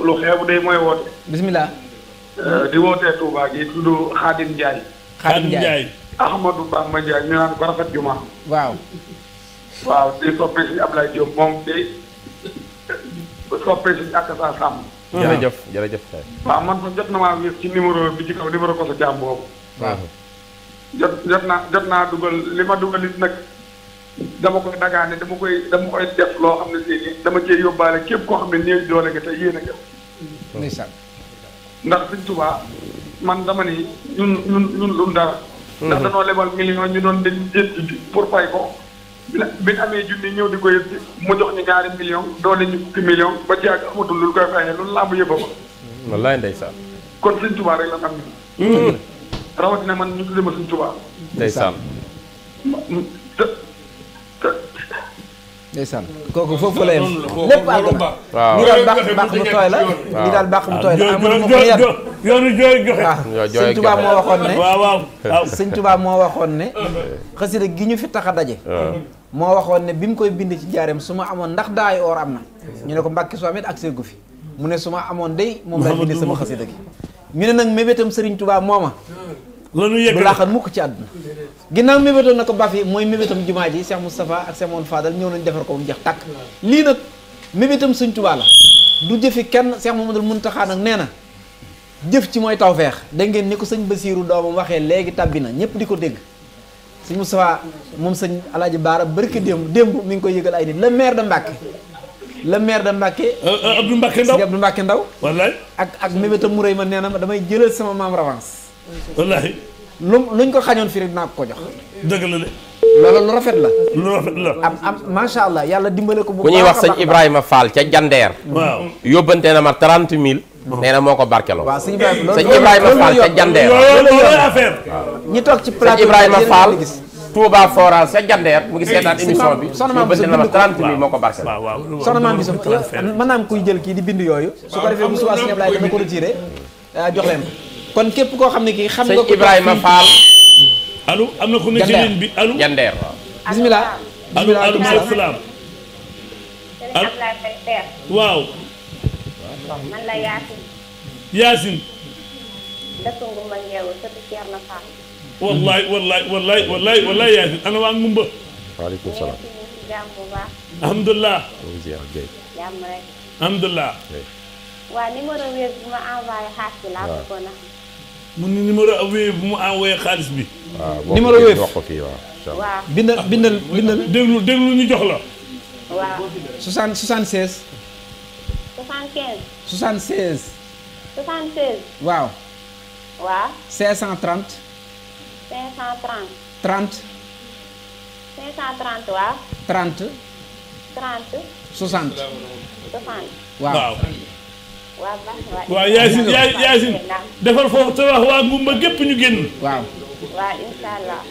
lu xeebu day mooy woote bismillah euh, di wootee Touba gi tudd Khadim Ndiaye Khadim Ndiaye Ahmadou Bamba Ndiaye ñu naan ko rafet juma. waaw. waaw di soppe si Ablaye Diop moom di soppe si ak sa sàmm. jërëjëf waaw man sax jot na maa gis ci numéro bi ci kaw numéro ko sa jàmm boobu. jot jot naa jot naa dugal li ma dugal nag dama koy dagaane dama koy dama koy def loo xam ne si dama cee yóbbaale képp koo xam ne néew doole nga te yéen a ngi. ndeysaan. ndax Sëñ Tuubaa man dama ni ñun ñun ñun lu dara. ndax danoo mhm. lebal million ñu doon dañ pour fay ko. bi amee junni ñëw di ko yëpp mu jox ñu ñaari million doole ñu fukki million ba ci ak amatul lu koy fayee loolu làmb yëpp a ko. Mhm. wallaay ndeysaan. kon Sëñ Tuubaa rek la mhm. rawatina ma Sëñ Tuubaa. ndeysaan. te te. ndeysaan kooku foofu la yem lépp àgg na. waaw ñu daal bàq bàq bu tooy la. waaw yoonu jooy ah, joxe. waaw sëñ Tuubaa moo waxoon ne. waaw waaw sëñ tubaa moo waxoon ne. xasida gi ñu fi tax a daje. Ah. moo waxoon ne bi mu koy bind ci jaareem su ma amoon ndax daay oor am na. ñu ne ko Mbàkke soo amee ak séegu fi. mu ne su ma amoon day moom laa bind sama xasida gi. ñu ne nag mébétam sëriñ Tuubaa mooma. Hmm. lanu yëg du laaxan mukk ci àdduna ginnaaw na ko bafi mooy mébétam jumaa ji Cheikh Moustapha ak Cheikh Mohamed Fadal ñëw nañ defar ko ba mu jeex tàkk lii nag mébétam sëñ tubaa la du jëfi kenn Cheikh Mouhamadoul mun nag nee na jëf ci moy tawfex de ngeen ni ko seigne basirou doomam waxee léegi tabbi na ñëpp di ko dégg Moustapha mom seigne Alaaji bara barke dem démb mi ngi koy yëgal ay nit le maire de Mbacke le maire de Mbacke euh, euh, Abdou Mbacke Ndaw Abdou Mbacke Ndaw wallahi ak ak mebeta mu rëy ma nee damay jëlal sama mam ravance wallahi lu luñ ko xañon fi rek na ko jox deug la le loolu lu rafet la lu rafet la am am sha allah yalla dimbalé ko bu ku ñuy wax seigne Ibrahima Fall ca jander waaw yobante na ma 30000 nee na moo ko barkeloo. waaw sëñ Ibrahima Fall ca Jandeer. ñi toog ci plateau Ibrahima Fall. Touba Foral ca Jandeer mu ngi seetaan émission bi. soxna bi na ma 30 000 ko barkeloo. waaw waaw soxna maam bi mën naa am kuy jël kii di bind yooyu. su ko defee bu subaa sëñ Ablaye dana ko retiré ah, jox leen kon képp koo xam ne kii xam nga ko. sëñ Ibrahima Fall. am na ku bi allo Jandeer bisimilah. allo allo waaw. man la Yacine. Yacine. dëkk Ngumba Ngeewu sëtu Thierno Fall. wallaay wallaay wallaay wallaay wallaay Yacine ana waa Ngumba. waaleykum salaam ñu ngi bu baax. alhamdulilah. jàmm xaalis bi laa bëggoon a. mu ni numéro xaalis bi. waaw numéro wéer wax ko fii waaw. waaw bindal jox la. waaw. 76. 75. 76. 76. waaw. waaw. 530. 530. 30. 530 waaw. 30. 30. 60. 60. waaw. waaw Yacine Yacine defal foofu te wax waa Ngumba gépp ñu génn. waaw. waaw incha allah.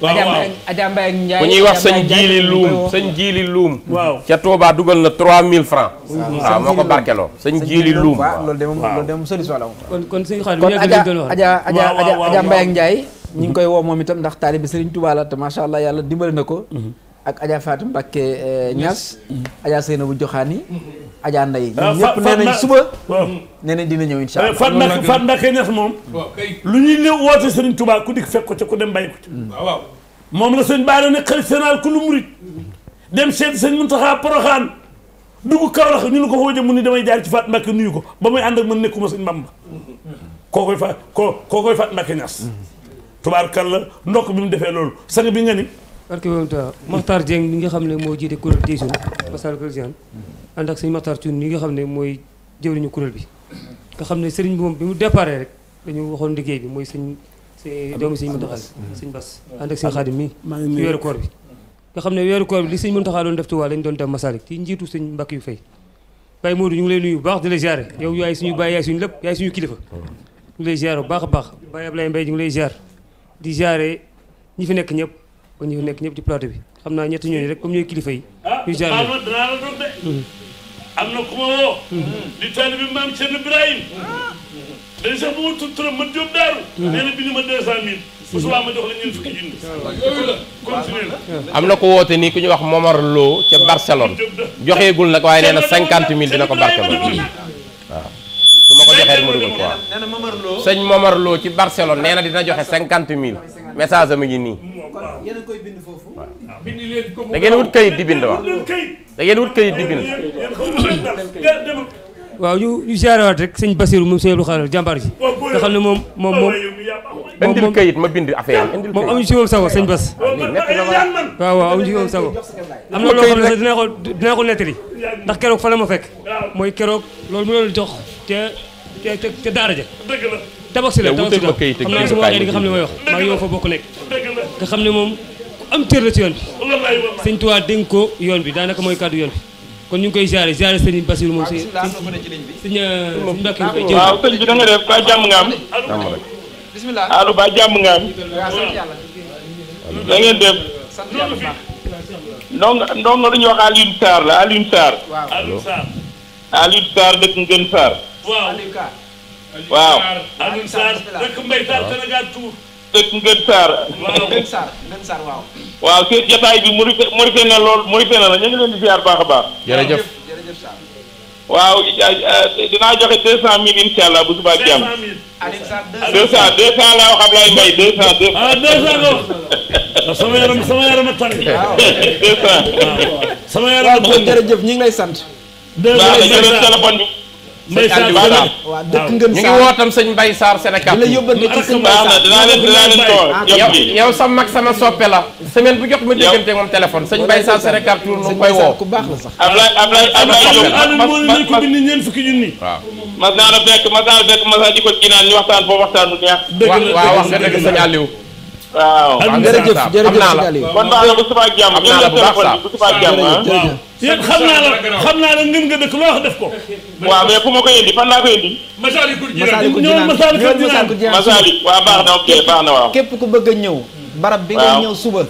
waaw waaw ak Ndiaye. bu ñuy wax sëñ Jiili Luum sëñ Jiili Luum. waaw ca toobaa dugal na 3000 francs waaw moo ko barkeloo sëñ Jiili Luum. waaw loolu de moom loolu de moom solution kon kon suñu xarit bu njëkk kon Adja Adja Adja Mbaye ak Ndiaye. ñu ngi koy woo moom itam ndax taalibe bi sëriñ la te macha allah yàlla dimbali na ko. Mhm. ak Adja Fatou mbake eh, nias Adja Seynabou Diokhani mm-hmm. Adja nday ñepp nenañ suba nee dina ñew inshallah eh, Allah nak Mbacké nak nias mom lu ñuy néew woote Serigne Touba ku dik fekk ci ku dem bàyyi ko ci mm. waaw moom la serigne Bara ne xarit sénal ku lu murit dem seen serigne muntaha Porokhane dugu Kaolack ñu ne ko foo mu ni damay jaar ci fat mbak nuyu ko ba muy and ak man nekkuma serigne mamba koo koy fa mm-hmm. koo koy Fatou Mbacké mm-hmm. bi mu defé lolou sang bi nga ni parce que Maxtaar Dieng mi nga xam ne moo jiite kuréel Dijon Massalikul Jinaan ànd ak xam ne mooy jëwriñu kuréel bi nga xam ne sëriñ bi moom bi mu départ rek dañu waxoon liggéey bi mooy sëñ doomu sëñ Muntaxa sëñ Bas ànd ak sëñ Xaadim mi ci weeru koor bi nga xam ne weeru bi li sëñ Muntaxa doon def Tuubaa lañ doon def Masalik ci njiitu sëñ Mbàkke yu fay Baye Modou ñu ngi lay nuyu bu baax di la ziare yow yaay suñu baay yaay suñu lépp yaay suñu kilifa ñu lay ziare a baax Baye Ablaye Mbaye ñu ngi ñi fi nekk ñëpp kon ñu nekk ñëpp ci plateau bi xam naa ñetti ñooñu rek comme ñooy kilifa yi. Ah, ñu jaar ah Maama danaa la doon am na ko mm-hmm. mm-hmm. mm-hmm. woote nii ku ñu wax Momar loo ca Barcelone. joxeegul nag waaye nee na mille dina ko barkeloo. waaw ko joxee rek ma dugal ko waaw. Momar Lo ci Barcelone nee na dina joxe 50000. message am a ngi nii. yéen wut kayit di bind waaw da ngeen wut kayit di bind. waaw ñu ñu ziarewaat rek sëñ Basiru moom sëñ Abdou Khadre jàmbaar ji nga xam ne moom moom moom. indil kayit ma bind affaire yi moom amuñu si moom sago sëñ Bas. waaw waaw amuñu si moom sago. am na loo xam ne dinaa ko dinaa ko nettali ndax keroog fa la ma fekk. mooy keroog loolu mu doon jox ca ca tabax si la tabax si la xam naa su ma waxee di nga xam ne may wax maa ngi yow fa bokk nekk nga xam ne moom ku am cër la ci yoon bi sëñ Tuubaa dénk ko yoon bi daanaka mooy kàddu yoon bi kon ñu ngi koy jaare jaare sëñ Basiru moom si sëñ Mbàkke koy jël waaw sëñ bi da nga def ba jàmm nga am bismillah allo ba jàmm nga am da ngeen def ndongo ndongo lu ñuy wax Alioune Sarr la Alioune Sarr Alioune Sarr dëkk Ngën Sarr waaw Alioune Sarr dëkk Mbaye Sarr Sénégal Tour. dëkk Ngën Sarr. waaw Ngën Sarr Ngën Sarr waaw. jotaay bi mori mori na lool mori na la ñu ngi leen di ziar baax a baax. jërëjëf jërëjëf Sarr. waaw dinaa joxe deux cent mille incha allah bu subaa jàmm. deux cent deux cent laa wax Ablaye Mbaye deux deux. cent a ah, tànn. deux cent. sama yaram a tànn. jërëjëf ñu ngi lay sant. deux cent téléphone bi. Mbaye Sarr waaw dëkk ngeen ñu ngi wootam sëñ Mbaye Sarr Sénégal la yóbbante ci sëñ Mbaye Sarr dinaa ah, sama soppe la semaine bu jot ma déggante moom téléphone sëñ Mbaye Sarr Sénégal tour nu koy woo ku baax la sax Ablaye Ablaye Ablaye naa la fekk mas naa la fekk mas naa di ko ginaan ñu waxtaan foofu waxtaan bu neex dëgg la waaw wax nga dëgg sëñ Aliou waaw am na jërëjëf jërëjëf si Aliou kon baax na bu am naa la bu baax sax bu ko waaw ma koy indi fan laa koy indi na waaw képp ku bëgg a ñëw barab bi nga ñëw suba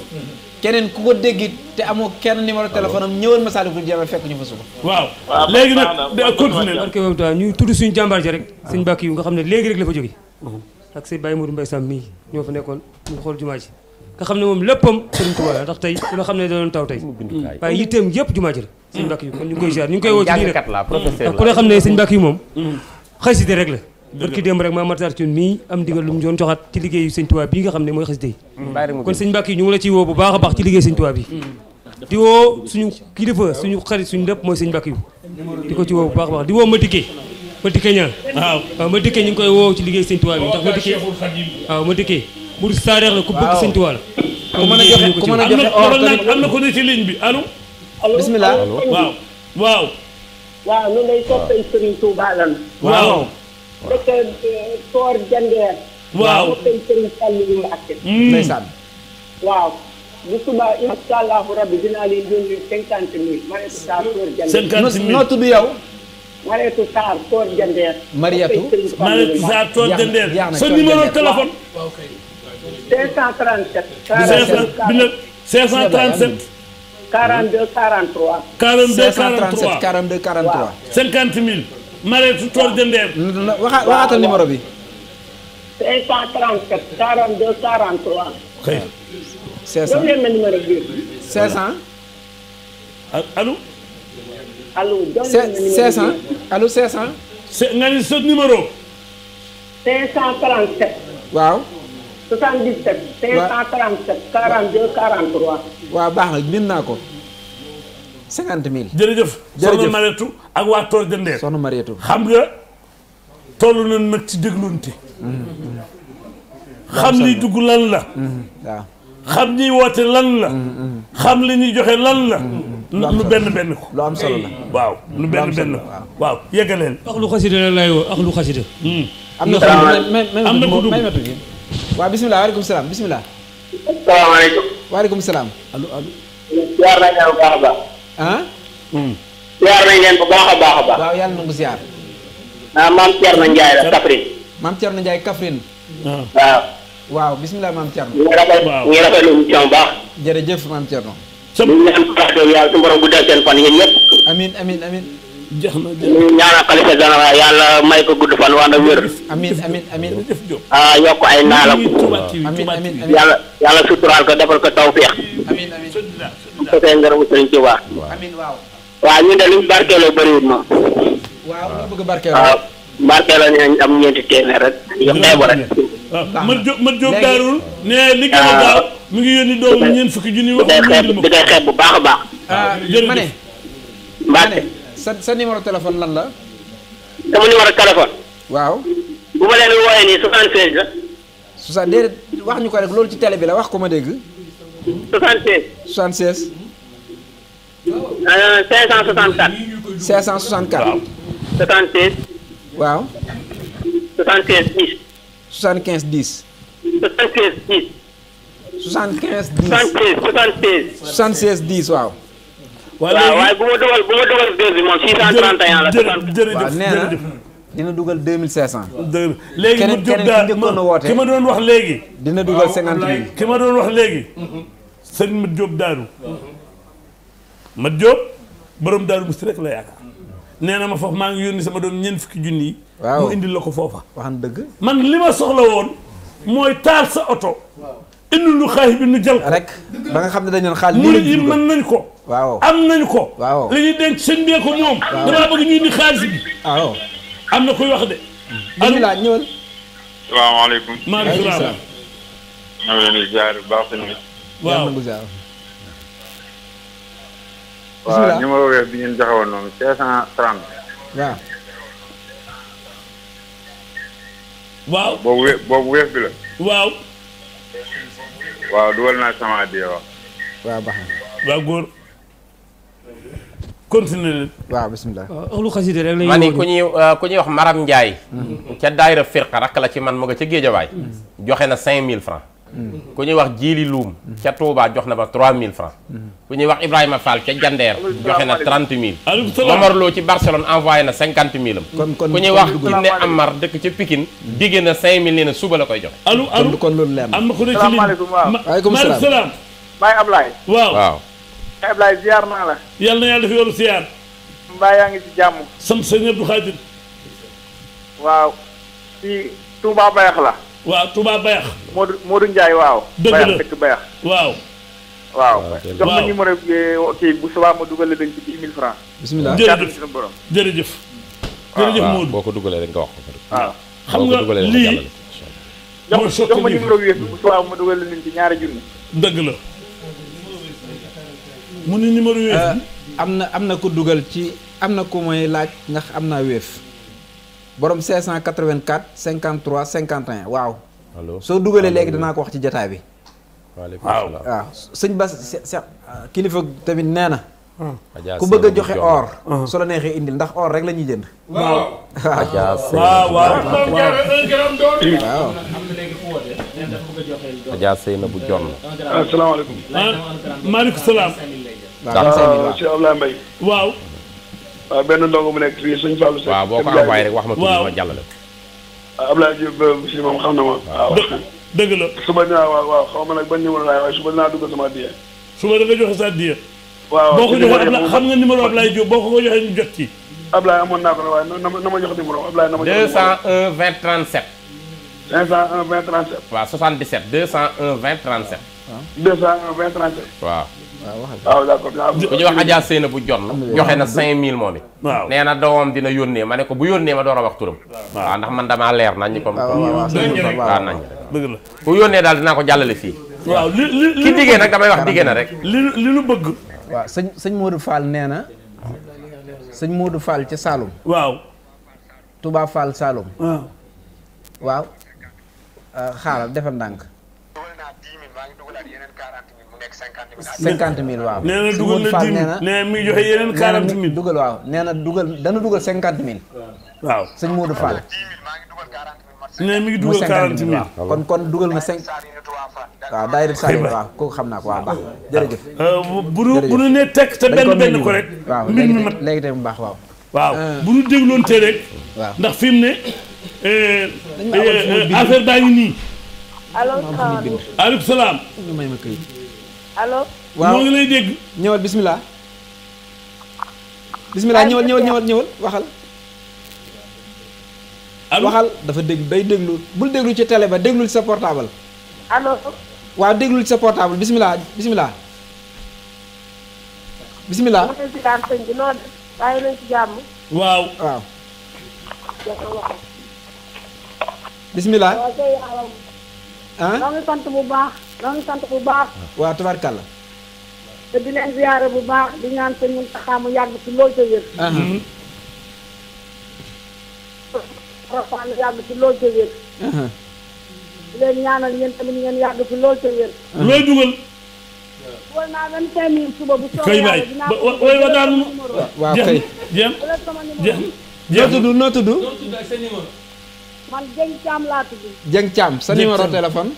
keneen ku ko déggit te amoo kenn numéro téléphone am ñëwal Masaalikul Jinaan fekk ñu fa suba waaw léegi nag continuer barke boobu ñu tudd suñu jàmbaar ji rek suñu ah. bàkk yu nga xam ne léegi rek la fa jóge ak say Baye Modou Mbaye Sam mii ñoo fa nekkoon ñu xool jumaa ji nga xam ne moom léppam Serigne Touba la ndax tey ku la xam ne da doon taw tey waaye yitteem yëpp jumaa ji la sëñ Mbàkke yu kon ñu ngi rek la xam ne sëñ mm. rek la barki démb rek ci mii am ndigal lu mu joxaat ci liggéeyu sëñ Touba bii nga xam ne mooy xasida yi mm. kon sëñ Mbàkke yu ñu ngi la ciy woo bu baax a baax ci liggéey sëñ Touba bi mm. di woo suñu kilifa suñu xarit suñu mooy sëñ Mbàkke yu di ko ci woo bu baax a baax di woo ma dikkee ma dikkee ña waaw waaw ñu ngi koy woo ci liggéey sëñ Tuubaa bi ndax ma dikkee waaw ma dikkee la ku bëgg sëñ Tuubaa la ku mën a joxe ku mën a joxe or tamit am na ko ne ci ligne bi allo bismillah waaw waaw waaw ma ne saa toor jandeer noo tudd yow Mariatou Sarr Tóor Jandeer. Mariatou Mariatou Sarr Tóor Jandeer sa numéro téléphone. 537. 537. 42 43. 42 43 42 43. 50 000. Mariatou Tóor Jandeer. waxa waxaatal numéro bi. 537 42 43. xëy na. 500 numéro bi. 500. allo. allo. jox leen 500 allo 500. nga ni sa numéro. 537. waaw. 77. 537. 42 43. waaw baax na bind naa ko. 50 000. jërëjëf soxna Marietu ak waa Tool Jëndee. soxna xam nga tollu nañ nag ci déglunte. dugg lan la. Mm-hmm. waaw xam ñiy woote la. Mm-hmm. xam li ñuy joxe lan la. Mm-hmm. lu benn benn ko Wow, am solo Wow, wow, lu wow, wow, wow, wow, wow, ak lu wow, wow, lay wow, ak lu wow, wow, wow, am na ko wow, wow, bismillah wow, wow, bismillah wow, wow, wow, wow, wow, wow, wow, wow, wow, wow, wow, wow, wow, wow, wow, wow, bu wow, wow, wow, Wow. Wow. wow, wow, nangu ziar wow, wow, wow, wow, la wow, wow, wow, wow, wow, wow, wow, bismillah wow, wow, ñu wow, ñu wow, wow, wow, baax wow, Sebelum yàlla suñu borom guddal seen fan yéen ñëpp. amin amin amin jaxna ñu ñaanal xalifa général yàlla may ko gudd fan wànd wér amin amin amin ah yokk ay naalam amin amin yàlla yàlla suturaal ko defal ko tawfiq amin amin ko seen ngërëmu sëriñ Tuuba amin waaw waaw ñu de luñ barkeeloo bëriwut ma waaw ñu bëgg barkeeloo waaw barkeeloo ne am ñeenti téeméer rek yokk ay rek ma ma jóg daarul ne liggéey daaw mi ngi yónni doomu ñeent fukki junni wax bi day xeeb bu baax a baax. ah, ah ma ne. Mbacke sa sa numéro téléphone lan la. sama numéro téléphone. waaw. bu ma leen wooyee nii 76 la. 76 déedéet wax ñu ko rek loolu ci télé bi la wax ko ma dégg. 76. 76. 564. 564. waaw. 76. waaw. 75 10. 75 10. 75 10. 75 10 75 76. 76 10 waaw. waaw waaye bu ma dugal bu ma dugal deux bi moom 631 la. waaw nee na dina dugal 2500. dëgg léegi mu jub ma doon wax léegi. dina dugal 50 ki ma doon wax léegi. sëñ Mat Diop Daaru. Mat Diop borom Daaru Musti rek la nee na ma foofu maa ngi yónni sama doom ñeent fukki junni yi. waaw mu indil la ko foofa. waxan dëgg. man li ma soxla woon mooy taal sa oto. indi lu xaalis bi nu jël ko. rek ba nga xam ne dañu doon xaalis. murid yi mën nañ ko. waaw am nañ ko. waaw li ñuy denc sëñ bee ko moom. waaw damaa bëgg ñu indi xaalis bi. waaw am na koy wax de. bisimilah mm. ñëwal. salaamaaleykum. maaleykum salaam. maa ngi leen di ziar bu baax sëñ bi. waaw waaw numéro web bi ngeen joxe woon noonu 530. waaw. waaw boobu we boobu weef bi la. waaw. waaw dugal naa sama waa waaw. waaw baax na. waaw góor. continué leen. waaw bisimilah. olu xasida rek la ñuy. ku ñuy euh, ku ñuy wax Maram Ndiaye. Mm-hmm. ca daayira firqa rakk la ci man mu nga ca Géejawaay. Mm-hmm. joxe na mille francs Mm. ku ñuy wax Jili Loum mm. ca Touba jox na ba mille francs mm. ku ñuy wax Ibrahima Fall ca Jandeer joxe na 30000 Momar Lo ci Barcelone envoyé na 50000 am ku ñuy wax Ibne Amar dëkk ca Pikine digge na 5000 nee suba la koy jox allo allo kon loolu leer am na ku ne ci ligne waaleykum salaam Baye Ablaye waaw waaw la yàlla na yàlla def yoru ziar mbaa yaa ngi ci jàmm sam sëñ Abdou waaw ci Touba Bayax la waaw Touba Bayax. Modou Modou Ndiaye waaw. dëgg la Bayax waaw. waaw jox ma numéro eh, kii bu subaa ma dugal leen ci 10 000 francs. bisimilah jërëjëf jërëjëf. jërëjëf Modou boo ko dugalee rek nga wax ko. waaw ma numéro ñaari junni. dëgg la. mu euh, na am na ko dugal ci am na ko may laaj ndax am naa wéef borom 584 53 51 waaw. allo soo dugalee léegi danaa ko wax ci jataay bi. waaw waaw sëñ Bas se kilifa tamit nee na. Ah. ku bëgg a joxe or. Ah. su la neexee indil ndax or rek lañuy ñuy jënd. waaw waaw waaw. waaw. waaw benn ndongo bu nekk fii boo ko envoyé wax ma tuuti ma jàllale. waaw ah, Abdoulaye Diop euh, si moom xam na ma. waaw ah, dëgg la. suba dinaa waaw waaw xaw ma nag ban numéro laay waaye suba dinaa dugg sama addiya. suba da nga joxe sa waaw boo ko joxee xam nga numéro Abdoulaye Diop boo ko ko joxee ñu jot ci. amoon naa ko waaye na ma na ma jox numéro Abdoulaye na ma jox numéro 201 20 37. 501 20 37. waaw 77 201 20 37. 201 20 37. waaw. waaw d'accord ku ñu wax Adja Seyna bu jot joxe na 5000 moom it waaw nee na doomam dina yónnee ma ne ko bu yónnee ma door a wax turam waaw ndax man damaa leer nañ comme ko nañ dëgg bu yónnee daal dinaa ko jàllale fii waaw ki diggee nag damay wax diggee na rek li li lu bëgg waaw sëñ sëñ Modou Fall nee na sëñ Modou Fall ca saalum waaw Touba Fall ah. waaw ah, xaaral defal ndànk cinquante mille waaw. nee na dugal na dix dugal waaw neena dugal dana dugal cinquante mille. waaw sëñ Modou Fall. nee mi ngi dugal quarante mille ah, kon kon dugal na cinq. waaw waaw kooku xam naa ko waaw baax jërëjëf. Ah, bu nu bu nu waaw mbir mi mat léegi tamit mu baax waaw. waaw ah. bu nu dégloon te rek. waaw ndax fi mu ne. Eh, eh, eh, affaire baa ngi nii. allo salaam. maaleykum salaam. allo. waaw moo ngi lay dégg. ñëwal bismillah bismillah ñëwal ñëwal ñëwal ñëwal waxal. waxal dafa dégg day déglu bul déglu ci télé ba déglul ci sa portable. allo. waaw déglul ci sa portable bismillah bismillah. bismillah. waaw. waaw. bismillah. ah. doon sant bu baax. waaw tabarkàlla. te di leen ziyaare bu baax di ñaan sëñ Muntaxa mu yàgg ci lool te wér. yàgg ci lool te wér. di leen ñaanal yéen tamit ngeen yàgg ci lool te wér. looy dugal. dugal naa vingt cinq mille waa bu soobee yàlla kay jéem jéem jéem. noo tudd noo tudd. sa numéro. man Dieng Thiam laa tudd. Dieng sa numéro téléphone.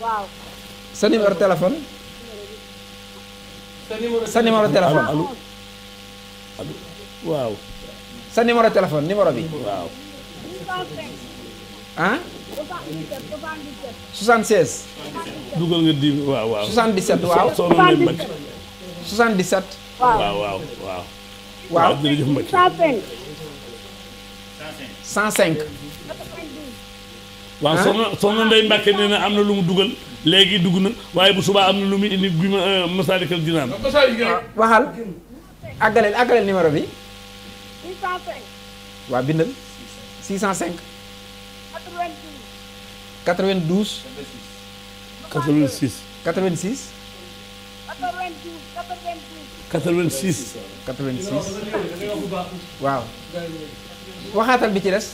waaw. sa numéro téléphone. sa numéro sa téléphone. waaw. sa numéro téléphone numéro bi. waaw. ah. 76. dugal nga di waaw waaw. 77 waaw. 77. waaw waaw waaw. waaw jërëjëf Mbacke. 105. 105. waaw soxna soxna Ndeye Mbacke nee am na lu mu dugal léegi dugg na waaye bu subaa am na lu mu indi bi ma euh, Masaalikal Jinaan ah, waxal àggaleel àggaleel numéro bi 605 waaw bindal 605 92 86 waaw waxaatal bi ci des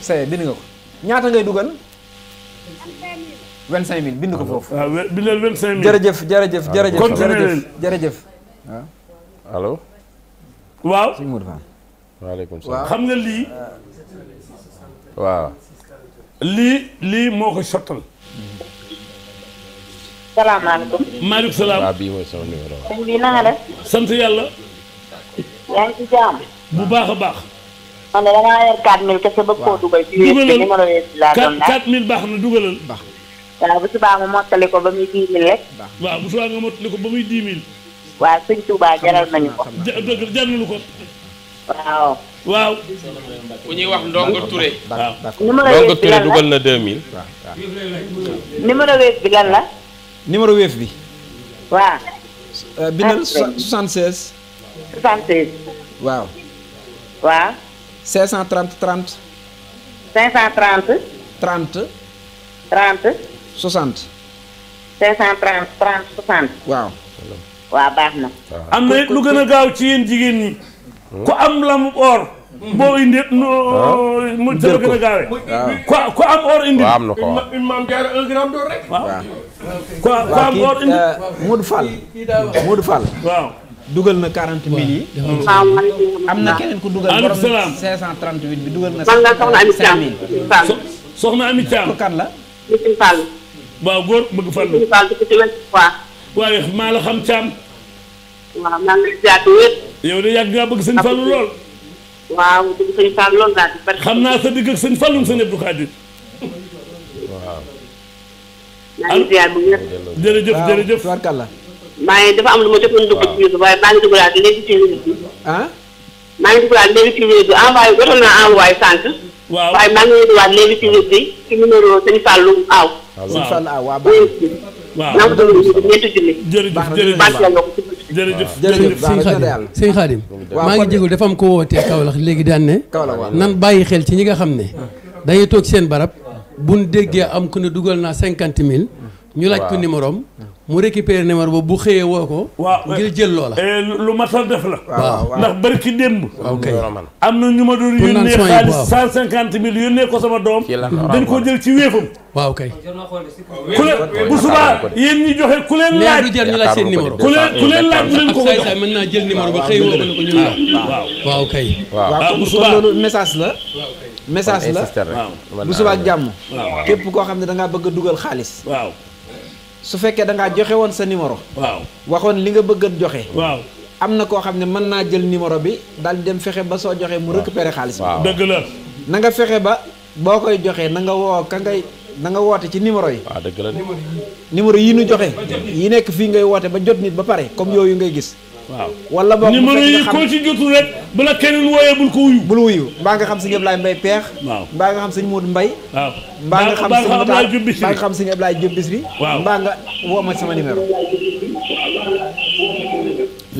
c'est bind nga ko ñaata ngay dugal. 25000 bind ko ah, foofu. waaw bindal 25000 jërëjëf jërëjëf ah, jërëjëf. continué leen jërëjëf waaw. Ah. allo. waaw. sëñ Modou Fall. lii. waaw. lii lii moo ko sottal. salaamaaleykum. maaleykum salaam. waaw bii mooy sama numéro. sëñ bi na nga yàlla. yaa ci jaam. bu baax a baax. man de damaa yor 4000 kese bëgg koo dugal. ci wér numéro laa doon laaj 4000 baax na dugalal. baax waaw bu subaa nga mottali ko ba muy 10 000 rek. waaw bu subaa nga mottali ko ba muy 10 000. waaw sëñ Touba jaral nañu ko. dëgg jar nañu ko. waaw. waaw. ku ñuy wax Ndongo Touré. waaw Ndongo Touré dugal na 2000. waaw waaw. numéro weef bi lan la. numéro weef bi. waaw. Euh, bindal 76. Ah, 76. waaw. waaw. 530 am na it lu gën a gaaw ci yéen jigéen ñi. ku am lamu or. boo indi hmm? ah? mu jël gën a gaawee. waaw ah. ku am or indi. am na ko maam jaara un gramme d'or rek. waaw am or indi. Euh, Modou Fall Modou Fall waaw. dugal na 40 mille yi. am na keneen ku dugal. borom 538 bi dugal na. man la soxna Ami Thiam 5000. soxna Ami Thiam kan la. Missirah Fall. waaw waaye maa la xam Thiam. waaw maa yow de yàgg ngaa bëgg sëñ Fallu lool. lool xam naa sa digg ak sëñ Fallu sëñ Abdou Khadir. waaw. maa bu wér. jërëjëf jërëjëf maa ngi dafa am lu ma waaye maa ngi dugg daal léegi ci ah? waaw waaye maa ngi dugg daal léegi ci réseau jërëjëf jërëjëf baax na ko jërëjëf jërëjëf ngi jégalu dafa am ko wootee léegi daan ne nan bàyyi xel ci ñi nga xam ne dañuy toog seen barab buñ déggee am ku ne dugal naa cinquante mille ñu laaj ko numéro am mu récupérer numéro ba bu xëyee woo ko. waaw jël loola. Eh, lu matal def la. waaw ndax barki démb. ok am na ñu ma doon cinquante mille yónnee ko sama doom. dañ ko jël waaw kay. ku leen bu subaa yéen ñi joxe ku leen laaj. mën naa jël numéro ba xëy woo waaw waaw ah, message la. message la bu subaa jàmm. képp koo xam ne da ngaa bëgg a dugal xaalis. waaw su fekkee dangaa joxe woon sa numéro. waaw waxoon li nga bëgg a joxe. waaw am na koo xam ne mën naa jël numéro bi daal di dem fexe ba soo joxee mu pere xaalis bi. dëgg la. na nga fexe ba boo koy joxee na nga woo ka ngay na nga woote ci numéro yi. waaw dëgg la numéro yi. numéro yi ñu joxe. yi nekk fii ngay woote ba jot nit ba pare comme yooyu ngay gis. waaw wala boog numéro yi ci jotul rek bu la wooyee bul ko wuyu bul wuyu mbaa nga xam sëñ Ablaye Mbaye peex waaw mbaa nga xam sëñ Modou Mbaye waaw mbaa nga xam sëñ Ablaye Diop Bichri mbaa nga xam waaw mbaa nga woo ma sama numéro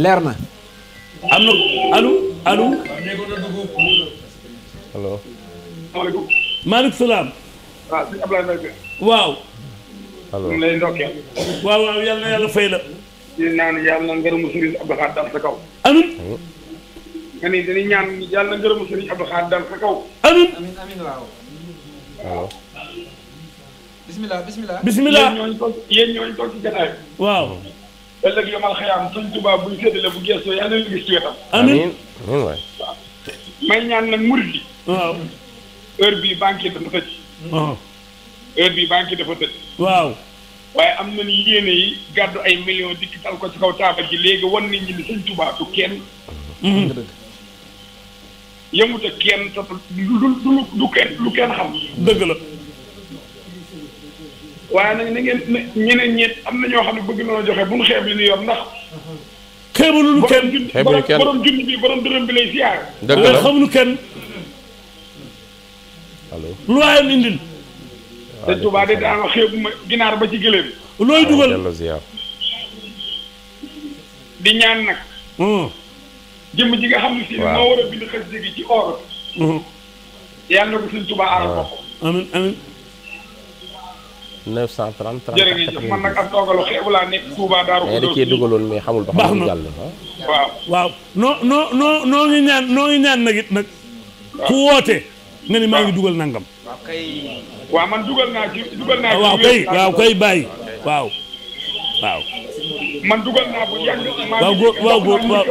leer na am na allo allo salaam ah, waaw waaw yàlla yàlla fay la ñu naan yàlla na ngërëmu Serigne Abdou Khadre dal sa kaw. amiin. nga ni dañuy ñaan yàlla na ngërëmu Serigne Abdou Khadre kaw. amiin amiin amiin waaw. waaw. bisimilah bisimilah. ci jotaay. waaw. ëllëg yomal xayaam suñ tubaab buñ séddale bu gëstoo ci wetam. amiin amiin may ñaan nag murid yi. waaw. heure bii banque dafa tëj. Oh. heure waaw. waaye am na nañu yéene yi gàddu ay million dikk ko ci kaw taabal ji léegi wan nit ñi ni sëñ du kenn. yëngu te kenn te du lu du kenn du kenn xam. dëgg la. waaye nag na ngeen ne ñeneen ñeent am na ñoo xam ne bëgg nañoo joxe bu ñu xeeb li ñu yor ndax. xeebaluñu kenn xeebuñu kenn borom junni bi borom dërëm bi lay siyaar. dëgg la xamuñu kenn. lu waayam indil. sëñ Touba de daanaka xeebu ma ginaar ba ci gëléem. looy dugal di ñaan nag. Hmm. jëmm ji nga xam ne si. waaw moo war a bind xasida gi ci or. Hmm. yàlla na ko sëñ Touba aar boppam. amiin amiin. 933 jërëjëf man nag am toogalu xeebu laa nekk Touba Darou. mais da cee dugaloon mais xamul ba xam ne jàll ah. waaw waaw noo noo noo noo ngi ñaan noo ngi ñaan nag it nag. ku woote. nga ni maa ngi dugal nangam. waaw kay. bàyyi waaw waaw. man dugal naa bu yàgg. waaw góor waaw góor waaw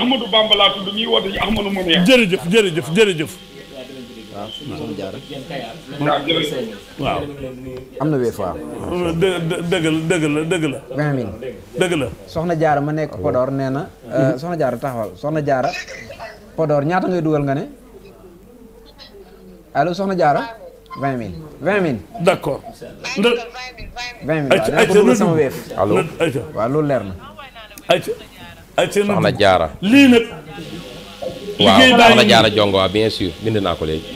Ahmadou Bamba laa ñuy woote ci jërëjëf jërëjëf waaw am na weefa. dë dë dëgg la dëgg la dëgg la. vingt mille. dëgg la. soxna Diarra ma nekk Podor nee na. Euh, mhm. soxna Diarra taxawal soxna Diarra Podor ñaata ngay dugal nga ne. Alô soxna Diarra. 20 mil, 20 mil, d'accord, 20 mil, 20 mil. bëgg alô, weef. allo waaw loolu leer na. ayca ayca soxna Diarra. lii nag. liggéey baa ngi waaw soxna Diarra Jongo waaw bien sûr bind naa ko léegi.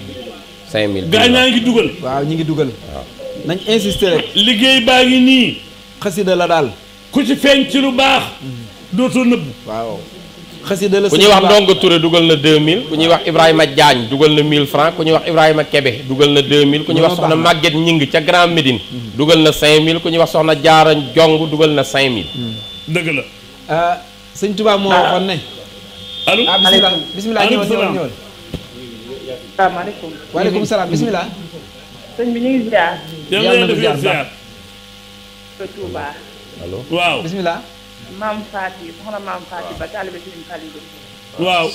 5000 gaa ñaa ngi dugal. waaw ñi ngi dugal. waaw nañ insister rek. liggéey baa ngi nii. xasida la daal. ku ci feeñ ci lu baax. Mm-hmm. dootoo xasida la ku ñuy wax Ndongo Touré dugal na 2000 ku ñuy wax Ibrahima Diagne dugal na 1000 francs ku ñuy wax Ibrahima Kebe dugal na 2000 ku ñuy wax soxna Maguette Ñing ca Grand Médine dugal na 5000 ku ñuy wax soxna Jaara Jong dugal na 5000. Hmm. dëgg la. Euh, sëñ tubaa moo ah. waxoon ne. allo bisimilah bisimilah ñëw ñëw ñëw. salaamaaleykum. bi ñu ngi ziar. yàlla na ko ziar baax. Tuubaa. allo bisimilah. maam Faati soxna maam Faati ba taalibe Sëriñ Faliilu waaw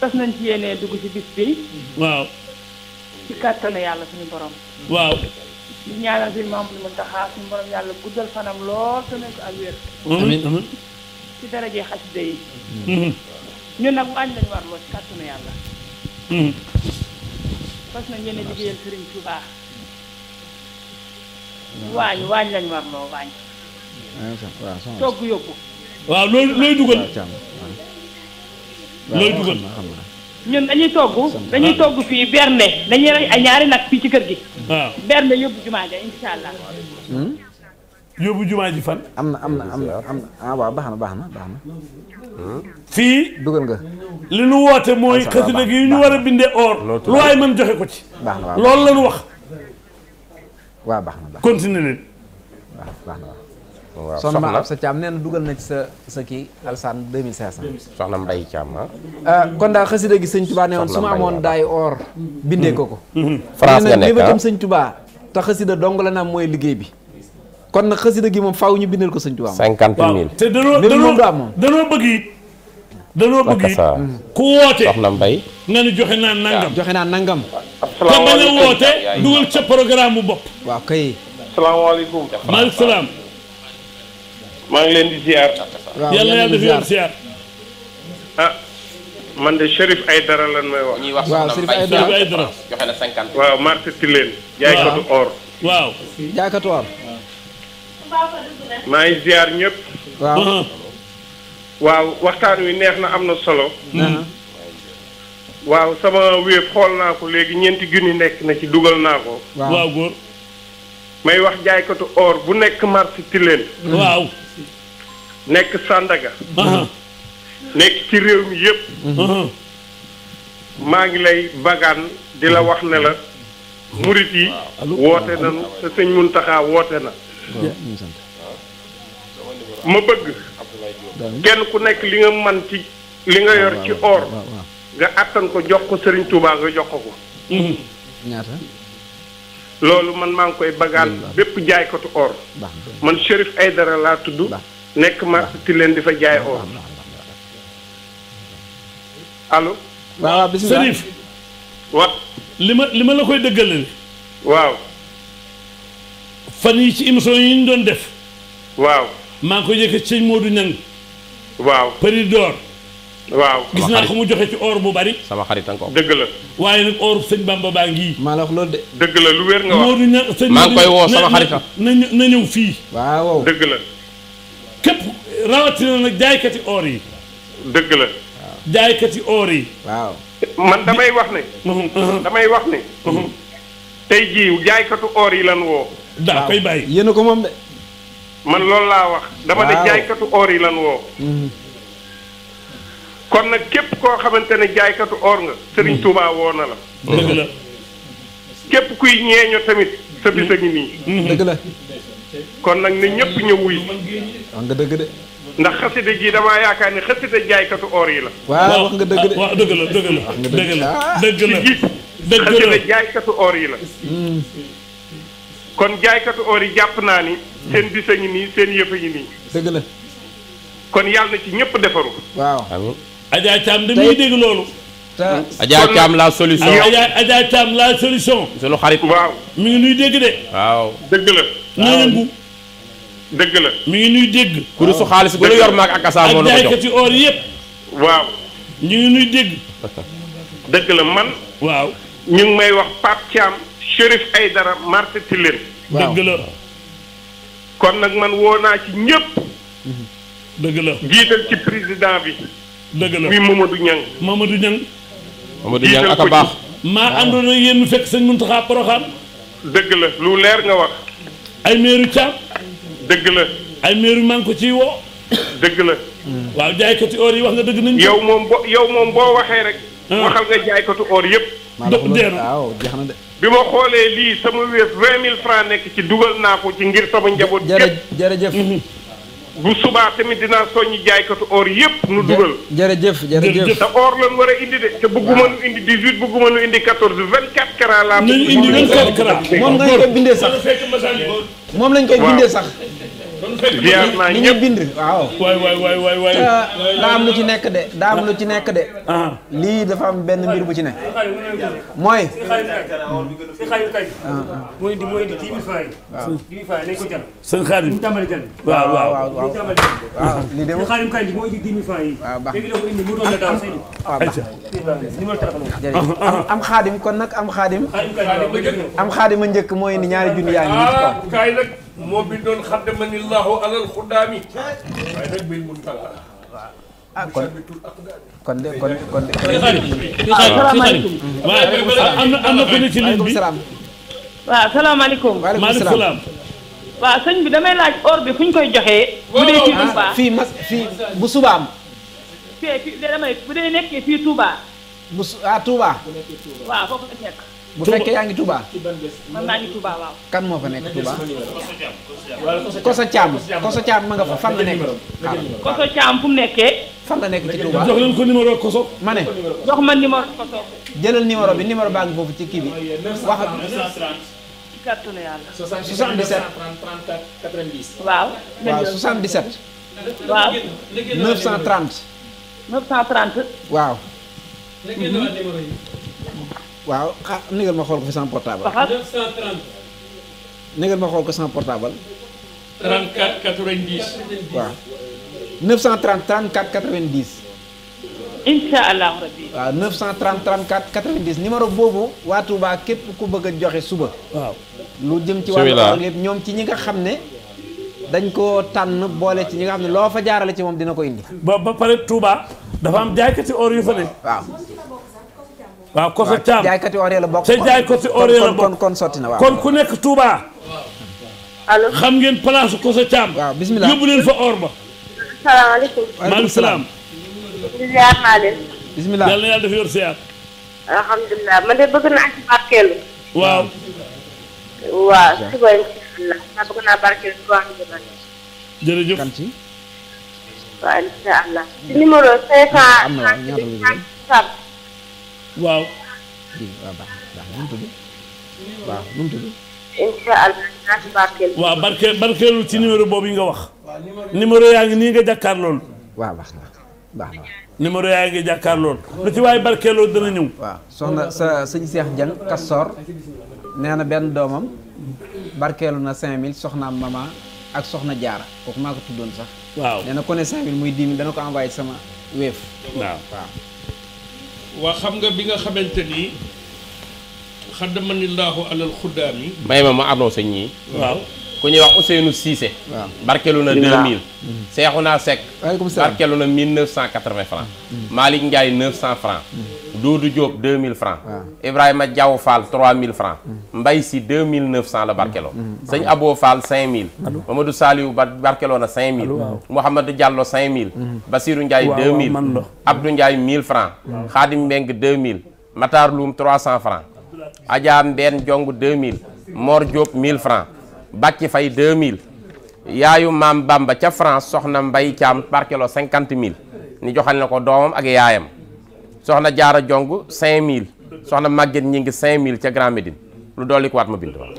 fas nañ ci yéenee dugg ci bis bi waaw ci kàttanu yàlla suñu borom waaw ñaanal suñu maam lu Muntaxa suñu borom yàlla guddal fanam lool te nañ ak wér ci darajee xasida yi ñun nag waañ lañu war lool ci kàttanu yàlla fas nañ yéene liggéeyal Sëriñ Tuubaa waañ waañ lañu war lool waañ togg yóbbu waaw loolu looy dugal looy dugal ñun dañuy togg dañuy togg fii bernde dañuy rey ay ñaari nag fii ci kër gi waaw bernde yóbbu jumaa ja insha allah hmm? yóbbu jumaa ji fan am na am na am na ah, baax na baax na baax na fii dugal nga li nu woote mooy xasida gi ñu war a bindee or lu waaye mën joxe ko ci baax na loolu la ñu wax waaw baax na baax continue leen waaw soxna ma ab sa Thiam nee na na ci sa sa kii alsaan 2500. soxna Mbaye Thiam ah. ah. kon daal xasida gi sëñ Tuba ne woon su ma amoon daay or. bindee ko ko. Mm-hmm. Mm-hmm. France nga nekk ah sëñ Tuba te xasida dong la naa mooy liggéey bi. kon na xasida gi moom faw ñu bindal ko sëñ Tuba. 50 mille te danoo danoo danoo bëgg it. danoo bëgg it ku woote soxna Mbaye. nga ni joxe naa nangam joxe naa nangam. te bañ a woote dugal ca programme bu bopp. waaw kay. salaamaaleykum. maaleykum maa ngi leen di ziar. waaw yàlla yàlla def yoon ziar. ah man de Chérif Aïdara lan may wax. ñuy wax Chérif Aïdara joxe na 50. waaw marché Tilène. waaw jaaykatu or. waaw jaaykatu or. maa ngi ziar ñëpp. waaw. Uh-huh. waaw waxtaan wi neex na am na solo. Uh-huh. waaw sama wéef xool naa ko léegi ñeenti junni nekk na ci dugal naa ko. waaw góor. may wax jaaykatu or bu nekk marché Tilène. waaw. nekk sàndaga nekk ci réew mi yépp maa ngi lay bagaan di la wax ne la murit yi woote nañu te sëñ Muntaxa woote na ma bëgg kenn ku nekk li nga man ci li nga yor ci or nga àttan ko jox ko Sëriñ Tuubaa nga jox ko ko hmm. loolu man maa ngi koy bagaan bépp jaaykatu or man ay dara laa tudd nekk ma ti leen di fa jaay or allo waaw bismillah Chérif wa li ma li ma la koy dëggalal waaw fan yi ci émission yi ñu doon def waaw maa ngi koy yëkkat sëñ Modou Niang waaw Péridor waaw gis naa ko mu joxe ci or bu bari sama xarit nga ko dëgg la waaye ne or sëñ Bamba baa ngi maa la wax loolu de dëgg la lu wér nga wax maa ngi koy woo sama xarit na ñëw fii waaw dëgg la képp rawatina nag jaaykati oor yi dëgg la jaaykati or yi waaw damay wax damay wax ne mhm, mhm. Mhm. tey jii or yi lan woo daa koy bàyyi yéen ko moom de man loolu laa wax dama ne jaaykatu or yi lan woo kon nag képp koo xamante ne jaaykatu or nga. Serigne mm. Touba woo na la. dëgg la. képp kuy ñeeño tamit sa mm. bis ngi nii. Mm. dëgg la. kon nag ne ñëpp ñëw wuy. wax nga dëgg de. ndax xasida ji damaa yaakaar ni or yi la. waaw nga dëgg de waaw dëgg la dëgg la. dëgg la dëgg dëgg la ah. or yi la. kon or yi jàpp naa ni. seen bis a nii seen yëf a ngi nii. dëgg yàlla ci ñëpp defaru waaw. Adja Thiam de muy dégg loolu. Adja Thiam la solution Adja Thiam la solution. sunu xarit waaw. mi ngi nuy dégg de. dëgg la. mu ngi nuy dégg. waaw kuréelu xaalis bu la yor maag ak asaal la ko jox ak jaaykati or yëpp. waaw. ñu ngi nuy dégg. dëgg la man. waaw ñu ngi may wax Pape Thiam. Chérif Aïdara Marté Tilène. waaw dëgg kon nag man woo naa ci ñëpp. dëgg la jiital ci président bi. dëgg la muy Mamadou Niang. Mamadou Niang. Mamadou Niang ak a baax. maa ah. àndoon ak yéen ñu fekk sëñ Mountakha Porokhane. dëgg la lu leer nga wax. ay meeru Thiam. dëgg la. ay meeru maa ngi ko ciy woo. dëgg la. waaw jaaykati or yi wax nga dëgg nañ yow moom yow moom boo waxee rek. Ah. waxal nga jaaykatu or yëpp. waaw jeex na bi ma xoolee lii sama wees vingt mille francs nekk ci dugal naa ko ci ngir sama njaboot. jërëjëf jërëjëf. Mm-hmm. bu subaa tamit dinaa soññi jaaykatu or yëpp. nu dugal jërëjëf jërëjëf te or lan war a indi de. te bëgguma nu indi 18 bëgguma nu indi 14 24 carats laa. nañu indi 24 carats moom lañ koy bindee sax moom lañ koy bindee sax. diyaar naa ñëpp bind waaw. waay waay waay waay waay. daa am lu ci nekk de daa am lu ci nekk de. Ah. lii dafa am benn mbir bu ci nekk. mooy. Ah, ah. mooy di mooy di ci biir sëñ Xaadim waaw waaw waaw waaw. lii de moom sëñ Xaadim Kanji mooy di dix mille francs yi. waaw baax na am xaadim kon nag am xaadim. am xaadim a njëkk mooy ni ñaari junni yaa ngi moo bindoon xaddamanillahu alal xuddaami waaye nag bil mun tala ah kon kon de kon kon de. asalaamaaleykum ah, am na am na benn ci bi damay laaj or bi fu koy joxee. bu dee ci Touba fii mas fii bu subaam. fii fii damay bu dee nekkee fii Touba. bu fekkee yaa ngi Touba. man maa ngi Touba waaw. kan moo fa nekk Touba. Koso Thiam Koso Thiam ma nga fa fan la nekk. waaw Koso fu mu nekkee. fan la nekk ci Touba jox leen ko numéro Koso. ma ne jox ma numéro Koso. jëlal numéro bi numéro baa ngi foofu ci kii bi. wax ak. waaw. waaw waaw. waaw waaw ah négal ma xool ko fi portable. 930. négal ma xool ko sama portable. 930 34 930 34 90 numéro boobu waa Touba képp ku bëgg a joxe suba. waaw lu jëm ci wàllu lépp ñoom ci ñi ko indi. ba ba pare Touba dafa am jaaykati waaw Koso Thiam jaaykati orée la bokk te jaaykati orée la bokk kon sotti na waaw kon ku nekk Touba. allo xam ngeen place Koso Thiam. waaw bismillah yóbbu leen fa or ba. salaamaaleykum. maaleykum salaam. ziar naa leen. bismillah yàlla na yàlla def yor ziar. alhamdulilah man de bëgg naa ci barkeelu. waaw. waaw allah naa bëgg naa barkeelu trois mille ans. jërëjëf kan ci. allah. ci numéro 500. waaw. waaw baax ci barkeel. waaw barke barkeelu ci numéro boobu yi nga wax. numéro yaa ngi nii nga jàkkaar loolu. waaw yaa ngi jàkkaar loolu. lu ci waaye barkeeloo dana ñëw. soxna sa sëñ Seex Jang Kassoor nee na benn doomam barkeelu na 5000 soxnaam mama ak soxna jaara kooku maa ko tuddoon sax. waaw nee na ku ne muy 10 dana ko envoyé sama wéef. waaw. waa xam nga bi nga xamante ni xadd xaddamani laahu alal xuddaam yi. may ma ma annoncé ñii. waaw. ku ñuy wax Ousseynou Cissé. waaw barkelu na naa Seexuna mm. Seck. waaleykum salaam barkelu na 1980 francs. Mm. Malick Ndiaye 900 francs. Mm. Doudou Diop 2000 francs. Ibrahima Diaw Fall 3000 francs. Mbaye si 2900 la barkeloo. sëñ Abo Fall 5000. Mamadou Saliou ba barkeloo na 5000. Mouhamadou Diallo 5000. Basirou Ndiaye 2000. Abdou Ndiaye 1000 francs. Khadim Mbengue 2000. Matar Loum 300 francs. Adja Mbène Diongue 2000. Mor Diop 1000 francs. bàcc fay 2000 yaayu maam Bamba ca France soxna Mbay Caam cinquante 50000 ñu joxal na ko doomam ak yaayam soxna jaar a Jong 5000 soxna Maguette ñi ngi 5000 ca Grand Médine lu dolli ko waat ma bind waaw.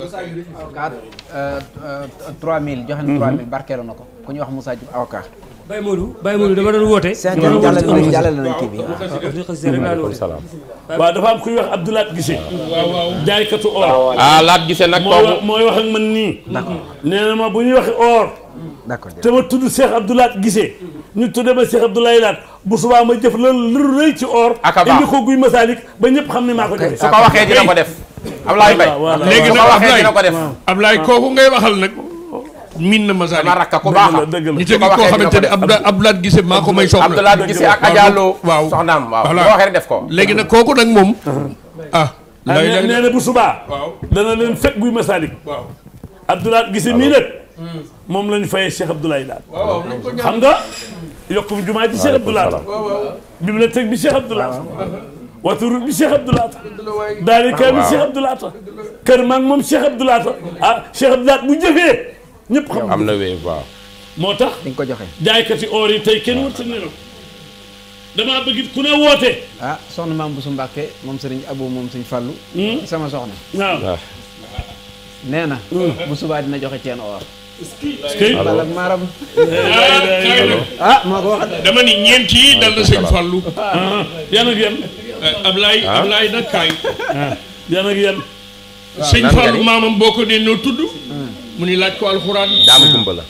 3000 joxe na 3000 na ko ku ñu wax Moussa Diouf Baye Modou Baye Modou dama doon woote. waaw dafa am kuy wax Abdou Lat Gise. jaaykatu or. ah Lat Gise nag kooku mooy wax ak man nii. nee na ma bu ñuy waxi or. d'accord te ma tudd Cheikh Abdou Lat Gise. ñu tuddee ma Cheikh Abdoulaye Lat bu subaa ma jëf la lu rëy ci or. akaba indi ko guy Masalik ba ñëpp xam ne maa ko defee. su ko waxee dina ko def. Ablaye Mbaye kooku ngay waxal nag. miin na Masalik sama rakk ko baax ñu tegi koo xamante ne Abdoulaye Guissé maa ko may soxna Abdoulaye Guissé ak Adja Lo waaw soxnaam waaw boo waxee def ko léegi nag kooku nag moom ah, ah lay nee na bu subaa waaw dana leen fekk guy Masalik waaw Abdoulaye Guissé mii nag hmm. moom lañ fayee Cheikh Abdoulaye daal xam nga yokkum jumaa ji Cheikh Abdoulaye bibliothèque bi Cheikh Abdoulaye waturu bi Cheikh Abdoulaye Ata daal bi Cheikh Abdoulaye Ata kër maag moom Cheikh Abdoulaye Ata ah Cheikh Abdoulaye bu jëfee ñëpp xam am na wéy waaw. moo tax di nga ko joxe. jaaykati or yi tey kenn wut ne damaa bëgg ku ne woote. ah soxna maam Boussou Mbacke moom sëriñ Abou moom sëriñ Fallou. Hmm? sama soxna. waaw ah. nee na. Hmm. bu subaa dina joxe ceen or. balak maaram ah, ah maa ko waxal dama ni ñeent yi dal na sëñ Fallou yan ak yan Ablaye ah? Ablaye nag kaay yan ak yan sëñ Fallou maamam boo ko ne noo tudd mu ni laaj ko alxuraan. daama gumba la.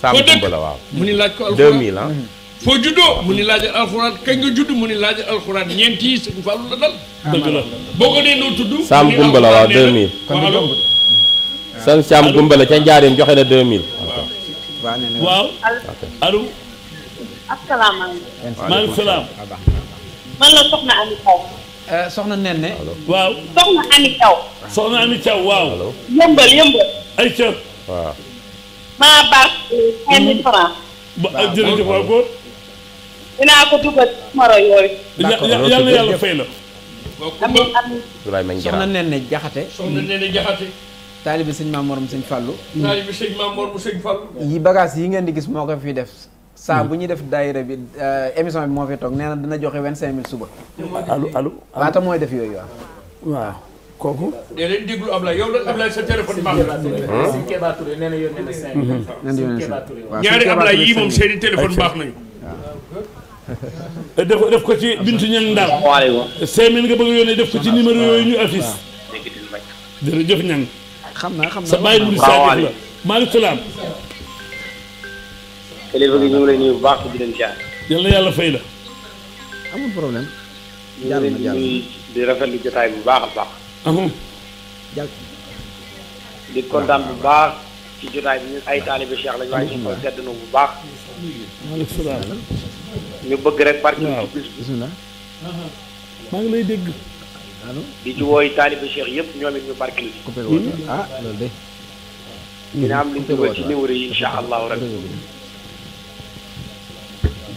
saama la waaw. mu ni laaj ko alxuraan 2000 ah. Mm-hmm. foo juddoo mu ni laajal alxuraan kañ nga judd mu ni laajal alxuraan ñeent yi sëñ Fallou la dal. dëgg la boo ko nee noo tudd. saam gumba waaw 2000. kon ni saam gumba ca njaareem joxe na 2000. waaw. allo. asalaamaaleykum. maaleykum Eh, soxna nen ne waaw soxna Ami Thiaw soxna Ami waaw yëmbal yëmbal ay ca waaw maa baax eh, ah, na yàlla jaxate soxna nen ne jaxate taalibi sëñ Maam Mor mu sëñ Fallou taalibi sëñ Maam Mor mu sëñ Fallou yi bagage yi ngeen di gis moo ko fi def saa hmm. bu ñuy def daayira bi euh, émission bi moo fi toog nee dina joxe vingt cinq mille suba. allo allo waata mooy def yooyu waaw. waaw kooku. da leen déglu Ablaye yow la Ablaye sa téléphone baax na. Hmm. Sëñ Keba Touré nee na yónnee na cinq mille. Hmm. Sëñ Keba Touré ñaari Ablaye yii moom seen i téléphone baax nañu. def def ko ci Bintu Ñang Ndar. waaw cinq mille nga bëgg a yónnee def ko ci numéro yooyu ñu affiche. jërëjëf Ñang. xam naa xam naa sa bàyyi mu di Sadio la maaleykum salaam. kilifa gi ñu ngi lay nuyu bu baax di leen jaar. yàlla yàlla fay la. amul problème. jàll na jàll ñu di rafetlu jotaay bu baax a baax. amul. jàll. di kontaan bu baax ci jotaay bi ñu ay taalibe Cheikh lañu waaye suñu xol sedd na bu baax. maaleykum salaam. ñu bëgg rek barki ci bis bi. maa ngi lay dégg. allo di ci wooy taalibe Cheikh yëpp ñoom it ñu barkil. ah loolu de. dina am lu ñu ci numéro yi incha allahu rabbi.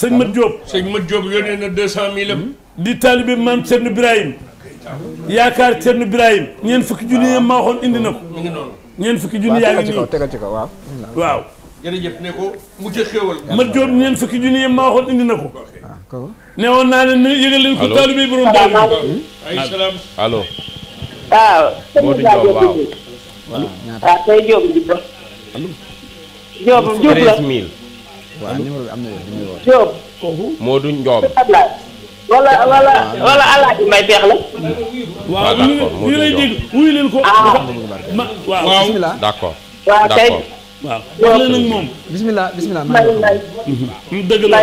sëñ Mat Diop sëñ Mat Diop yónnee na deux cent mille am di taalibe maam Thierno Birahim yaakaar Thierno Birahim ñeen fukki junni yam maa waxoon indi na ko ngi noonu ñeen fukki junni yaa ngi nii tegal ci kaw waaw waaw jërëjëf ne ko mu ci xéewal Mat fukki junni yam maa na ko ne woon naa ne yëgal leen ko taalibe borom daal ay salaam allo waaw Modou Diop waaw waaw tey Diop waaw numéro bi am na yow numéro bi. Diop. kooku Modou Ndiome. wala wala wala Alaaji Mbay Peex la. waaw ñu lay dégg wuyu leen ko. Ah. ma waaw bisimilah. d'accord waaw kay. waaw wax leen ak moom. bisimilah bisimilah. dëgg la.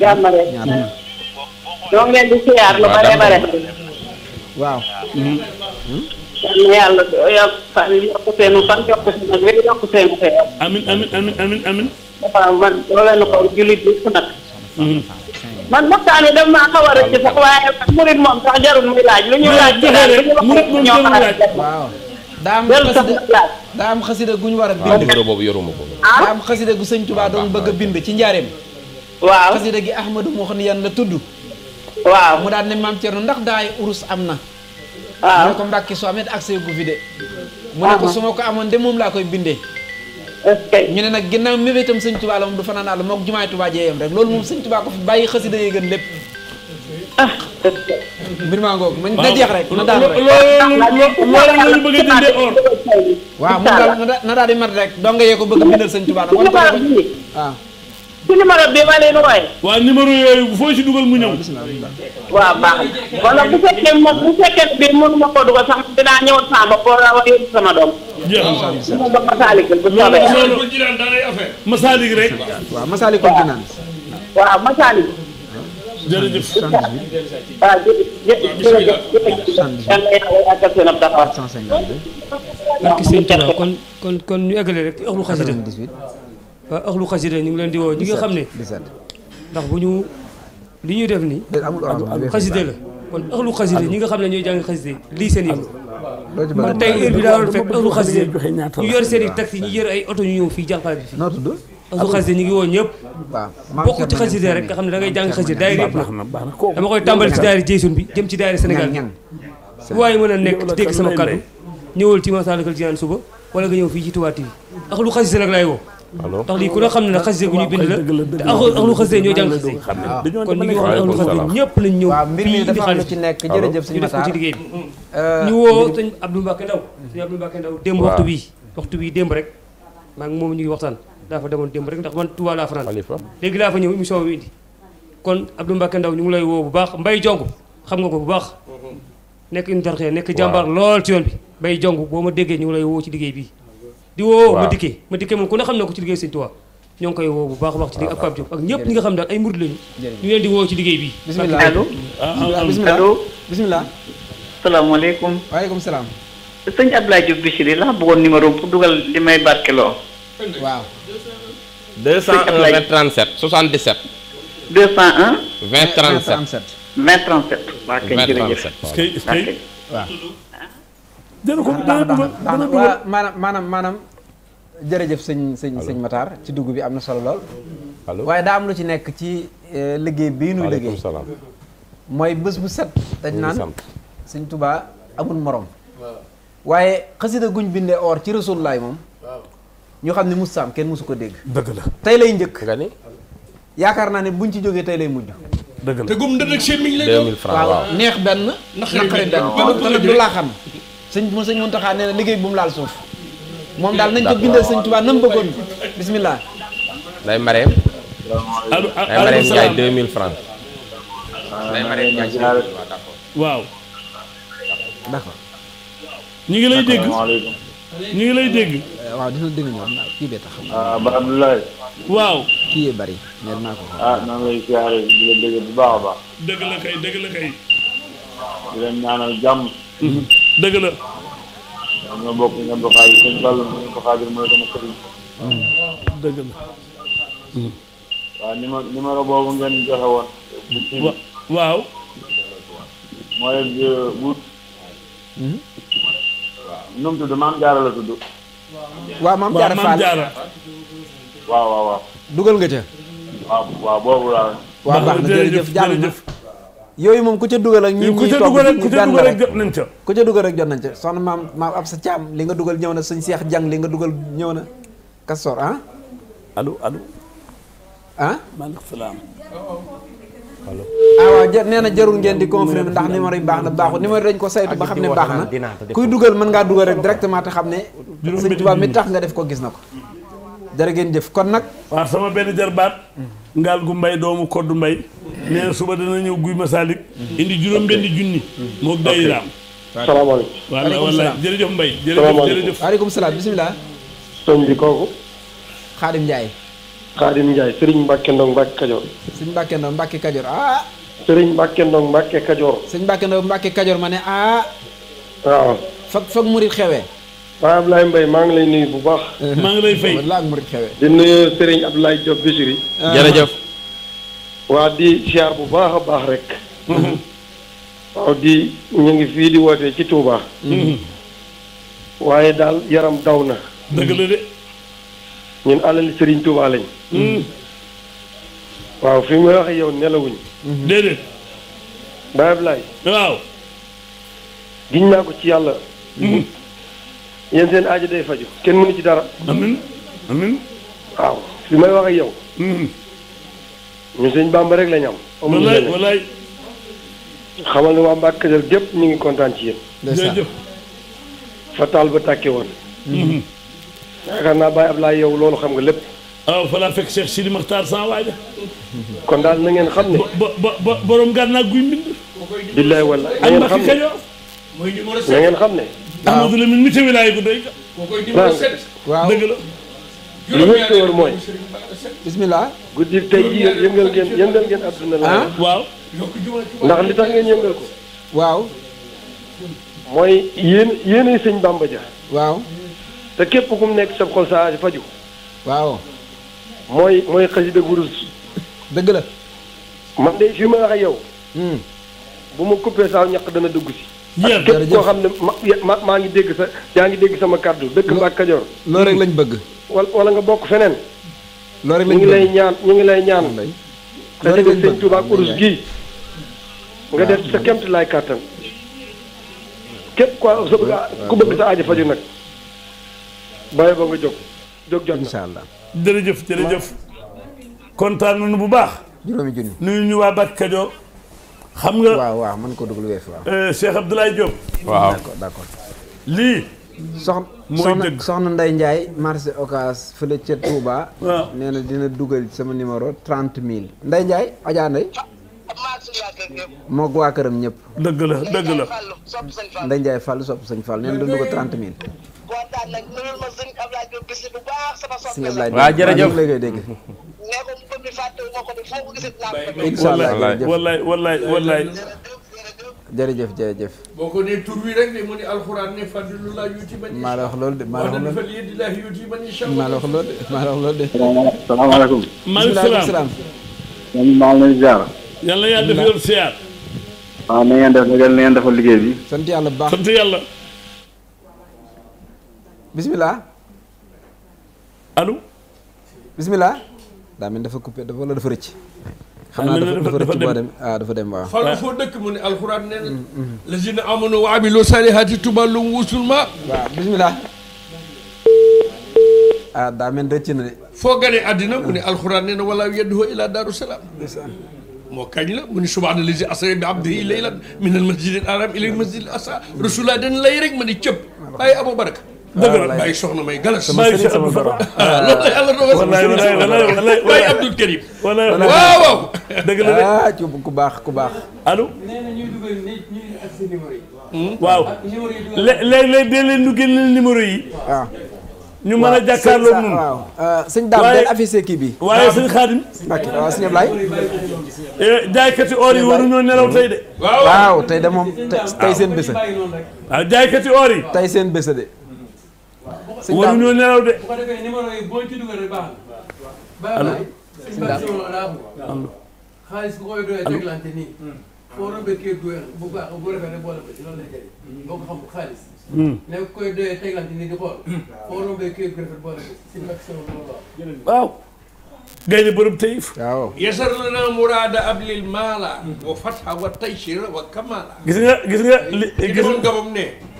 jàmm rek. ñoo ngi leen di siyaar lu bare bare. waaw. Hmm. yàlla na yàlla yokk fan yokk seen fan yokk seen wér yokk seen xeer. amiin amiin amiin amiin amiin. waaw man loolu la ko jullit bi nag. Mm-hmm. man waxtaan wi daf maa a rëcc daa am xasida gu ñu war a bind. waaw ko. Ah? am xasida gu sëñ Tuubaa doon bëgg a bind ci njaareem. waaw xasida gi Ahmadu moo xam ne yan la tudd. mu daal ne maam Thierno ndax daay urus am na. waaw mu ne ko Mbàkke soo amee accès gu fi de. mu ne ko suma ma ko amoon de moom laa koy bindee. ñu ne nag ginnaaw mébétam sëñ Tuubaa la moom du fanaan àll mook jumaay Tuubaa jee yem rek loolu moom sëñ Tuubaa ko fi bàyyi xasida yi gën lépp ah mbir maa ngoog man na jeex rek na daal rek loolu lañu bëgg a dindee or waaw moom daal na daal di mat rek doo nga yee ko bëgg a bindal sëñ Tuubaa nag waaw ci numéro bi ma leen wooye. waaw numéro yooyu foo si dugal mu ñëw. waaw baax na wala bu fekkee ma bu fekkee bi mënu ma ko dugal sax dinaa ñëwoon sama bopp wala yóbbu sama doom. jeexal ma ba Masaalikul bu soobee. Masaalik rek. waaw Masaalikul Jinaan. waaw Masaalik. jërëjëf. waaw jërëjëf jërëjëf. kon kon kon ñu eggale rek ëpp xasida axlu xasida ñu ngi leen di woo ñi nga xam ne ndax bu ñu li ñuy def ni xasida la kon axlu xasida ñi nga xam ne ñooy jàng xasida lii seen yëngu man tey heure bi daa doon fekk axlu xasida ñu yor seen i taxi ñu yor ay oto ñu ñëw fii jànqala bi fii axlu xasida ñu ngi woo ñëpp bokk ci xasida rek nga xam ne da ngay jàng xasida daayira yëpp la dama koy tàmbali ci daayira Jeysun bi jëm ci daayira Sénégal waaye mën a nekk ci dégg sama kàddu ñëwal ci Masaalikul Jinaan suba wala nga ñëw fii ci Touba TV axlu xasida nag laay woo ndax lii ku ne xam ne xasida gu ñu bind la te ahlu xasida ñoo jàng xasida ah. kon ñu ngi wax ahlu xasida ñëpp lañ ñëw fii indi xaalis def ko ci liggéey bi mm, mm. euh, ñu woo sëñ Abdou Mbacke Ndaw sëñ Abdou Mbacke Ndaw démb waxtu bii waxtu bii démb rek maa moom ñu ngi waxtaan daa fa demoon rek ndax man Touba laa fanaan léegi laa fa ñëw émission bi indi kon Abdou Ndaw ñu ngi lay woo bu baax mbay jong xam nga ko bu baax mm-hmm. nekk une tarxee nekk jàmbaar lool ci yoon bi mbay jong boo ma déggee ñu ngi lay woo ci liggéey bii di woo ma dikkee ma dikkee moom ku ne xam ne ko ci liggéey Sëñ Tuubaa ñoo ngi koy woo bu baax a baax ci digg ak Pape Diop ak ñëpp ñi nga xam daal ay murid lañu ñu leen di woo ci liggéey bi bismillah allo allo bismillah salaamaaleykum waaleykum salaam sëñ Abdoulaye Diop Bichri laa bëggoon numéro pour dugal li may barkeloo waaw 201 37 77 201 20 37 20 37 waa kay jërëjëf waaw jënd ko ah, maanaam maanaam maanaam jërëjëf sëñ sëñ sëñ Matar ci dugg bi am na solo lool. waaye daa am la ci nekk ci eh, liggéey bii nuy liggéey mooy bés bu set dañ naan sëñ Tubaa amul morom waaye xasida guñ bindee or ci rasulullaay moom ñu xam ne mustaam kenn mosu ko dégg dëgg la tey lay njëkk nga ni yaakaar naa ne buñ ci jógee tey lay mujj dëgg la te gum ndënd neex benn naqari benn du laa xam sañ mu sëñ Muntaxa nee na liggéey bu mu laal suuf moom daal nañ ko bindal sëñ Tuubaa nam bëggoon bismillah lay mareem lay mareem jaay 2000 francs lay mareem jaay waaw d'accord ñu ngi lay dégg ñu ngi lay dégg eh, waaw dina dégg ñu kii bee tax alhamdulilah waaw ah, la baax baax dëgg la kay dëgg la kay di leen jàmm dëgg la. waaw ñoo bokk ñu Abdou Khadir sëñ Fall ñu Abdou Khadir mooy sama sëriñ. dëgg la. waaw numéro numéro boobu ngeen joxe waaw. mooy bu. Euh, hmm? waaw nu tudd maam Jaara tudd. waaw maam Jaara Fall waaw waaw dugal nga ca. waaw waaw boobu laa. waaw baax na jërëjëf jàll na. yoy mom ku ca dugal ak ñi ku ca dugal ak ku ca dugal ak jot nañ ca ku ca dugal ak jot nañ ca son maam ma ab sa cham li nga dugal ñewna señ cheikh jang li nga dugal ñewna ka sor ah allo allo ah maaleykum salam allo ah waaw nee na jarul ngeen di confirmer ndax numéro yi baax na baaxul numéro dañ ko saytu ba xamne ne na kuy dugal man nga dugal rek directement te xamne señ tuba mi tax nga def ko gis nako ko ngeen def kon nak wa sama ben jarbat ngaal gu mbay doomu koddu mbay nee suba dana ñëw guy masaalik indi juróom benn junni moog dayiraam salaamaaleykum wala wala jërëjëf mbay jërëjëf jërëjëf waaleykum salaam bisimilah sëñ bi kooku xaadim njaay xaadim njaay sëriñ mbàkke ndong mbàkke kajoor sëriñ mbàkke ndong mbàkke kajoor ah sëriñ ma ne ah waaw ah. fag fag murit xewee Paa laay mbay maa ngi lay nuyu bu baax. maa ngi lay fay di nuyu Serigne Abdoulaye Diop Bichri. Ah. jërëjëf. waa di siyaar bu baax a baax rek. Mm-hmm. waaw di ñu ngi fii di wootee ci Touba. Mm-hmm. waaye daal yaram daw na. dëgg la de. Mm-hmm. ñun alali Serigne Touba lañ. waaw fi may wax yow nelawuñ. déedéet. Paa Ablaye. waaw. giñ naa ko ci yàlla. yéen seen aajo day faju kenn mënu ci dara. amin amin waaw fi may wax ak yow. Hmm. ñu sëñ Bàmba rek la ñu am. walaay walaay xamal ne waa Mbàkke Kajoor gépp ñu ngi kontaan ci yéen. jërëjëf fa taal ba tàkkee woon. Hmm. yaakaar naa Baye Ablaye yow loolu xam nga lépp. waaw ah, fa laa fekk Cheikh Sidi daal na ngeen xam ne. ba ba ba borom gànnaaw guy mbind. billaay walaay na ngeen xam ne. na ngeen xam ne. Ahmadou Lamine mi tamit laay ko doy ka waaw dëgg la li wér ko wër mooy bismillah guddi tey ji yëngal ngeen yëngal ngeen la ah. waaw ndax li tax ngeen yëngal ko waaw mooy yéen yéenay sëñ Bamba ja waaw te képp ku mu nekk sa xol sa aajo faju waaw mooy mooy xasida gurus dëgg la man de fi ma wax ak yow hmm. bu ma coupé saa ñaq dana dugg si jërëjëf képp koo xam ne ma maa ngi dégg sa yaa ngi dégg sama kàddu dëkk Mbacke Kajoor. loolu rek lañ bëgg. wala wala nga bokk feneen. loolu rek lañ bëgg ñu ngi lay ñaan ñu ngi lay ñaan. loolu rek lañ nga def sa kemt laay kàttan. képp ku bëgg sa aajo faju nag. bàyyi ba nga jóg jóg jot na jërëjëf jërëjëf kontaan nañu bu baax. juróomi junni waa Mbacke Kajoor. xam nga waaw waaw mën ko dugg weesu waaw. Eh, Cheikh Abdoulaye Diop. waaw d'accord d'accord. lii. soxna soxna soxna Ndeye Ndiaye ocaas Ocass fële ca Touba. waaw nee dina dugal sama numéro trente mille. Ndeye Ndiaye Adja Ndeye. moog waa këram ñëpp. dëgg la dëgg la. Ndeye Ndiaye Fallou sopp sëñ Fallou nee na dina dugal mille. kontaan nañ ma sëñ Abdoulaye Diop gis bu baax sama soxna. sëñ Abdoulaye Diop waaw jërëjëf lay koy dégg. nee ko bu bëgg fàtte moo ko def foo ko gisee laa ko def. incha allah wallaay wallaay wallaay jërëjëf jërëjëf. boo ko nee tur wi rek de mu ne alxuraan ne fadilu laa yuuti man. maa la wax loolu de maa la wax loolu de maa la wax loolu de maa la wax loolu de. salaamaaleykum. maaleykum salaam. man maa ngi lay ziar. yàlla yàlla def yoon ziar. waaw na ngeen def na ngeen defal liggéey bi. sant yàlla bu baax sant yàlla. bisimilah. allo. bisimilah. daa mel dafa coupé dafa wala dafa rëcc. xam naa dafa rëcc boo dem ah dafa dem waaw. xoolal foo dëkk mu ne alxuraan nee na. Mm, mm. lazina amanu wa amilu salihaati tuballum wusul ma. waaw bisimilah. ah de. foo gane àddina mu ne alxuraan nee na wala yadduhu ila daaru salaam. moo kañ la mu ne subhaana lazi asra bi abdihi laylan min al masjid ila al masjid al aqsa rasulullah dañ lay ma ne cëpp dëgg la ay soxna may galas sama sëriñ sama borom loolu la yàlla dogal wallaay wallaay wallaay wallaay wallaay Abdoul Karim wallaay waaw waaw dëgg la de ci ku baax ku baax allo nee na ñuy dugal ni ñuy ak seen numéro yi waaw léeg-léeg dee leen dugal leen numéro yi waaw ñu mën a jàkkaarloo nun waaw sëñ daam benn affiché kii bi waaye sëñ xaadim ok waaw sëñ Ablaye jaaykati or yi waruñoo nelaw tey de waaw tey de moom tey seen bésa waaw jaaykati or yi tey seen bésa de waru ñoo nelaw de bu ko defee numéro yi boo ci dugal rek baax na allo sëñ Ba si wala laabu xaalis bu koy doyee teglante nii foo rombee kii duwee bu baax bu rafet rek boole ko ci loolu lay jëriñ boo ko xam ko xaalis ne koy doyee teglante nii di xool foo rombee kii bu rafet boole ko sëñ Ba si wala waaw gaynde borom tayif yasar lana murada ablil maala wa fatha wa tayshira wa kamala gis nga gis nga li gis nga gabam ne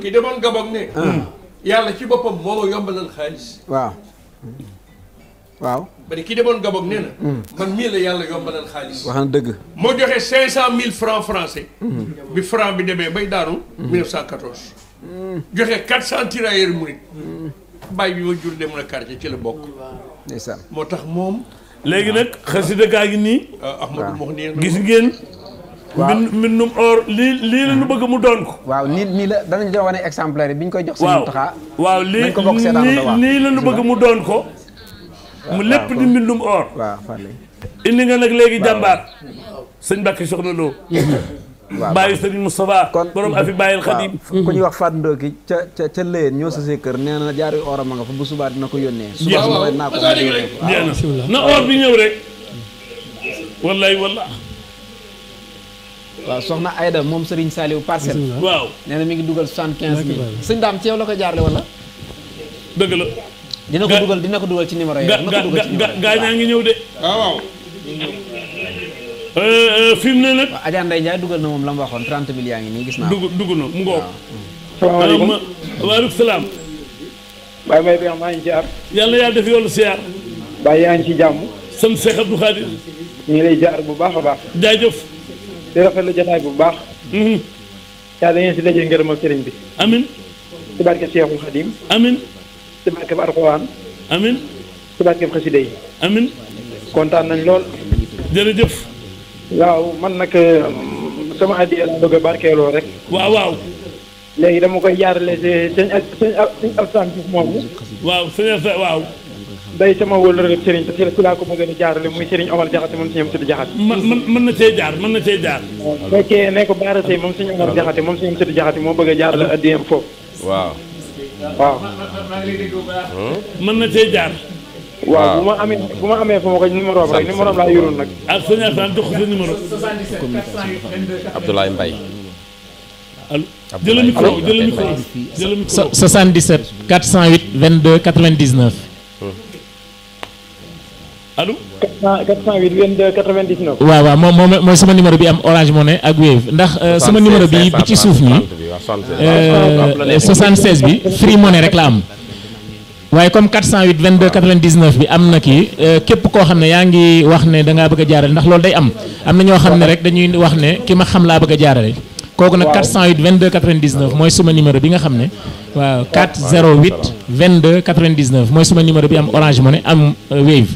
ki demoon Gabon ne. Hmm. yàlla ci boppam moo ma yombalal xaalis. waaw. waaw ba ki demoon Gabon ne na. Hmm. man mii la yàlla yombalal xaalis. wax na dëgg. moo joxe cinq cent mille francs français. Hmm. bi franc bi demee bay daanu. 1914. joxe quatre cent tirailleurs murit. bàyyi bi ma jur dem na quartier ci la bokk. ndeysaan moo tax moom. léegi nag xasida gaa ngi nii. ah Ahmadou Mouhniyane gis ngeen. waaw mbindum or lii la ñu bëgg mu doon ko. waaw nii nii la danañ doon wane exemplaire bi ñu koy jox. waaw waaw lii nii la ñu bëgg mu doon ko. mu lépp di mbindum or. waaw indi nga nag léegi jàmbaar. sëñ Mbacke soxna Lo. waaw bàyyi sëñ Moustapha. kon borom afi bàyyil xadim. ku ñuy wax Fatou Ndoki ca ca ca ñëw ñoo sasee kër nee na jaari oram a nga fa bu subaa na ko yónnee. suba su ma naa ko na or bi ñëw rek. wallaay wallaay. waaw soxna Ayda moom Serigne Saliou parcelle. waaw nee na mi ngi dugal soixante-quinze mille. sëñ daam ci yow la ko jaarle wala. dëgg la. dina ko dugal dina ko dugal ci numéro yi. dina ko dugal ci numéro yi gaa ngi ñëw de. Ah, waaw euh, euh, fi mu ne nag. waaw Adja Ndeye dugal na moom la mu waxoon 30 mille yaa ngi nii gis naa. dugg dugg na mu ngoog. salaamaaleykum waaleykum salaam. Baye Mbaye Béyam maa ngi ziar. yàlla yaa def yoonu ziar. Baye yaa ngi ci jàmm. sën Cheikh Abdou Khadir. ñu ngi lay ziar bu baax a baax. jëf di rafetlu jotaay bu baax. Mm-hmm. yàlla dañuy si daje ngërëm ak sëriñ bi. amin si barke Seexul Xadim. amin si barke bu si barke amin kontaan nañ lool. jërëjëf. waaw man nag um, sama addiya laa bëgg a barkeeloo rek. waaw waaw. léegi dama koy jaarale si sëñ ak sëñ ab sëñ ab waaw. day sama wóllare sëriñ te ci laa ko bëggoon a jaarale muy sëriñ Omar Jaxate moom si ñoom sëriñ Jaxate. mën mën na see jaar mën na see jaar. waaw fekkee ne ko Baara Seye moom sëriñ Omar Jaxate moom si ñoom sëriñ Jaxate moo bëgg a jaarale addiyam foofu. waaw. waaw. mën na see jaar. waaw bu ma amee bu ma amee fu ma ko numéro am rek numéro am laa yoroon nag. ah sëñ Assane jox ko sa numéro. Abdoulaye Mbaye. allo jëlal micro jëlal micro 77 408 22 99. allo. 408 waaw waaw moom moom mooy sama numéro bi am orange money ak wave ndax euh, sama numéro bi bi ci suuf nii. 76 euh, bi free money rek la am. waaye comme 408 22 99 bi am na kii euh, képp koo xam ne yaa ngi wax ne da bëgg a jaarale ndax lool day am am na ñoo xam ne rek dañuy wax ne ki ma xam laa bëgg a jaarale. kooku nag 408 22 99 mooy suma numéro bi nga xam ne. waaw 408 22 99 mooy suma numéro bi am orange money am wave.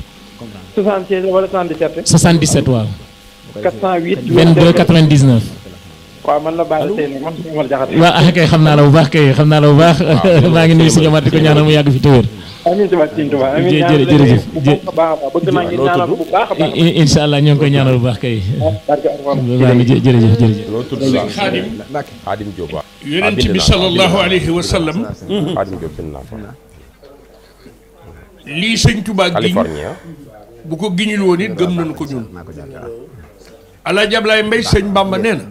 76 wala 77. 77 waaw. 408 22 99. waaw man la Ba Seyni man su ma ah, kay xam naa la bu baax kay xam naa la bu baax maa ngi nuyu si ñoom di ko ñaanal mu yàgg fi tëwër. amiin si waat si Tuubaa bu baax a baax. incha allah ñoo ngi koy ñaanal bu baax kay. Ah, jërëjëf jërëjëf jërëjëf. loolu tudd naa xaadim xaadim Diop waaw. yonent bi sallallahu alayhi wa sallam. xaadim Diop bind naa ko. bu ko giñul woon it gëm nañu ko ñun Alaaji Ablaay Mbay sëñ Bamba nee na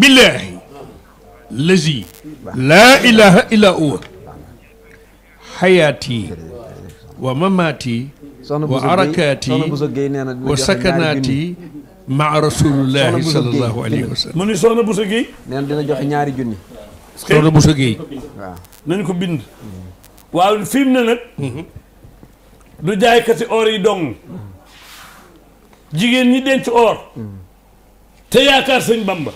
billaahi lazi laa ilaha illa huwa xayaati wa mamaati wa arakaati wa sakanaati maa rasulillahi sallallahu alayhi wa sallam mu ni soxna Bousso Gueye nee na dina joxe ñaari junni soxna Bousso Gueye waaw nañ ko bind waaw fi mu ne nag mhm. du jaaykati or yi dong jigéen ñi denc or te yaakaar sëñ Bamba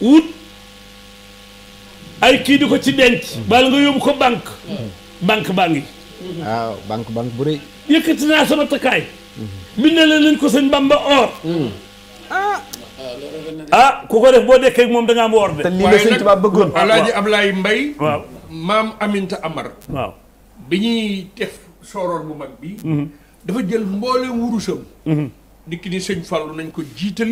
wut ay kii di ko ci denc bal nga yóbbu ko banque banque baa ngi waaw banque naa sama takkaay bindale nañ ko sëñ Bamba or ah ah ku ko def boo dekkee moom da am woor de te lii la sëñ Tuubaa bëggoon Alaaji Ablaye Mbaye waaw maam Aminta Amar bi Halo. def soror bu mag bi mhm. dafa jël mbolé wurusam Halo. Mhm. ni Halo. Halo. nañ ko jital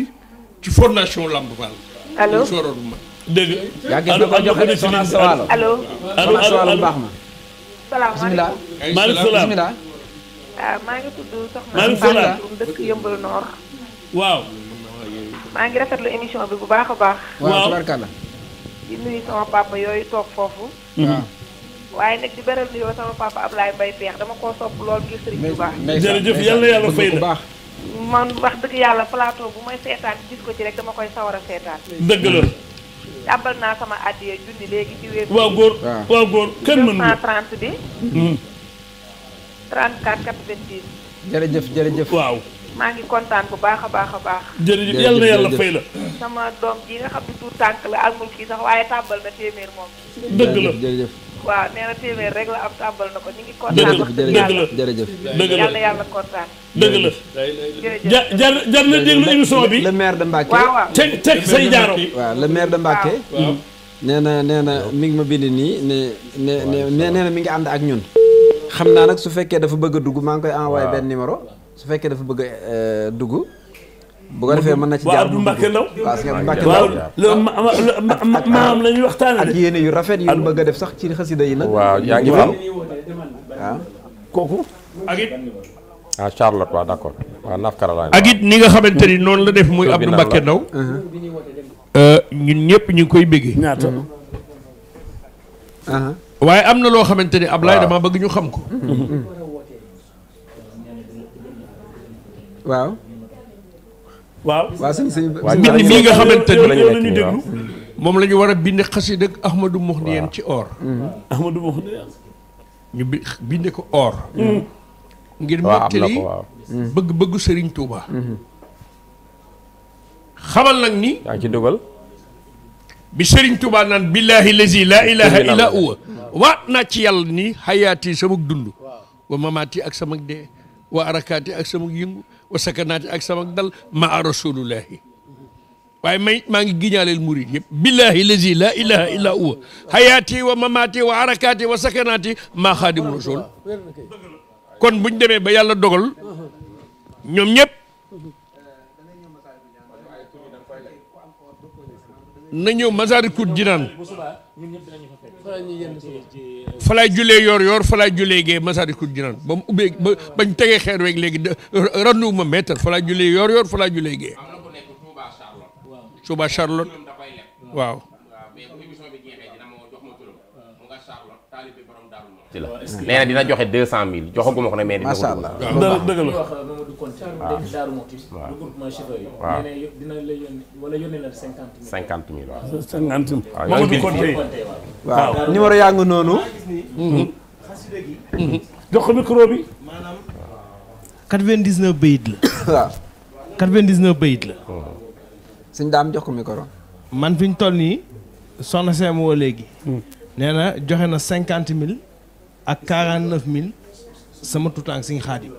ci fondation lambal Halo. allo Halo. bu mag Halo. ya gis na ko joxe sonan Sawalo allo allo Sawalo baax ma Halo. Halo. Halo. bismillah Halo. Halo. Ah, ngi tuddu soxna Halo. Halo. Halo. Yëmbal Noor waaw ma ngi rafetlu émission bi bu Halo. Halo. baax waaw Halo. ñu Halo. sama papa yoy tok Halo. waaw waaye nag di beral nuyoo sama ab Ablaye bay Peex dama koo sopp lool ngir Serigne Touba. jërëjëf yàlla yàlla fay na man wax dëgg yàlla plateau bu may seetaan gis ko ci rek dama koy sawar a seetaan. dëgg la. abal naa sama addiya junni léegi ci wér. waaw góor waaw góor kenn mën na 230 bi. 34 hmm. 90. jërëjëf jërëjëf waaw. maa ngi kontaan bu baax a baax a baax. jërëjëf yàlla na yàlla fay la. sama doom ji nga xam ne tuur tànk la amul kii sax waaye tàbbal na téeméer moom. dëgg la jërëjëf. waaw nee na téeméer rek la am tàmbal na ko ñu ngi kontaan wax dëgg yàlla jërëjëf dëgg la yàlla yàlla kontaan dëgg la jar jar na déglu émission bi le maire de Mbacké waaw waaw teg teg say jaaro waaw le maire de Mbacké mm. nee na nee na mi ngi ma bind nii ne ne ne nee na mi ngi ànd ak ñun xam naa nag su fekkee dafa bëgg a dugg maa ngi koy envoyé benn numéro su fekkee dafa bëgg a euh, dugg bu ko defee mën na ci jaar Abdou Mbacke Ndaw waaw sëñ Abdou Mbacke Ndaw waaw maam la ñuy waxtaane ak yéene yu rafet yu bëgg a def sax ci xasida yi nag waaw yaa ngi fa waaw ah. kooku ak it ah, waaw d'accord waaw ni nga xamante ni noonu la def muy Abdou Mbacke Ndaw uh-huh. euh, ñun ñëpp ñu ngi koy béggee ñaata uh-huh. Uh-huh. waaye am na loo xamante ni Ablaye dama bëgg ñu xam ko waaw waaw waaw sëñ sëñ bind mi nga xamante ni lañu ñu déglu moom la ñu war a bind xasida ak ahmadou muhniyeen ci or mm-hmm. ahmadou muhniyeen ñu binde ko or mm-hmm. ngir mottali mm-hmm. bëgg-bëggu sëriñ Touba xamal nag ni yaa ci dugal bi sëriñ Touba naan billahi lazi la ilaha illa huwa waat naa ci yàlla ni hayati samuk dund wa mamaati ak samuk dee wa arakati ak samuk yëngu wa sakanaati ak sama ma maa rasulullahi waaye may maa ngi giñaaleel murid yëpp billahi lazi la ilaha illa huwa hayaati wa mamaati wa arakaati wa sakanaati maa xaadimu rasul kon buñ demee ba yàlla dogal ñoom ñëpp na ñëw masaari kut jinaan fa laay jullee yoor yoor julee laay jullee gee Masaalikul Jinaan ba mu ubbee ba bañ tegee xeer weeg léegi randuwuma mètre fa laay jullee yoor yoor fa laay gee Touba Charlotte waaw ci dina joxe deux cent mille joxaguma ko ne mais dina ko dëgg la dëgg la wax Mamadou Konte Daaru Muxti regroupement la cinquante mille waaw cinquante mille ah, noonu mm-hmm. Mm-hmm. Mm-hmm. jox ko micro bi maanaam bayit la waaw daam jox ko man fi ñu toll nii soxna seem woo léegi mm. nee na joxe na cinquante mille ak 49000 sama tutaang Sëñ Xaadim.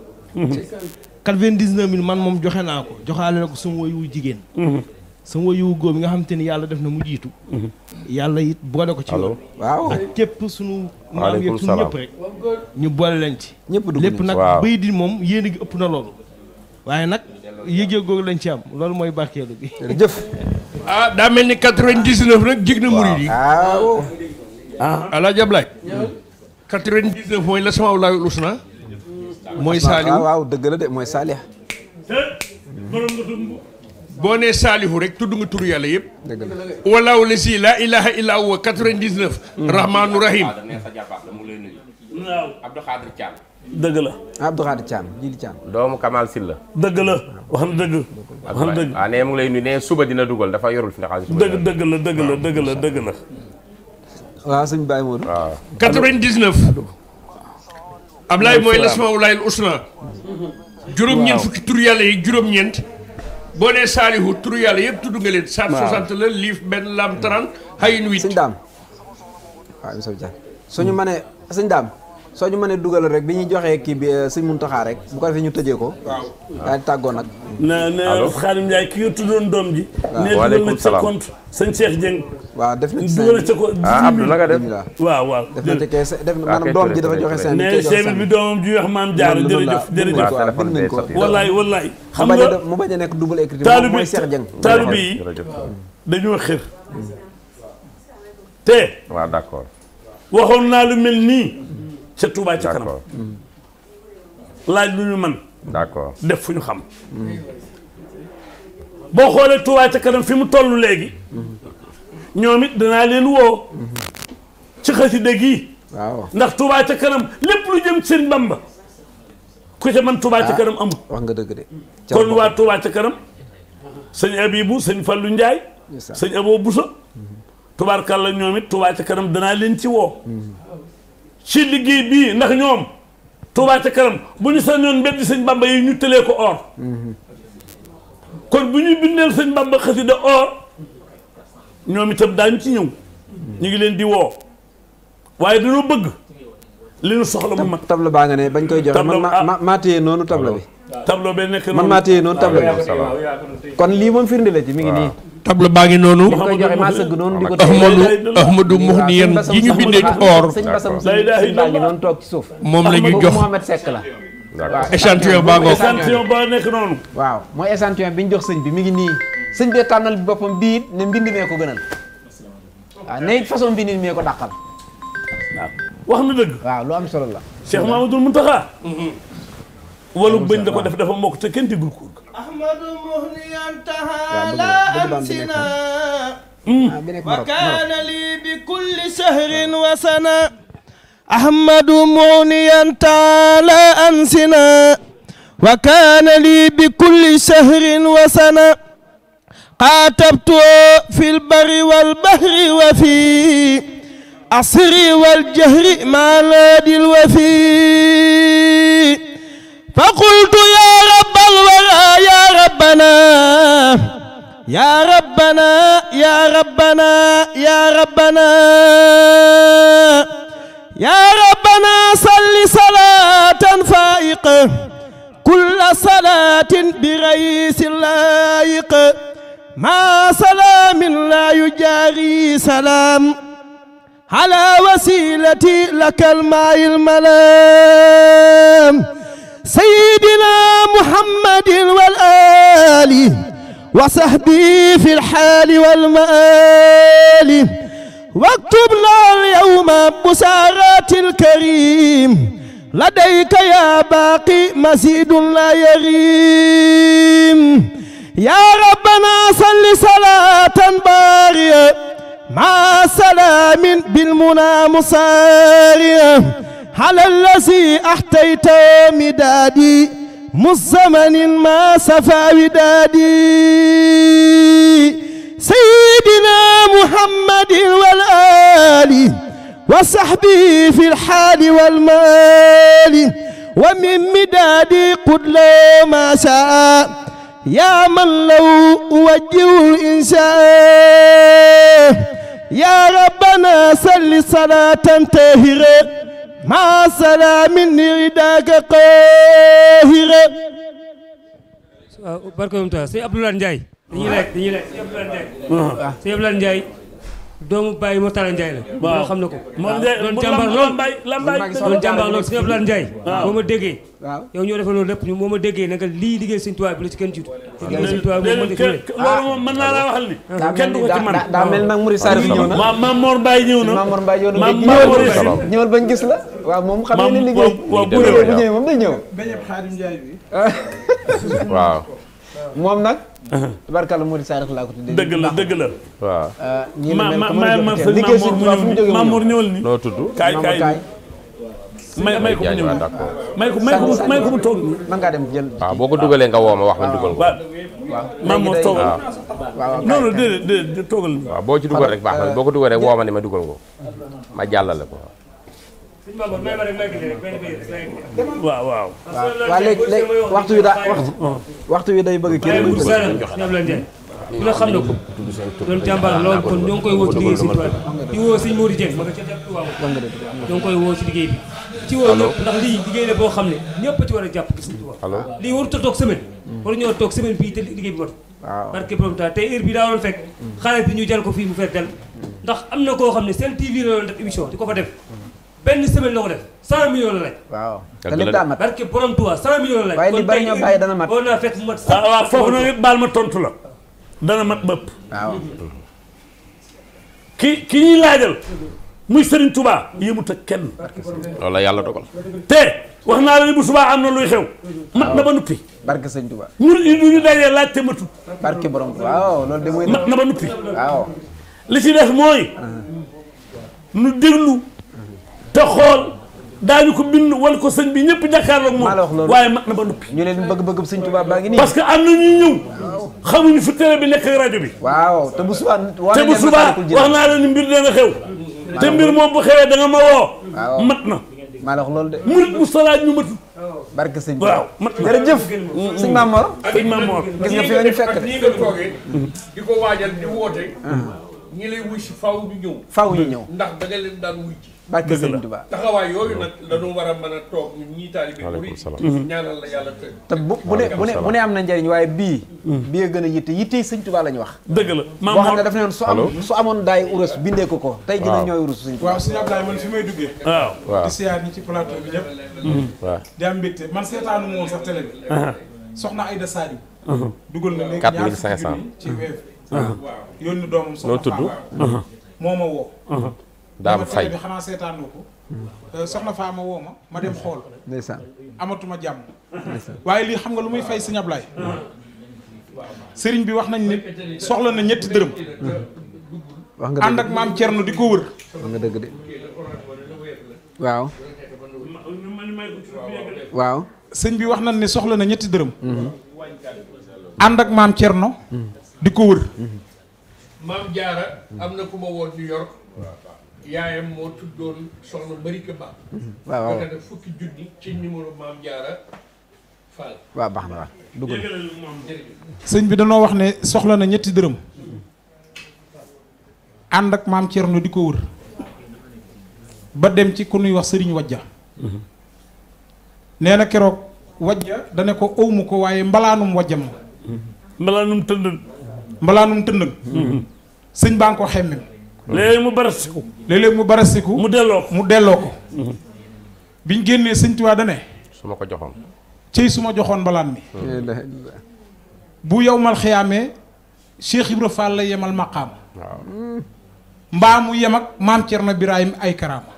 99000 man moom joxe naa ko joxaale na ko sama woyu jigéen. sama woyu góor bi nga xam te ni yàlla def na mu jiitu. yàlla it boole ko ci loolu. waaw ak képp suñu maam yeeg sunu ñëpp rek. ñu boole leen ci. ñëpp dugg lépp nag bay di moom yéen a ëpp na loolu. waaye nag yëgee googu lañ ci am loolu mooy barkeelu bi. jërëjëf. ah daa mel ni 99 nag jig na murid yi. waaw ah. El 99 mooy la sama wulaay na mooy saalihu waaw dëgg la de mooy saalih boo nee saalihu rek tudd nga turu yàlla yëpp walaaw la si laa ilaha illa huwa 99 mm. rahmaanu rahim dëgg la Abdou Khadir Thiam doomu Kamal Silla dëgg wax na dëgg na dëgg waaw nee mu ngi lay nuyu suba dina dugal dafa yorul fi ndax dëgg dëgg la dëgg la dëgg la dëgg la waaw sëñ Baye Modou. waaw 99. Ablaye mooy lasmaawulaayil usna. juróom-ñeent fukki tur yàlla yi juróom-ñeent. boo nee Saalihu tur yàlla yëpp tudd nga leen. waaw 60 la liif benn lam 30 hayin 8. sëñ Daam waaw monsieur Diagne suñu Daam. soñu ñu mënee rek biñu joxé ki bi seigne Muntaxa rek bu ko fi ñu tejé ko. waaw daal di nak na na xalim Njaay ki tudon dom ji. waaw waaleykum salaam compte sëñ Cheikh Dieng. waaw def na ci dugal na ko. ah Abdou naka def waaw waaw. def na ci def na maanaam doom ji dafa joxe seen. kee joxe bi doomam ji wax maam Jaara jërëjëf jërëjëf. waaw téléphone bee soppi xam nga mu bañ a double écriture. moom Cheikh Dieng taalibe yi xir te. waaw d'accord waxoon naa lu mel ca Touba ci kanam mm. laaj lu ñu man d'accord def fu ñu xam mm. boo xoolee Touba ca kanam fi mu tollu léegi mm. ñoom it danaa leen woo mm-hmm. ci xaside gi waaw ndax Touba ca kanam lépp lu jëm seen Bamba ku ca man Touba ca ah, kanam amul wax nga dëgg de kon waa Touba ca kanam sëñ Abibou sëñ Fallou lu njaay Abo Bousso mm-hmm. tubaarkàlla ñoom it Touba ca kanam danaa leen ci woo mm-hmm. ci liggéey bii ndax ñoom Touba ca kanam bu ñu sañoon mbedd sëñ Bamba yi ñu tëlee ko or kon bu ñuy bindeel sëñ Bamba xasida or ñoom itam daañu ci ñëw ñu ngi leen di woo waaye dañoo bëgg li ñu soxla mu mag tableau baa nga ne bañ koy joxe man ah. ma maa téye noonu tableau bi tableau bee nekk noonu man maa téye noonu tableau bi kon lii moom firnde la ci mi ngi nii table baa ngi noonu. ahmadu ahmadu muxniyan yi ñu bindee or. moom la ñu jox. waaw échantillon baa ngoog échantillon baa nekk noonu. waaw mooy échantillon bi ñu jox sëñ bi mi ngi nii sëñ bi tànnal boppam bii it ne mbind mee ko gënal. waaw ne it façon mbind mee ko dàqal. wax na dëgg. waaw lu am solo la. Cheikh Mamadou Mountakha. Mhm. walu bëñ da ko def dafa mokk te kenn déggul ko. أحمد مهني انتهى آه، لا أمسنا وكان لي بكل سهر وسنة أحمد مهني انتهى على أنسنا وكان لي بكل سهر وسنة قاتبت في البر والبحر وفي عصري والجهر مع نادي الوفي فقلت يا رب الولا يا ربنا يا ربنا يا ربنا يا ربنا يا ربنا صل صلاة فائقة كل صلاة برئيس لائق ما سلام لا يجاري سلام على وسيلتي لك الماء الملام سيدنا محمد والآل وصحبه في الحال والمآل واكتب اليوم بسارات الكريم لديك يا باقي مزيد لا يغيم يا ربنا صل صلاة بارية مع سلام بالمنى مصارية على الذي أحتيت مدادي مزمن ما سفى ودادي سيدنا محمد والآل وصحبه في الحال والمال ومن مدادي قد لو ما شاء يا من لو أوجه الإنشاء يا ربنا سل صلاة تهرئ ما سلام رداك قاهر barke Sëñ Abdoulaye Ndiaye dañuy lekk dañuy lekk Sëñ Abdoulaye Ndiaye ah. Sëñ Abdoulaye Ndiaye doomu Baye Moutala Ndiaye la. waaw xam na ko. moom de doon jàmbaar lool Lambaye doon jàmbaar lool sëñ Abdoulaye ma déggee. waaw yow ñoo defee loolu lépp ñu moo ma déggee naka lii liggéey sëñ Tuubaa bi la ci kenn jiitu. liggéey sëñ Tuubaa bi moom mën moom mën naa laa waxal ni. kenn du ko ci mën daa mel na. Maam Mor la. waaw moom xam ne liggéey bu ñëwee moom day ñëw. moom nag. Uh-huh. barkala Modou Sarr laa ko tuddee. dëgg la dëgg la. waaw. ñu ma ma ma ma sëñ Mamour ñëwal ni noo tudd kaay kaay may may ko mu ñëw may ko may ko may dem jël. waaw boo ko dugalee nga woo wax ma dugal ko. ma Mamour toogal. waaw boo ci dugal rek baax na boo ko dugal rek woo ma ne ma dugal ko ma jàllale ko. Er waaw waaw. waaw léegi léegi waxtu wi daa waxtu wi day bëgg kii bu ñu xam na ko doon jàmbaar loolu kon ñoo ngi koy woo ci liggéey si tool di woo sëñ Modou Dieng ma nga ca koy woo ci liggéey bi ci woo ñëpp ndax lii liggéey la boo xam ne ñëpp ci war a jàpp gis nga lii warut a toog semaine mm. waru ñoo toog semaine fii te liggéey bi mat parce que problème te heure bi daa waroon fekk mm. xaalis bi ñu jal ko fii mu fekk del mm. ndax am na koo xam ne seen TV la doon def émission di ko fa def benn semaine la ko def 100 millions la laaj. waaw te lépp daa mat parce que borom tuwa 100 millions la foofu noonu yëpp ma tontu la. dana mat bëpp. waaw. ki ki ñuy laajal. muy Serigne Touba yëmut ak kenn. yàlla dogal. te wax naa la ni bu subaa am na luy xew. mat na ba nuppi. barke Serigne Touba. ñun ñu li ci def mooy. Ah. nu déglu. تخول دانيكو بن ولكو سن بن يب جاكارو مو واي ما نبانو بي نيولين بغ بغ سن توبا باغي ني باسكو امنا ني نيو خامو ني فتيرا بي نيك راديو بي واو تبو سوبا واخنا تبو سوبا واخنا لا ني مبير دينا خيو تي مبير مو بو خيو دا نغا ما وو متنا مالوخ لول دي مولود مصطفى ني مت بارك سن واو جير جيف سن مامور سن مامور غيس نغا فيو ني فك ديكو واجال ني ووتي ني لي ويش فاو ني فاو ني نيو ndax da bàkk sëñ Tuubaa taxawaay yooyu a mën a toog ñii bu bu ne bu ne bu ne am na njëriñ waaye bii mm. bii gën a yitte yitte sëñ Tuubaa la ñu wax dëgg la boo xam ne daf ne woon su su amoon daay urus bindee ko ko tey gën a ñooy urus sëñ Tuubaa waaw may duggee waaw di siyaar ñi ci plateau bi ñëpp mm. waaw di am mbégte man seetaanu moom sax télé bi uh-huh. soxna Aïda Sadiou uh-huh. dugal na léegi quatre mille cinq cent ci weef uh-huh. tudd moo ma woo daa fay bi xanaa seetaanoo ko euh, soxna woo ma ma dem xool ndeysaan amatuma jàmm waaye lii xam nga lu may fay sëñ Ablaye sëriñ bi wax nañ ne soxla na ñetti dërëm nga ànd ak maam Thierno di ko wër wax nga bi wax nañ ne soxla na ñetti dërëm mhm. ànd ak yaayam moo mm-hmm. ci numéro maam na waaw sëñ bi danoo wax ne soxla na ñetti dërëm. ànd ak maam Thierno di ko wër. ba dem ci ku nuy wax sëriñ Wajja. Mm-hmm. nee na keroog Wajja dane ko ëwmu ko waaye mbalaanum wajjam ma. Mm-hmm. mbalaanum tëndën. mbalaanum tëndën. sëñ baa ngi ko xemmem. léeg-léeg mu barasiku léeg mu barasiku mu delloo ko mu delloo ko génnee sëñ Tuubaa dane su ma ko joxoon cëy su ma joxoon mbalaan mi mm. bu yow mal xiyaamee Cheikh Ibra la yemal maqaam mm. mbaamu mu yem ak maam Cerno ay karaama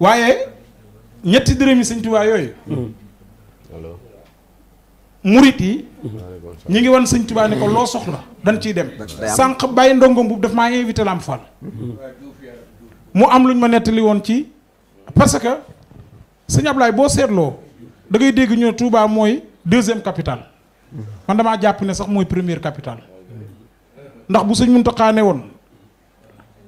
waaye ñetti dërëmi sëñ yooyu mm. murit yi ñu ngi wan sëñ Tuubaa ni ko loo soxla dañ ciy dem sànq bàyyi ndongo mbubb daf maa invité Lamp Fall am luñ ma nettali woon ci parce que sëñ boo seetloo da ngay dégg ñu ne Touba mooy deuxième capital man damaa jàpp ne sax mooy première capitale bu sëñ Muntaxa woon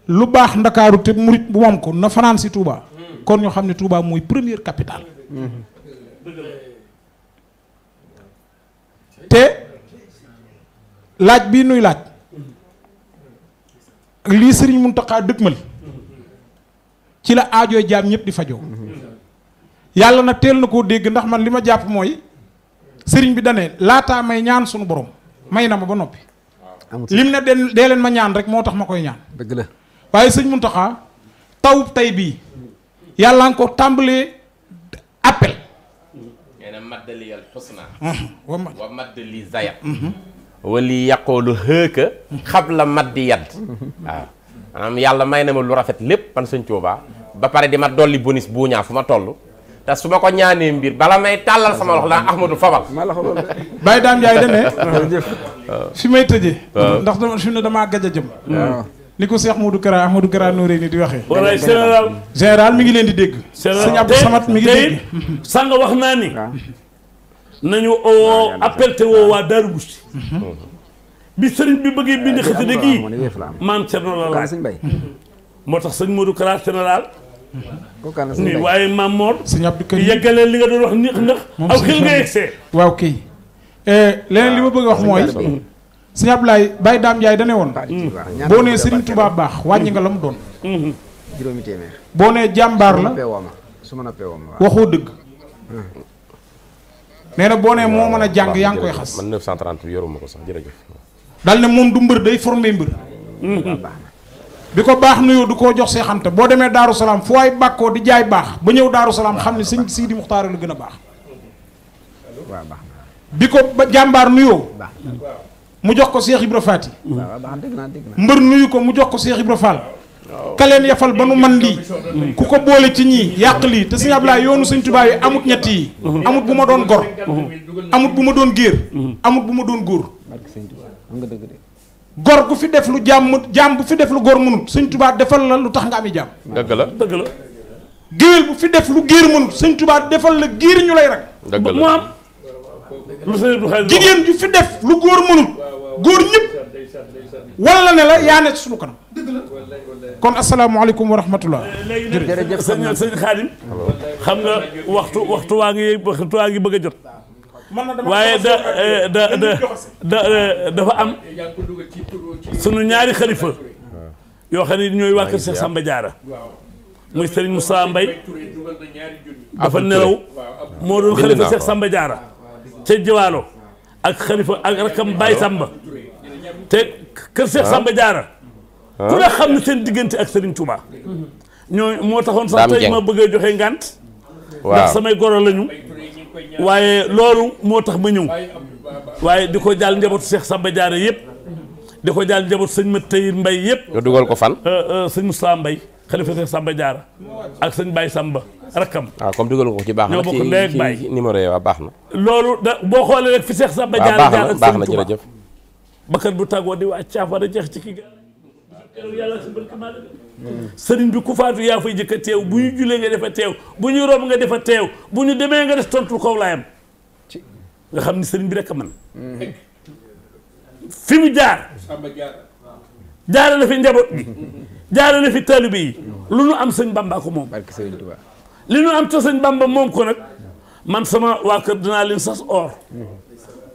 lu baax ndakaaru te murit bu moom na fanaan si Touba kon ñu xam ne Touba mooy première capitale te laaj bii nuy laaj lii sëriñ Muntaxa dëgmal ci la aajoo jaam ñëpp di fajoo yàlla nag teel na koo dégg ndax man li ma jàpp mooy sëriñ bi dane laataa may ñaan sunu borom may na ma ba noppi lim ne den dee leen ma ñaan rek moo tax ma koy ñaan dëgg la waaye sëñ Muntaxa taw tey bii yàlla nga ko tàmbalee appel nee na maddali al xusna ah, wa maddali zayat mhm. wali yàqoolu xëëka xab la maddi yadd waaw maanaam yàlla may na ma lu rafet lépp man sëñ Tuuba ba pare di ma dolli bonus buuñaa fu ma toll te su ma ko ñaanee mbir bala may tàllal sama loxo naa Ahmadou Fabal. Baye Dame Ndiaye dane fi may tëjee. ndax dama fi mu damaa gëj jëm. li ko Cheikh Modou Kara Ahmadou Kara Nooré ni di waxee. walaay général. général mi ngi leen di dégg. général sëñ Abdou Samad mi ngi wax naa ni. nañu oo appel bi sëriñ bi moo tax sëñ Modou Kara général. nii waaye maam Mor. sëñ li nga doon wax nii ndax. waaw kii eh, leneen li ma bëgg a wax mooy. Serigne Ablaye Baye dam Ndiaye dane won boo Serigne Touba bax wàññi nga lam mu doon mm-hmm. juróomi téeméer boo la suma ma noppee waxo deug néna dëgg mo meuna jang yang koy xass man 930 yoruma ko sax jërëjëf dal ne mom du mbeur day formé mbeur mm-hmm. biko bax nuyu du ko jox see bo démé daru salam Salaam fu waay bàkkoo di jaay bax ba ñew daru salam xamni Serigne Sidi Mukhtar la gëna bax baax bi ko jàmbaar nuyoo mu jox ko seex Cheikh Ibra Faati mbër nuyu ko mu jox ko Cheikh Ibra Fall kaleen yafal ba nu man lii ku ko boole ci ñii yàq lii te sëñ Ablaay yoonu sëñ Tuubaa yi amut ñett yi amut bu ma doon gor amut bu ma doon géer amut bu ma doon góor gor gu fi def lu jaam jaam bu fi def lu góor mënut sëñ tubaat defal la lu tax nga ami jaam dëgg la dëgg la bu fi def lu géer mënut sëñ tubaat defal la géer ñu lay rek mu am jigéen ju fi def lu góor mënul góor ñëpp wala ne la yaa ne ci kanam kon asalaamaaleykum wa rahmatullah jërëjëf sëñ sëñ Xaadim xam nga waxtu waxtu waa ngi bëgg a jot waaye da eh, da da eh, dafa am sunu ñaari xalifa yoo xam ne ñooy waa kër Cheikh Samba Diarra muy Serigne Moussa Mbaye dafa nelaw moo doon xalifa Cheikh Samba Diarra ca jiwaalo ak xalifa ak rakam Baye Samba te kër Cheikh Samba ah? Diarra ah? ku ne xam ne seen diggante ak Serigne Touba ñoo moo taxoon sax tey ma bëgg a joxe ngant ndax samay goro lañu waaye loolu moo tax ma ñëw waaye di ko jaal njabootu Cheikh Samba Diarra yëpp di ko jaal njaboot sëñ ma tayir Mbay yëpp nga dugal ko fan euh, euh, sëñ saa Mbay xalifa sëñ Samba Diarra ak sëñ Baye Samba rakkam. waaw ah, comme dugal ko ci baax na ci numéro yi waaw baax na. loolu da boo xoolee rek fi Cheikh Samba Diarra jaar ak sëñ Touba bakkan bu tàggoo di waa caafara jeex ci ki ga yàlla si barkama la bi ku faatu yaa fay jëkk a teew bu ñu julee nga defa teew bu teew bu ñu demee nga def tontu kaw laayam nga xam ni sëriñ bi a man fi mu jaar jaara la fi njaboot bi jaare na fi taalibe yi lu nu am sëñ bamba ko moom li nu am sëñ bamba moom ko nag man sama waa kër dinaa leen sas or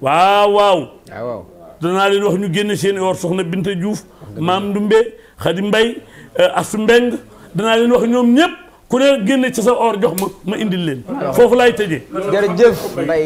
waaw waaw ah, danaa leen wax ñu génne seen or soxna Binta Diouf maam Ndumbe Xadi Mbay eh, Asu Mbeng danaa leen wax ñoom ñëpp ku ne génne ci sa jox ma ma indil leen foofu laay tëjee jërëjëf Mbay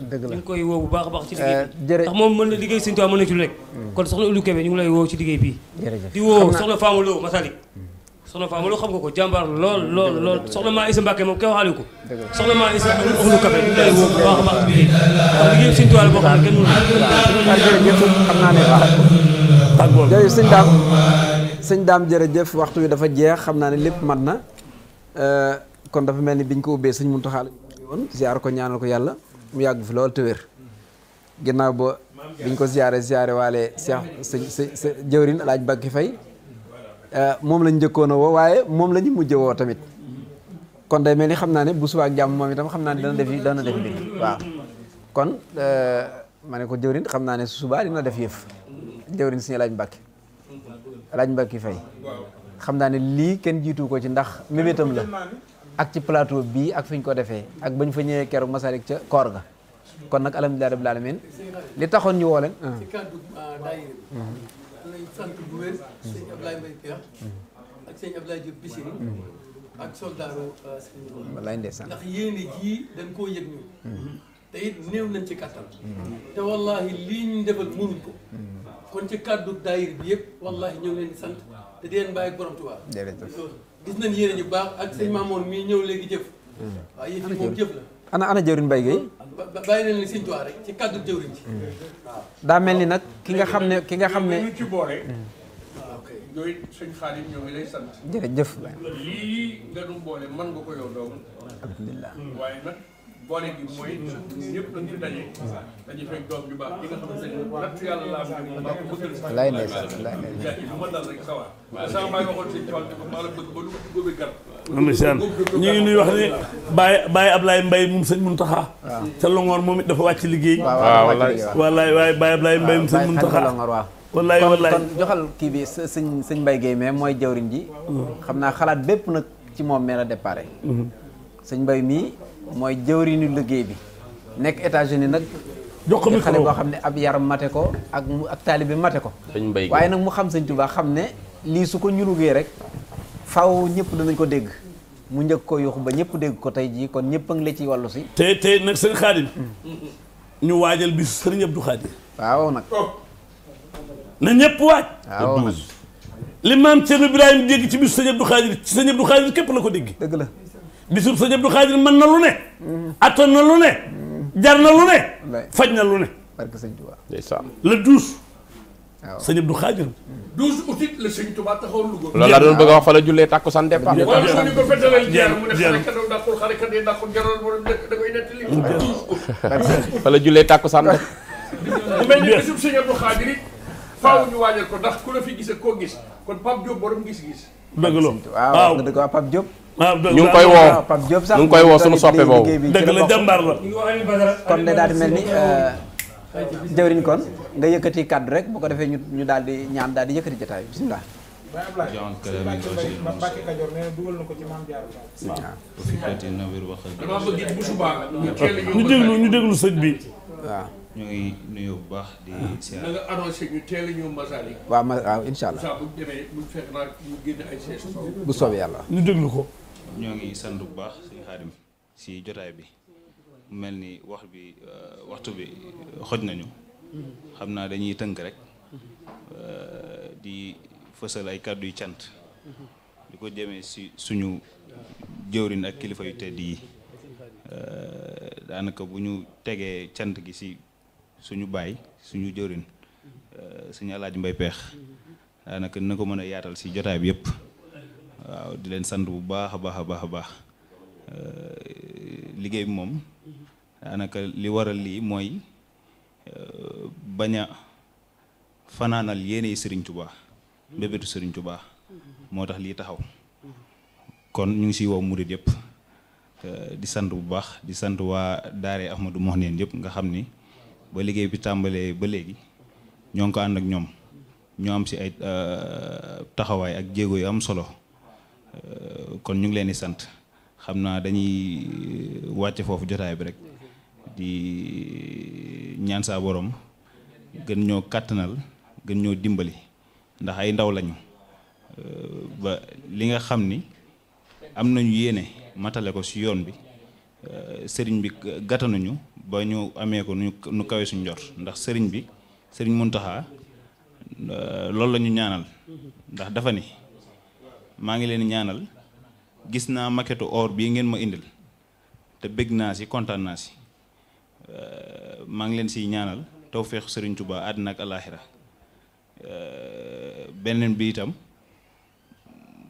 dëgg la ñu koy woo bu baax a baax liggéey bi eh, ndax moom mën na liggéey Sëñ Tuubaa mën na ci lu nekk mm. kon soxna Oulu Kébé ñu ngi lay woo ci liggéey bii di woo soxna Fama Lo Masalik mm. soxna Fama Lo xam nga ko jàmbaar lool lool lool soxna maa Isa Mbàkke moom kenn waxaale ko soxna maa ah, naa sëñ daam sëñ daam waxtu wi dafa jeex xam naa ne lépp mat na eh, kon dafa mel ni biñ ko ubbee sëñ Muntaxa woon ziar ko ñaanal ko yàlla mu yàgg fi lool te wér ginnaaw ba biñ ko siyaare siyaare waale seex sëñ sëñ jëwrin alaaj Mbàkke Fay eh, moom lañ njëkkoon a woo waaye moom la ñu mujj woo tamit kon day mel ni xam naa ne bu subaak jàmm moom itam xam naa ne dana def dana def mbir waaw kon eh, ma ne ko jëwrin xam naa ne subaa dina def yëf jëwrin suñu alaaj Mbàkke alaaj Fay xam naa ne lii kenn jiitu ko ci ndax mébétam la ak ci plateau bi ak fuñ ko defé ak bañ fa ñëwé keroog Masalik ci koor ga kon nag alhamdulilah rabbil alamin li taxoon ñu wolé leen. ci kàddu daayira bi sant bu wër sëñ Ablaye Mbaye Peex ak sëñ Ablaye Diop Bissiri ak soldaaru sëñ wallaay ndeysaan ndax yéene ji dañ ko yegg ñu té it neew nañ ci kattan té wallahi lii ñu defal mënu ko kon ci kaddu daayir bi yépp wallahi ñu ngi leen di sant té di leen bàyyi borom tuba gis nañ yéene ñu baax ak sëñ Mamour muy ñëw léegi jëf waaw yëf yi moom jëf la ana ana jëwriñ Baye Gueye bàyyi leen ni sëñ Tuubaa rek ci kàddu jëwriñ ci daa mel ni nag ki nga xam ne ki nga xam ne ñu ci boole yooyu sëñ Xaadim ñoo lii nga boole mën nga ko yow doom alhamdulilah boole gi mooy ñëpp dañ fi daje dañuy fekk doom ju baax ki nga xamante ne nattu yàlla laa bëgg mu baax bëggal si laay ne sax laay ne baay waxoon si tool ko maa la bëgg ba lu ma góobee garab ndeysaan ñu ngi wax ni moom sëñ Muntaxa ca Longoor moom liggéey wallaay waaye Baye Ablaye Mbaye moom sëñ Muntaxa joxal kii bi sëñ sëñ Mbaye Guèye mooy jawriñ ji mm. xam naa xalaat bépp nag ci moom mee la déparé mm-hmm. sëñ Mbaye mii mooy jëwriñu liggéey bi nekk états nag jox ko xale boo xam ne ab yaram mate ko ak ak taalibe mate ko waaye nag mu xam sëñ Tuubaa xam ne lii su ko ñurugee rek faw ñëpp danañ ko dégg mu njëkk ko yuxu ba ñëpp dégg ko tey jii kon ñëpp a ngi la ci wàllu si te te nag sëñ Xaadim ñu waajal bisu sëriñ Abdou Xaadir waaw nag na ñëpp waaj waaw nag li maam Thierno Ibrahima dégg ci bisu sëñ Abdou Xaadir ci sëñ Abdou Xaadir képp la ko dégg dëgg la bisub sëñ Abdou Khadir man na lu ne attan na lu ne jar na lu ne faj na lu ne barke sëñ Touba ndeysaan le douze waaw sëñ Abdou Khadir douze août la sëñ Touba taxaw Louga loolu laa a wax la jullee tàkku san départ ko mu ne fa la jullee tàkku san def bu mel ko ndax ku la fi gis ak koo gis kon Pape Diop borom gis-gis dëgg la waaw waaw Pape Diop Ah, ñu ngi koy woo ñu ngi koy woo suñu soppe boobu dëgg la jàmbaar la kon de daal di mel ni euh, jëwriñ kon nga yëkkati kàddu rek bu ko defee ñu ñu daal di ñaan daal di yëkkati jotaay bisimilah ñu déglu ñu déglu sëñ bi waaw ñu ngi nuyu bu baax di seet na nga annoncé ñu teel a ñëw masaal yi waaw ma waaw incha allah bu demee bu fekk naa ñu génn ay bu soobee yàlla ñu ko ñoo ngi sant bu baax suñu xaadim si jotaay bi mel ni wax bi euh, waxtu bi xoj nañu xam naa dañuy tënk rek euh, di fësal ay kàddu yu cant di ko jëmee si suñu jëwrin ak kilifa yu tedd yi euh, daanaka bu ñu tegee cant gi si suñu baay suñu jëwrin suñu alaaj mbay peex daanaka na ko mën a yaatal si jotaay bi yëpp Uh, di len sant bu baax a baax a baax baax uh, liggéey li waral lii moy uh, baña fananal yene Serigne Touba bebetu Serigne Touba motax li taxaw kon ñu ngi wo mouride yep euh di sant bu baax di sant wa Daare Ahmadou mohnen yep nga xamni ba liguey bi tàmbalee ba léegi ñong ko and ak ñom ñu am si ay taxaway ak jéego yu am solo. Euh, kon ñu ngi leen di sant xam naa dañuy euh, wàcc foofu jotaay bi rek di euh, ñaan saa boroom gën ñoo kàttanal gën ñoo dimbali ndax ay ndaw lañu ba li nga xam ni am nañu yéene matale ko si yoon bi sëriñ bi gàttanuñu ba ñu amee ko nu kawee suñ jot ndax sëriñ bi sëriñ Muntaxa loolu la ñu ñaanal ndax dafa ni maa ngi leen ñaanal gis naa makketu oor bii ngeen ma indil te bëgg naa si kontaan naa si euh, maa ngi leen siy ñaanal tawféexu Sëriñ tubaa àddina ak alaaxira euh, beneen bi itam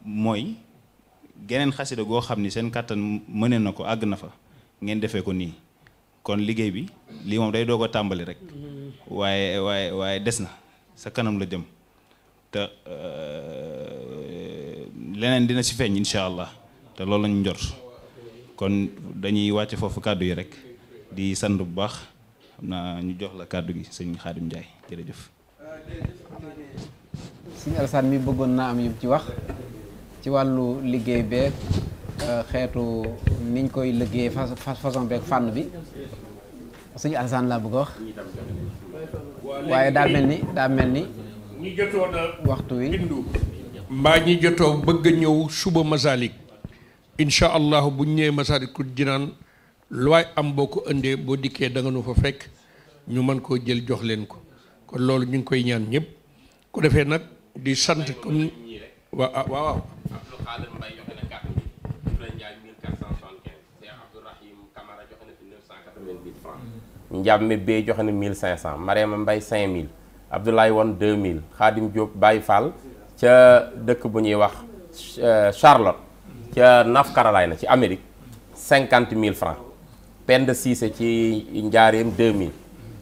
mooy geneen xasida goo xam ni seen kàttan mëne na ko àgg na fa ngeen defee ko nii kon liggéey bi lii moom day doo ko tàmbali rek mm-hmm. waaye waaye waaye des na sa kanam la jëm te euh, leneen dina ci feeñ incha allah te loolu lañu njort kon dañuy wàcce foofu kàddu yi rek di sant bu baax xam naa ñu jox la kàddu gi sëñ Xaadim Ndiaye jërëjëf. sëñ mi bëggoon naa am yu ci wax ci wàllu liggéey beeg euh, xeetu niñ koy liggéey façon beek fànn bi sëñ Alassane laa bëgg a wax waaye daa mel ni daa mel ni waxtu wi. mbaa ñi jotoo bëgg ñëw suba masalik incha allahu bu ñu ñëwee masalikul jinaan looy am boo ko indee boo dikkee da nga fa fekk ñu mën koo jël jox leen ko kon loolu ñu ngi koy ñaan ñëpp ku defee nag di sant comme ah, waaw waaw. Njàmme bee joxe na 1500 Mariama Mbaye 5000 Abdoulaye Wan 2000 Khadim Diop Baye ca dëkk bu ñuy wax euh, Charlotte ca North Carolina ci Amérique cinquante mille francs Penda Cissé ci Njaareem deux mille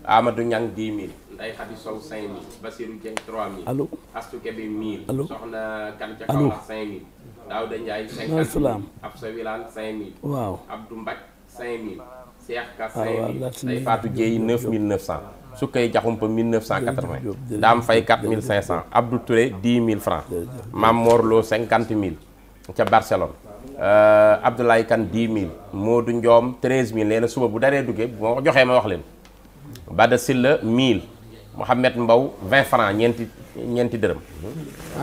Amadou Niang dix mille Ndeye Khady Sow cinq mille Basirou Dieng trois mille allo Astou Kébé mille Soxna Kan ca Kaolack cinq mille Daouda Ndiaye cinquante mille Absa Wilane cinq mille waaw Abdou Mbac cinq mille Cheikh Ka ah, cinq mille Ndeye Fatou Dieye neuf mille neuf Sukkay Jaxumpa 1980 Dame Faye 4500 Abdou Touré 10 000 francs Mam Morlo 50 000 Barcelone euh, Abdoulaye kan 10 000 Modou Ndiom 13 000 nee Souba suba bu Je duggee bu ma Bada 1000 Mohamed Mbaw 20 francs ñeenti ñeenti dërëm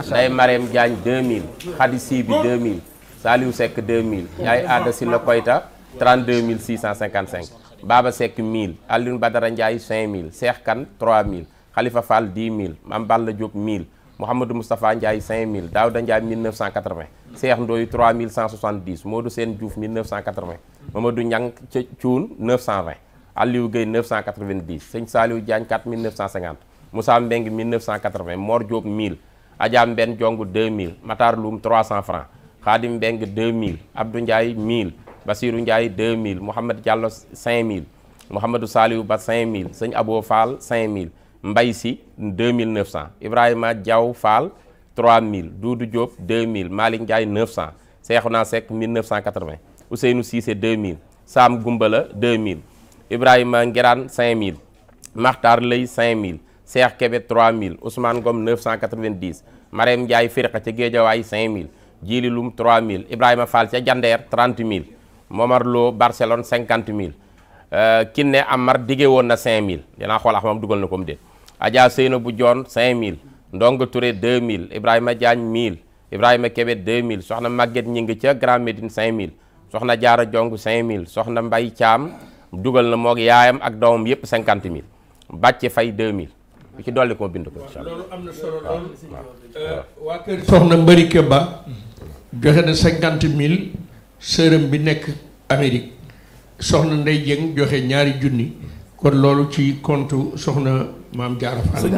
Ndeye Marème Diagne 2000 Khady 2000 Saliou Seck 2000 000. Aada Silla Koyta 32 655 Baba Seck 1000 Alioune Badara Ndiaye 5000 Cheikh Kane 3000 Khalifa Fall 10000 Mame Balla Diop 1000 Mouhamadou Moustapha Ndiaye 5000 Daouda Ndiaye 1980 Cheikh Ndoye 3170 Modou Sène Diouf 1980 Mamadou Niang Thioune 920 Aliou Gueye 990 Sëñ Saliou Diagne 4950 Moussa Mbeng 1980 Mor Diop 1000 Adja Mbenn Diongu 2000 Matar Loum 300 francs Khadim Mbeng 2000 Abdou Ndiaye 1000 Basirou Ndiaye 2000 Mouhamed Diallo 5000 Mouhamedou Saliou Ba 5000 sëñ Abo Fall 5000 Mbay Si 2900 Ibrahima Diaw Fall 3000 Doudou Diop 2000 Malick Ndiaye 900 Cheikhouna Seck 1980 Ousseynou Cissé 2000 Sam Gumbala 2000 Ibrahima Ngeraan 5000 Makhtar Lay 5000 Cheikh Kébé 3000 Ousmane Ngom 990 Marème Ndiaye Firqa ca Géejawaay 5000 Jili Lum 3000 Ibrahima Fall ca Jandeer 30000 Momar Lo Barcelone cinquante mille euh, Kiné Amar diggé woon na cinq mille dinaa xool ax moom dugal na ko mu déet Adja bu Dione cinq mille Ndongo Touré deux mille Ibrahima Diagne mille Ibrahima Kébé deux mille soxna Maguette Ñing ca Grand Médine cinq mille soxna Jaara Jong cinq mille soxna Mbay Caam dugal na moog yaayam ak doomam yépp cinquante mille Bàcce Fay deux mille ci dolli ko bind ko incha am na solo lool euh, waa kër soxna Mbari Keba hmm. joxe na cinquante mille sërëm bi nekk Amérique soxna Ndey Dieng joxe ñaari junni kon loolu ci compte soxna maam Diarra Fall.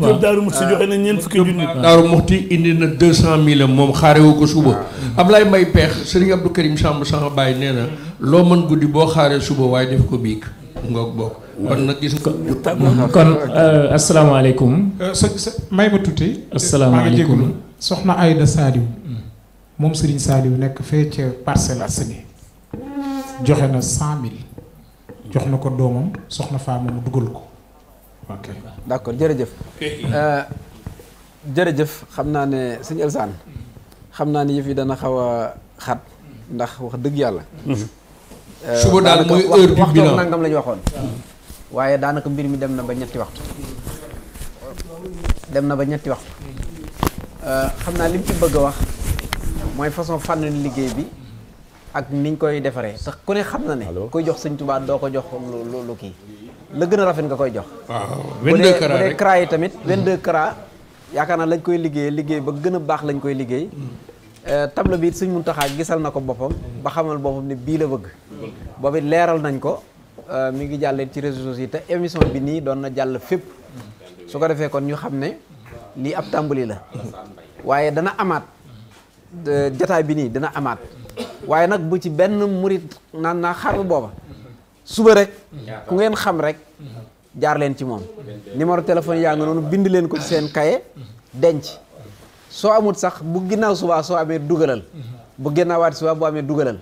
waaw Daaru Muxti joxe na ñeent fukki junni. Daaru indi na deux cent mille moom xaarewu ko suba. Ablaye Mbaye Peex Serigne Abdou Karim Samb sama baay nee na loo mën guddi boo xaaree suba waaye def ko biig ngoog bokk kon nag gis nga. kon euh, asalaamaaleykum. Euh, sa sa may soxna Aïda Sadiou. Mm. moom Serigne Saliou nekk fee ca Parcelles Assainies joxe na cent mille jox na ko doomam soxna Fama mu dugal ko ok d'accord jërëjëf euh, jërëjëf xam naa ne sëñ Elsaan xam naa ne yëf yi dana xaw a xat ndax wax dëgg yàlla euh, suba daal mooy heure du bilan nangam la waxoon waaye daanaka mbir mi dem na ba ñetti waxtu dem na ba ñetti waxtu euh, xam naa li mu ci bëgg a wax mooy façon fànn liggéey bi ak niñ koy defaree tax ku ne xam na ne kuy jox sëñ Tuubaa doo ko jox lu lu kii la gën a rafet nga koy jox bu dee CRA yi tamit 22 mm-hmm. CRA yaakaar naa lañ koy liggéey liggéey ba gën a baax lañ koy liggéey mm-hmm. euh, tableau bi it sëñ taxaa gisal na ko boppam ba xamal boppam ne bii la bëgg boobu leeral nañ ko euh, mu ngi jàllee ci réseaux sociaux yi te émission bi nii doon na jàll fépp su ko defee kon ñu xam ne lii ab tàmbali la mm-hmm. waaye jataay bi nii dina amaat waaye nag bu ci benn murit naan naa xaar booba suba rek ku ngeen xam rek jaar leen ci moom numéro téléphone yaa nga noonu bind leen ko ci seen kaye denc soo amut sax bu ginnaaw subaa soo amee dugalal bu ginnaawaati subaa boo amee dugalal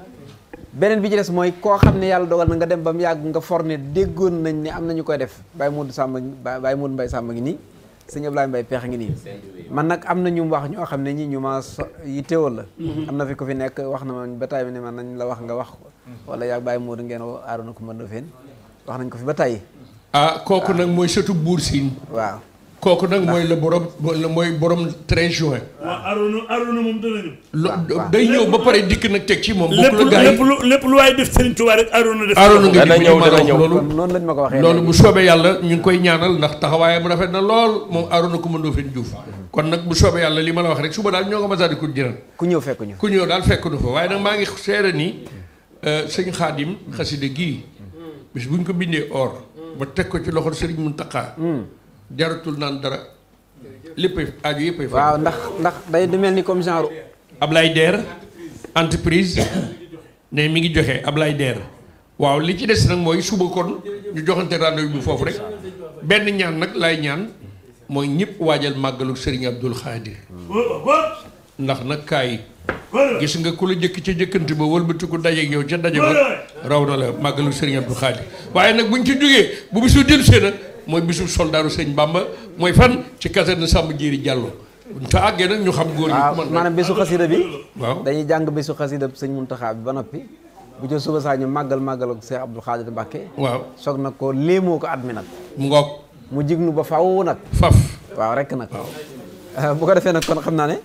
beneen bi ci des mooy koo xam ne yàlla dogal na nga dem ba mu yàgg nga forne déggoon nañ ni am na ñu koy def Baye Modou Samba Baye Modou Mbaye Samba ngi nii sëñ Ablaye Mbaye peex ngi nii man nag am na ñu wax ñoo xam ne ñi ñu ma so yittewoo la mhm. am na fi ku fi nekk wax na ma ba tàyyi ne man nañ la wax nga wax mhm. wala yaa bàyyi Modou ngeen woo aarona ko mën na fen wax nañ ko fi ba tàyyi ah kooku nag mooy sëtu buur siin waaw kooku nag mooy la borom mooy borom 13 juin. waaw Arouna Arouna moom danañu. day ñëw ba pare dikk nag teg moom. bokkul ak gars lépp lu waay def Serigne Touba rek Arouna. def Arouna nga dana ñëw noonu lañ ma ko waxee loolu bu soobee yàlla ñu ngi koy ñaanal ndax taxawaayam rafet na lool moom Arouna ku kon nag bu soobee yàlla li ma la wax rek suba daal ñoo nga Masaalikul Jinaan. ku ñëw fekk ñu ku ñëw daal fekk ñu fa waaye nag maa ngi seere ni euh, sëñ Xaadim xaside gii mm. bis buñ ko bindee or ba teg ko ci loxo loxol Serigne Mountakha mm. jaratul naan dara lépp aju yëpp ay. waaw ndax ndax day du mel ni comme genre. Ablaye Der entreprise ne mi ngi joxe Ablaye Der waaw li ci des nag mooy suba kon ñu joxante rendez bi foofu rek benn ñaan nag laay ñaan mooy ñëpp waajal màggalu Serigne Abdoul Khadir ndax nag kaay gis nga ku la jëkk ca jëkkante ba wëlbati ko daje ak yow ca daje ba raw na la màggalu Serigne Abdoul Khadir waaye nag buñ ci jógee bu bisu dellu nag. mooy bisu soldaaru sëñ Bamba mooy fan ci caserne Samba bu Diallo te àggee nag ñu xam góor ñi. waaw maanaam bisu xasida bi. dañuy jàng bisu xasida sëñ Muntaxa bi ba noppi. bu jël suba saa ñu màggal màggal ak Cheikh Abdou Khadir Mbacké. waaw soog na ko léemoo ko at mi nag. mu ngoog. mu jignu ba faw nag. faf waaw rek nag. Eh, bu ko defee nag kon xam naa ne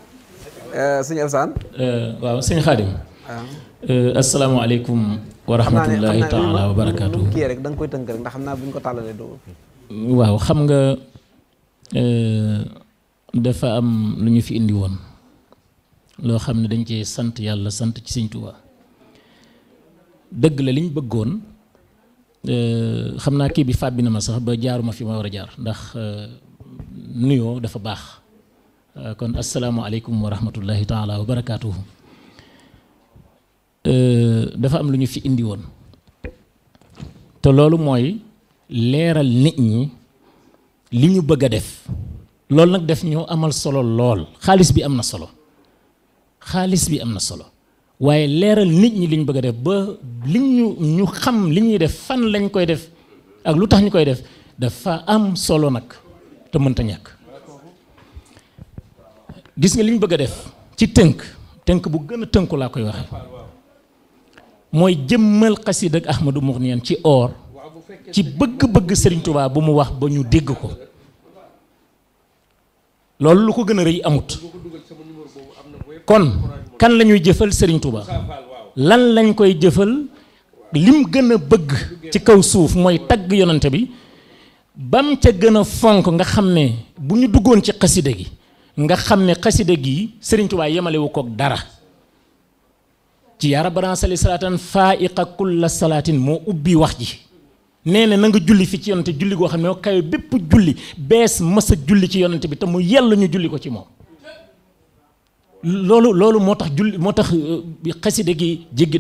eh, sëñ Alsaan. Eh, waaw sëñ Xaadim. waaw ah. asalaamaaleykum. wa rahmatullahi taala wa barakaatu. kii rek da koy tënk rek xam naa bu ñu ko tàllalee doo. waaw xam nga euh, dafa am lu ñu fi indi woon loo xam ne dañ cee sant yàlla sant ci Sëñ Tuubaa dëgg la liñ bëggoon euh, xam naa kii bi fàbbi na ma sax ba jaaruma fi ma war a jaar ndax euh, nuyoo dafa baax kon asalaamaaleykum wa rahmatullahi taala wa barakaatuhu dafa am lu ñu fi indi woon te loolu mooy leeral nit ñi li ñu bëgg a def loolu nag def ñoo amal solo lool xaalis bi am na solo xaalis bi am na solo waaye leeral nit ñi li ñu bëgg a def ba li ñu ñu xam li ñuy def fan lañ koy def ak lu tax ñu koy def dafa am solo nag te mënta ñàkk gis nga li ñu bëgg a def ci tënk tënk bu gën a tënku laa koy waxee mooy jëmmal xasida ak Ahmadou Mourniane ci or ci bëgg-bëgg Serigne Touba bu mu wax ba ñu dégg ko loolu lu ko gën a rëy amut kon kan lañuy jëfal Serigne Touba lan lañ koy jëfal lim gën a bëgg ci kaw suuf mooy tagg yonante bi bam ca gën a fonk nga xam ne bu ñu duggoon ci xasida gi nga xam ne xasida gi Serigne Touba yemalewu koog dara ci yaa rabbana salli salaatan faa'iqa salaatin moo ubbi wax ji nee na na julli fi ci yonante julli goo xam ne kawe bépp julli bees mës julli ci yonante bi te mu yell ñu julli ko ci moom loolu loolu moo tax julli moo tax euh, xaside gi jéggi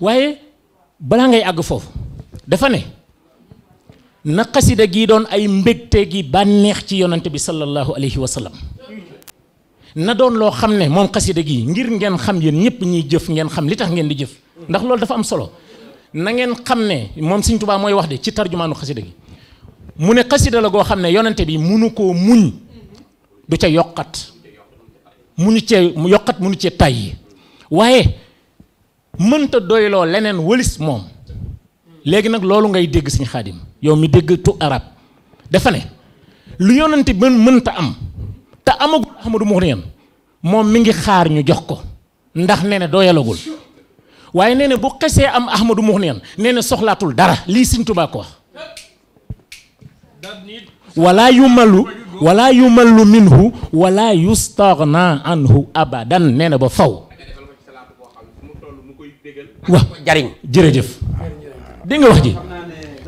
waaye balaa ngay àgg foofu dafa ne na xasida gi doon ay mbégte gi bànneex ci yonante bi sallallahu alayhi wa sallam na loo xam ne moom xasida gi ngir ngeen xam yéen ñëpp ñuy jëf ngeen xam li tax ngeen di jëf ndax loolu dafa am solo na ngeen xam ne moom Sëriñ Tuubaa mooy wax de ci tarjumaanu xasida gi mu ne xasida la goo xam ne yonente bi munu ko muñ du ca yokkat munu cee yokkat munu cee tàyyi waaye mënta doyloo leneen wëlis moom léegi nag loolu ngay dégg Sëriñ Xaadim yow mi dégg tu arab dafa ne lu yonante mën mënta am te amagul Ahmadu Muxniyan moom mi ngi xaar ñu jox ko ndax nee ne doyalagul waaye nee na bu xesee am ahmadu muxniyan nee na soxlaatul dara lii Sëñ Tuubaa ko wax walaa yumallu walaa yumallu minhu walaa yustaghna anhu abadan nee na ba faw waaw jariñ jërëjëf wax ji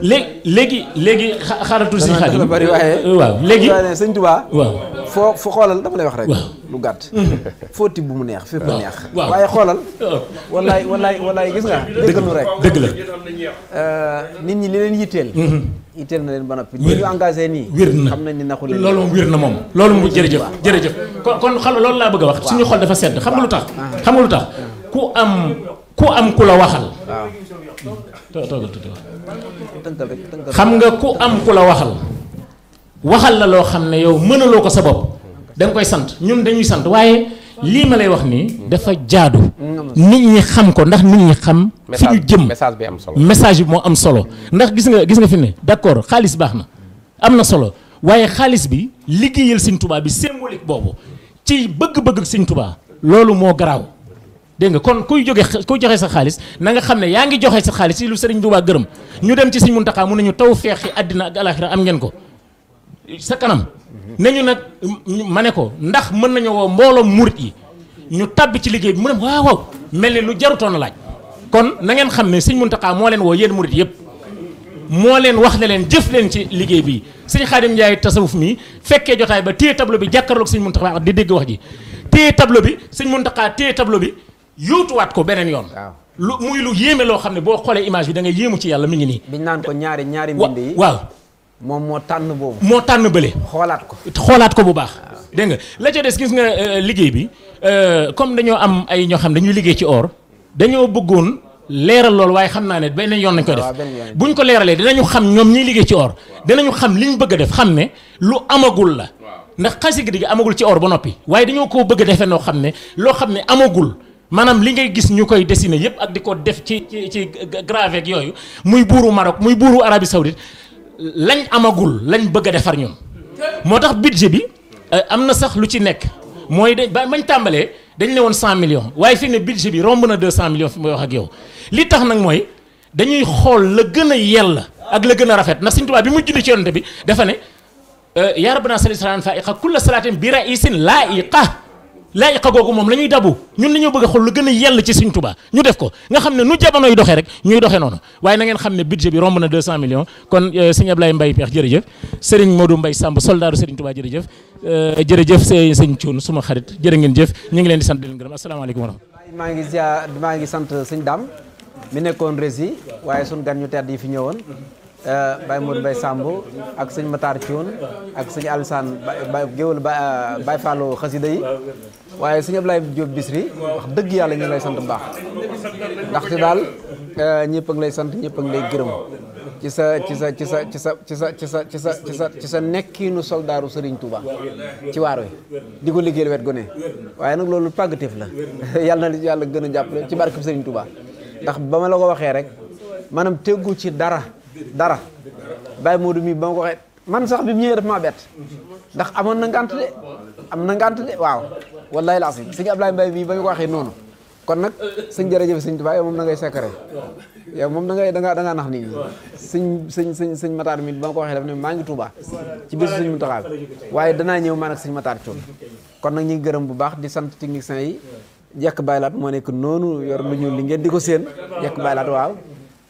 léegi léegi xaaratul si xaadim bari waaye euh, waaw léegi sëñ Tuubaa waaw foo foo xoolal dama lay wax rek lu gàtt mhm. foo tibb mu neex fépp neex waaye xoolal euh. wallaay wallaay wallaay gis nga dëgglu rek dëgg la euh, nit ñi li leen yitteel mhm. yitteel na leen ba noppi li ñu engagé nii wér na xam nañ ni naxu leen loolu moom wér na moom loolu mu jërëjëf jërëjëf kon kon xal loolu laa bëgg a wax suñu xol dafa sedd xam nga lu tax ah. xam nga lu tax ku am ku am ku la waxal waaw xam nga ku am ku la waxal waxal la loo xam ne yow mënaloo ko sa bopp da koy sant ñun dañuy sant waaye lii ma lay wax nii dafa jaadu nit ñi xam ko ndax nit ñi xam fi ñu jëm message bi moo am solo ndax gis nga gis nga fi ne d'accord xaalis baax na am na solo waaye xaalis bi liggéeyal Sëñ Tuubaa bi symbolique boobu ci bëgg-bëgg Sëñ Tuubaa loolu moo garaaw dégg nga kon kuy jóge kuy joxe sa xaalis nanga xam ne yaa ngi joxe sa xaalis yi lu Sëriñ Tuubaa gërëm ñu dem ci Sëriñ Muntaxaa mu ne ñu taw feexi àddina ak alaxira ngeen ko sa kanam ne nag ma ne ko ndax mën nañu woo mbooloo murit yi ñu tàbbi ci liggéey bi mu ne waaw waaw mel ni lu jarutoon laaj kon na ngeen xam ne Sëriñ Muntaxaa moo leen woo yéen murit yëpp moo leen wax ne leen jëf leen ci liggéey bi Sëriñ Xaadim Njaay tasawuf mi fekkee jotaay ba téye tableau bi jàkkaarloog Sëriñ Muntaxaa di dégg wax ji téye tableau bi Sëriñ Muntaxaa téye tableau bi yóotuwaat ko beneen yoon. lu muy lu yéeme loo xam ne boo xoolee image bi da nga yéemu ci yàlla mi ngi nii. biñ naan ko ñaari ñaari mbind yi waaw. moom moo tànn boobu. moo tànn bële. xoolaat ko xoolaat ko bu baax. dégg nga la co des gis nga euh, liggéey bi euh, comme dañoo am ay ñoo xam dañuy liggéey ci oor dañoo bëggoon leeral loolu waaye xam naa ne beneen yoon nañ ko ah, def buñ ko leeralee dinañu xam ñoom ñiy liggéey ci oor dinañu xam liñ bëgg a def xam ne lu amagul la ndax xasig gi amagul ci or ba noppi waaye dañoo koo bëgg a defee noo xam ne loo xam ne amagul. maanaam li ngay gis ñu koy dessiné yépp ak di ko def ci ci ci gravé yooyu muy buuru Maroc muy buuru Arabie Saoudite lañ amagul lañ bëgg a defar ñun. moo tax budget bi euh, am na sax lu ci nekk mooy de ba mañ tàmbalee dañ ne woon cent millions waaye fi ne budget bi romb na deux cent millions fi may wax ak yow li tax nag mooy dañuy xool la gën a yell ak la gën a rafet ndax Sëñ Tuubaa bi mu julli ci yonent bi dafa ne euh, yaa rabbana salli salaam faiqa kulla salaatin bi raisin laiqa laa iqa googu moom la ñuy dabu ñun dañoo bëgg a xool lu gën a yell ci Sëriñ Tuubaa ñu def ko nga xam ne nu jamonoy doxee rek ñuy doxee noonu waaye na ngeen xam ne budget bi romb na 200 millions kon euh, Sëriñ Ablaye Mbaye Peex jërëjëf Sëriñ Modou Mbaye jërëjëf sëñ sëñ Cuun suma xarit jërë ngeen jëf ñu ngi leen di sant di leen gërëm asalaamaaleykum wa rahmatulah maa ngi maa ngi sant sëñ Dame mi nekkoon rési waaye suñ gan ñu tedd yi fi ñëwoon Euh, Baye Modou Mbaye Samb ak sëñ Matar Thioune ak sëñ Alsaan Baye géwël euh, Baye Fallou xasida yi waaye sëñ Ablaye Diop Bisri wax dëgg yàlla ñu ngi lay sant bu baax ndaxte daal euh, ñëpp a ngi lay sant ñëpp a ngi lay gërëm ci sa ci sa ci sa ci sa ci sa ci sa ci sa ci sa ci sa nekkiinu soldaaru Serigne Touba ci waar wi di ko liggéeyal wet gone waaye nag loolu pàggatéef la yàlla na yàlla gën a jàppale ci barkeb Serigne Touba ndax ba ma la ko waxee rek maanaam tegu ci dara. dara Baye Modou mii ba ma ko man sax bi mu ñëwee daf maa bet ndax amoon na ngant de am na ngant de waaw wallahi laa si sëñ Ablaye Mbaye mii ba ñu ko waxee noonu kon nag sëñ jërëjëf sëñ Tuubaa moom da ngay sekkare yow moom da ngay da ngaa nax nit ñi sëñ sëñ sëñ sëñ mi ba ko waxee daf ne maa ngi Tuubaa ci bisu sëñ Muntaxaa waaye danaa ñëw maa nag sëñ Matar kon nag ñu gërëm bu baax di sant techniciens yi jekk baylaat moo nekk noonu yor lu ñuul li ngeen di ko séen jekk baylaat waaw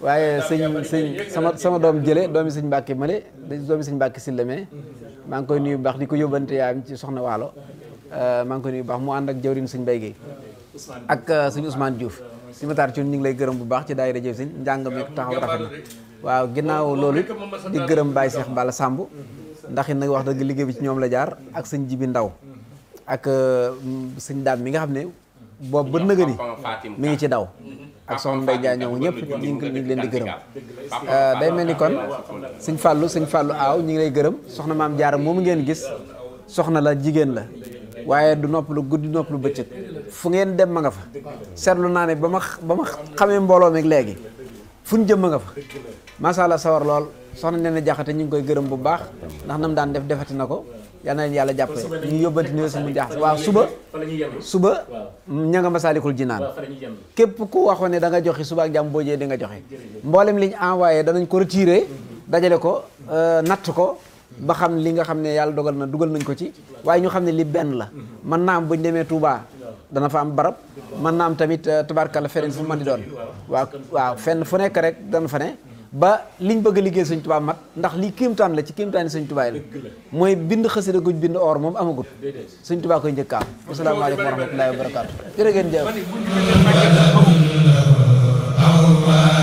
waaye sëñ sëñ sama sama doom jële doomi sëñ Mbàkke male doomi sëñ Mbàkke Sileme maa ngi koy nuyu bu baax di ko yóbbante yaayam ci soxna waalo euh, maa ngi koy nuyu baax mu ànd ak jawrin sëñ Bay Géey ak euh, sëñ Ousmane Diouf si mataar ci ñu ngi lay gërëm bu baax ci daay jëw sin njàng mi taxaw rafet na waaw ginnaaw loolu di gërëm Baye Cheikh Balla Samb ndax it nag wax dëgg liggéey bi ci ñoom la jaar ak sëñ Jibi Ndaw ak euh, sëñ Daam mi nga xam ne boobu ba nëgëni mi ngi ci daw ak soxna Mbaye Ndiaye ñoom ñëpp ñu ngi leen di gërëm euh, day mel ni kon sëñ Fàllu suñ Fàllu aaw ñu ngi lay gërëm soxna maam Jaara moom ngeen gis soxna la jigéen la waaye du nopp lu guddi nopp lu bëccëg fu ngeen dem ma nga fa seetlu naa ne ba ma ba xamee mbooloo meeg léegi fu ñu jëm ma nga fa macha allah sawar lool soxna nee na jaxate ñu ngi koy gërëm bu baax ndax nam daan def defati na ko yal na leen yàlla jàppale ñu yóbbanti néew si mu jaax waaw suba suba ña nga masaalikul jinaan képp ku waxoon ne da nga joxe suba ak jàmm boo jee di nga joxe mboolem li ñu envoyé danañ ko retiré mhm. dajale ko euh, natt ko ba xam li nga xam ne yàlla dogal na dugal nañ ko ci waaye ñu xam ne li benn la man mhm. naam buñ demee Touba dana fa am barab man naam tamit euh, tabarkalla feneen fu man di doon waaw waaw fenn fu nekk rek dana fa ne ba liñ bëgg a liggéey sëñ tubaa mat ndax lii kéemtaan la ci kéemtaani sëñ tubaa la mooy bind xasida guñ bind or moom amagut sëñ tubaa koy njëkkaam asalaamaaleykum wa rahmatullahi wa barakaatu jërë ngeen jëf